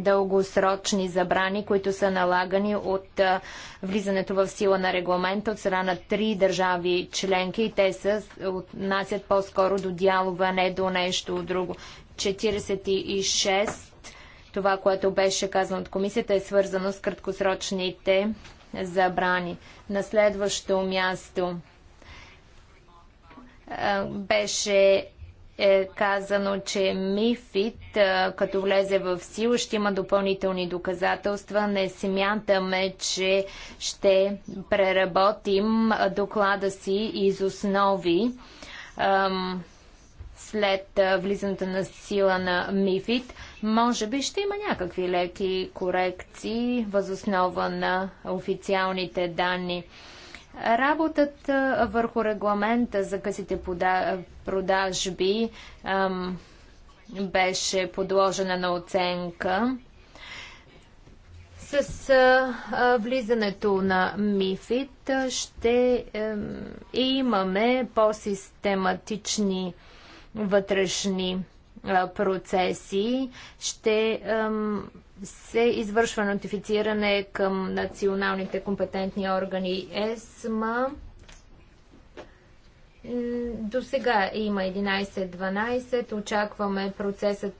Speaker 3: дългосрочни забрани, които са налагани от е, влизането в сила на регламента от страна на три държави членки и те се отнасят по-скоро до дялове, а не до нещо друго. 46 това, което беше казано от комисията, е свързано с краткосрочните забрани. На следващо място е, беше е казано, че МИФИТ, като влезе в сила, ще има допълнителни доказателства. Не смятаме, че ще преработим доклада си из основи след влизането на сила на МИФИТ. Може би ще има някакви леки корекции възоснова на официалните данни. Работата върху регламента за късите продажби беше подложена на оценка. С влизането на МИФИТ ще имаме по-систематични вътрешни процеси. Ще се извършва нотифициране към националните компетентни органи ЕСМА. До сега има 11-12. Очакваме процесът,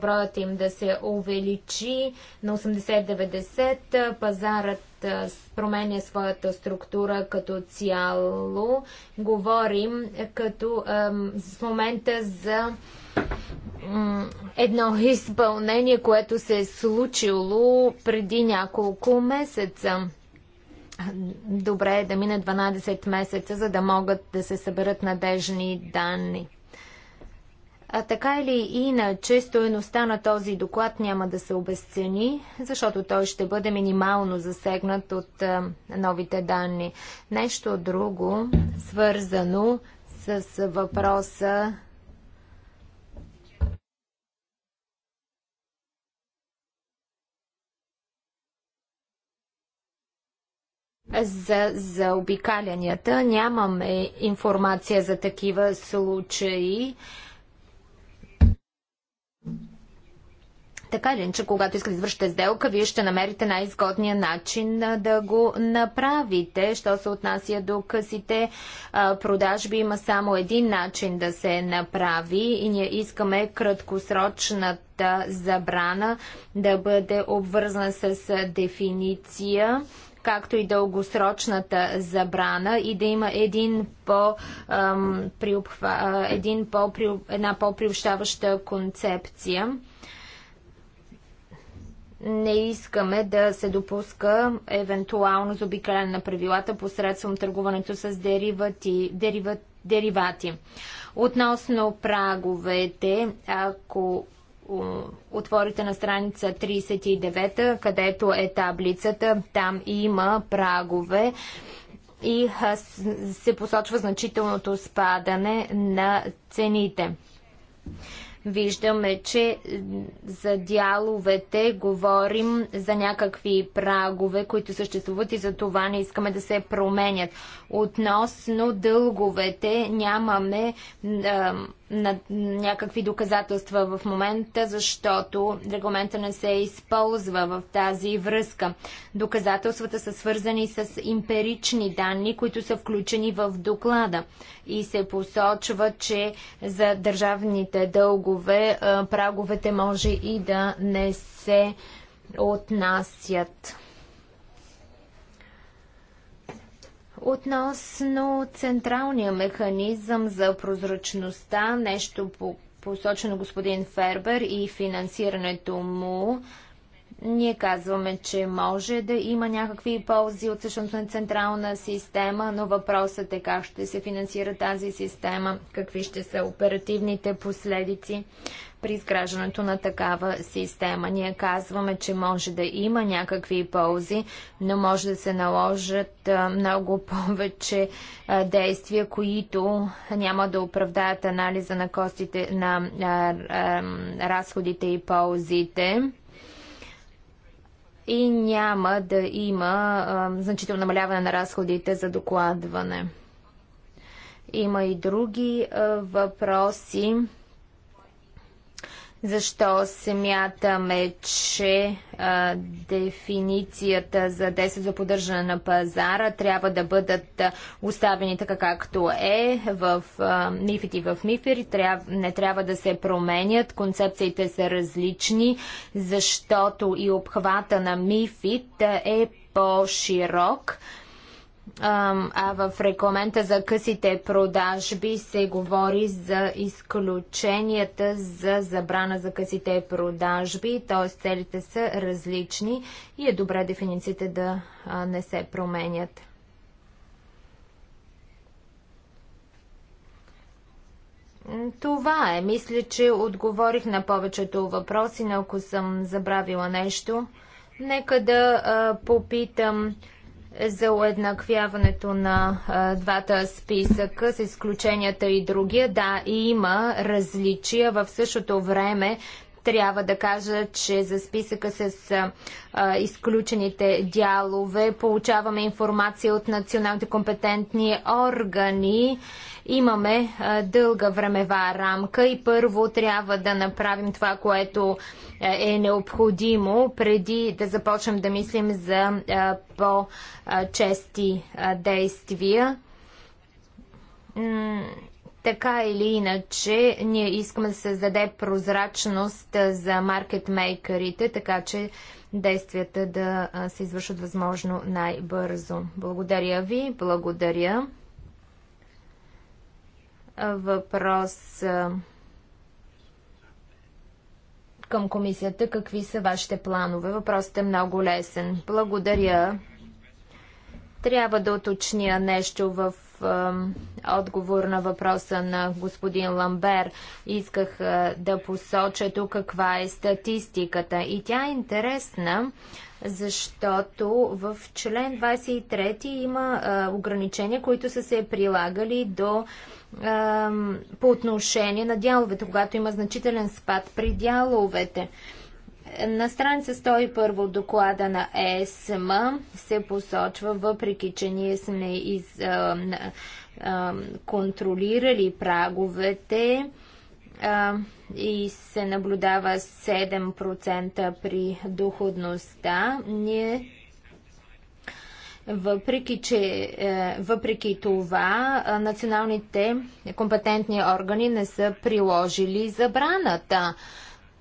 Speaker 3: броят им да се увеличи на 80-90. Пазарът променя своята структура като цяло. Говорим като с момента за едно изпълнение, което се е случило преди няколко месеца. Добре е да мине 12 месеца, за да могат да се съберат надежни данни. А така или иначе, стоеността на този доклад няма да се обесцени, защото той ще бъде минимално засегнат от а, новите данни. Нещо друго, свързано с въпроса за заобикалянията. Нямаме информация за такива случаи. Така ли, че когато искате да извършите сделка, вие ще намерите най-изгодния начин да го направите. Що се отнася до късите продажби, има само един начин да се направи и ние искаме краткосрочната забрана да бъде обвързана с дефиниция както и дългосрочната забрана и да има един по, ам, приобхва, един по, при, една по-приобщаваща концепция. Не искаме да се допуска евентуално заобикаляне на правилата посредством търгуването с деривати, дерива, деривати. Относно праговете, ако отворите на страница 39, където е таблицата, там има прагове и се посочва значителното спадане на цените. Виждаме, че за дяловете говорим за някакви прагове, които съществуват и за това не искаме да се променят. Относно дълговете нямаме на някакви доказателства в момента, защото регламента не се използва в тази връзка. Доказателствата са свързани с имперични данни, които са включени в доклада и се посочва, че за държавните дългове праговете може и да не се отнасят. Относно централния механизъм за прозрачността, нещо по посочено господин Фербер и финансирането му, ние казваме, че може да има някакви ползи от същото на централна система, но въпросът е как ще се финансира тази система, какви ще са оперативните последици при изграждането на такава система. Ние казваме, че може да има някакви ползи, но може да се наложат много повече действия, които няма да оправдаят анализа на костите на разходите и ползите и няма да има а, значително намаляване на разходите за докладване. Има и други а, въпроси. Защо смятаме, че а, дефиницията за 10 за поддържане на пазара трябва да бъдат оставени така както е в а, МИФИТ и в МИФИР? не трябва да се променят. Концепциите са различни, защото и обхвата на МИФИТ е по-широк а в регламента за късите продажби се говори за изключенията за забрана за късите продажби, т.е. целите са различни и е добре дефинициите да не се променят. Това е. Мисля, че отговорих на повечето въпроси, но ако съм забравила нещо, нека да а, попитам за уеднаквяването на а, двата списъка с изключенията и другия. Да, има различия. В същото време трябва да кажа, че за списъка с а, изключените дялове получаваме информация от националните компетентни органи. Имаме а, дълга времева рамка и първо трябва да направим това, което е необходимо, преди да започнем да мислим за по-чести действия така или иначе, ние искаме да се създаде прозрачност за маркетмейкерите, така че действията да се извършат възможно най-бързо. Благодаря ви, благодаря. Въпрос към комисията. Какви са вашите планове? Въпросът е много лесен. Благодаря. Трябва да уточня нещо в отговор на въпроса на господин Ламбер исках да посоча тук каква е статистиката. И тя е интересна, защото в член 23 има ограничения, които са се прилагали до по отношение на дяловете, когато има значителен спад при дяловете. На страница 101 от доклада на ЕСМ се посочва, въпреки че ние сме из, а, а, контролирали праговете а, и се наблюдава 7% при доходността, ние въпреки, че, е, въпреки това, националните компетентни органи не са приложили забраната.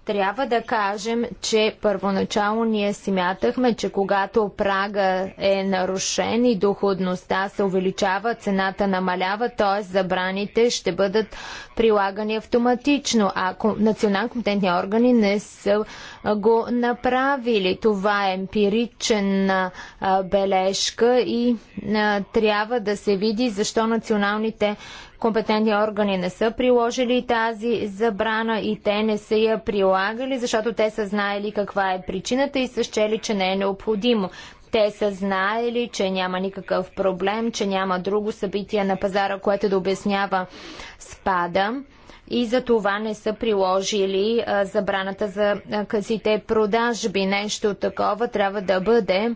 Speaker 3: Трябва да кажем, че първоначално ние смятахме, че когато прага е нарушен и доходността се увеличава, цената намалява, т.е. забраните ще бъдат прилагани автоматично, ако национално компетентни органи не са го направили. Това е емпирична бележка и трябва да се види защо националните компетентни органи не са приложили тази забрана и те не са я прилагали, защото те са знаели каква е причината и са счели, че не е необходимо. Те са знаели, че няма никакъв проблем, че няма друго събитие на пазара, което да обяснява спада и за това не са приложили забраната за късите продажби. Нещо такова трябва да бъде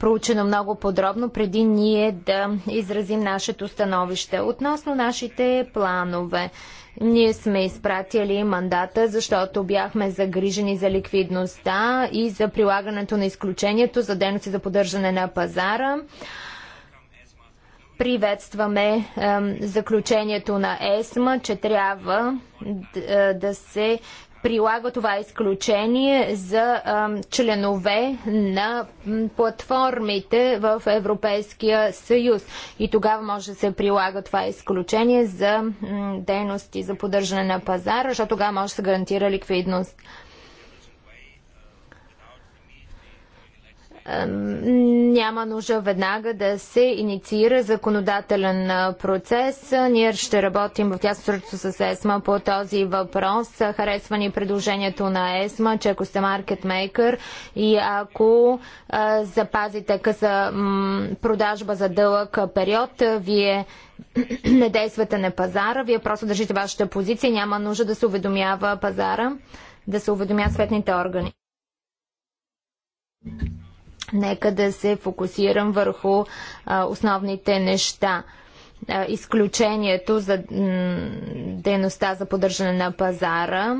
Speaker 3: проучено много подробно преди ние да изразим нашето становище. Относно нашите планове. Ние сме изпратили мандата, защото бяхме загрижени за ликвидността и за прилагането на изключението за дейности за поддържане на пазара. Приветстваме заключението на ЕСМА, че трябва е, да се прилага това изключение за членове на платформите в Европейския съюз. И тогава може да се прилага това изключение за дейности за поддържане на пазара, защото тогава може да се гарантира ликвидност. няма нужда веднага да се инициира законодателен процес. Ние ще работим в тясно сърцето с ЕСМА по този въпрос. Харесва ни предложението на ЕСМА, че ако сте маркетмейкър и ако запазите къса продажба за дълъг период, вие не действате на пазара, вие просто държите вашата позиция, няма нужда да се уведомява пазара, да се уведомя светните органи. Нека да се фокусирам върху а, основните неща. А, изключението за дейността за поддържане на пазара.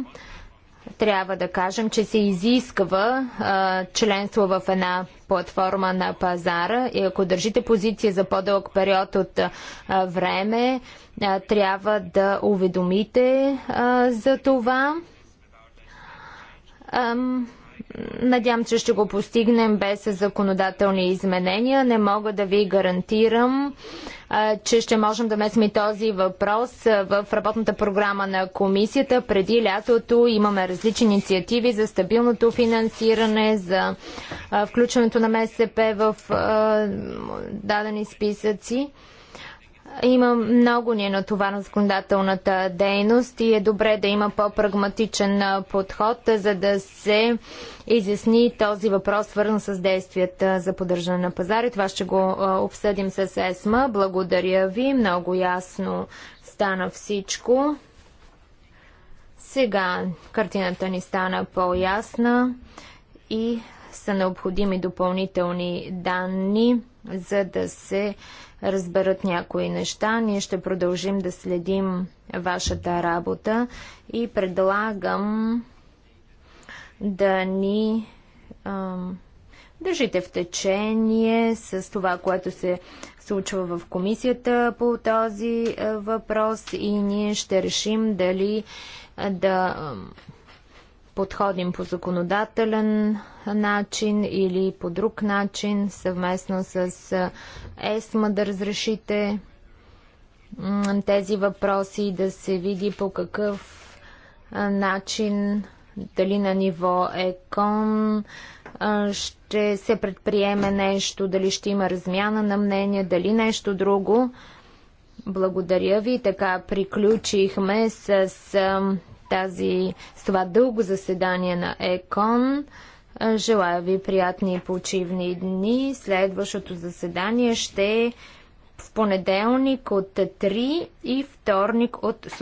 Speaker 3: Трябва да кажем, че се изисква а, членство в една платформа на пазара и ако държите позиция за по-дълъг период от а, време, а, трябва да уведомите а, за това. Ам Надявам, че ще го постигнем без законодателни изменения. Не мога да ви гарантирам, че ще можем да месим и този въпрос в работната програма на комисията. Преди лятото имаме различни инициативи за стабилното финансиране, за включването на МСП в дадени списъци. Има много ни на това на законодателната дейност и е добре да има по-прагматичен подход, за да се изясни този въпрос, свързан с действията за поддържане на пазари. Това ще го обсъдим с ЕСМА. Благодаря ви. Много ясно стана всичко. Сега картината ни стана по-ясна и са необходими допълнителни данни, за да се разберат някои неща. Ние ще продължим да следим вашата работа и предлагам да ни а, държите в течение с това, което се случва в комисията по този въпрос и ние ще решим дали да подходим по законодателен начин или по друг начин, съвместно с ЕСМА да разрешите тези въпроси и да се види по какъв начин, дали на ниво ЕКОН ще се предприеме нещо, дали ще има размяна на мнение, дали нещо друго. Благодаря ви. Така приключихме с тази, с това дълго заседание на ЕКОН. Желая ви приятни и почивни дни. Следващото заседание ще е в понеделник от 3 и вторник от сутрин.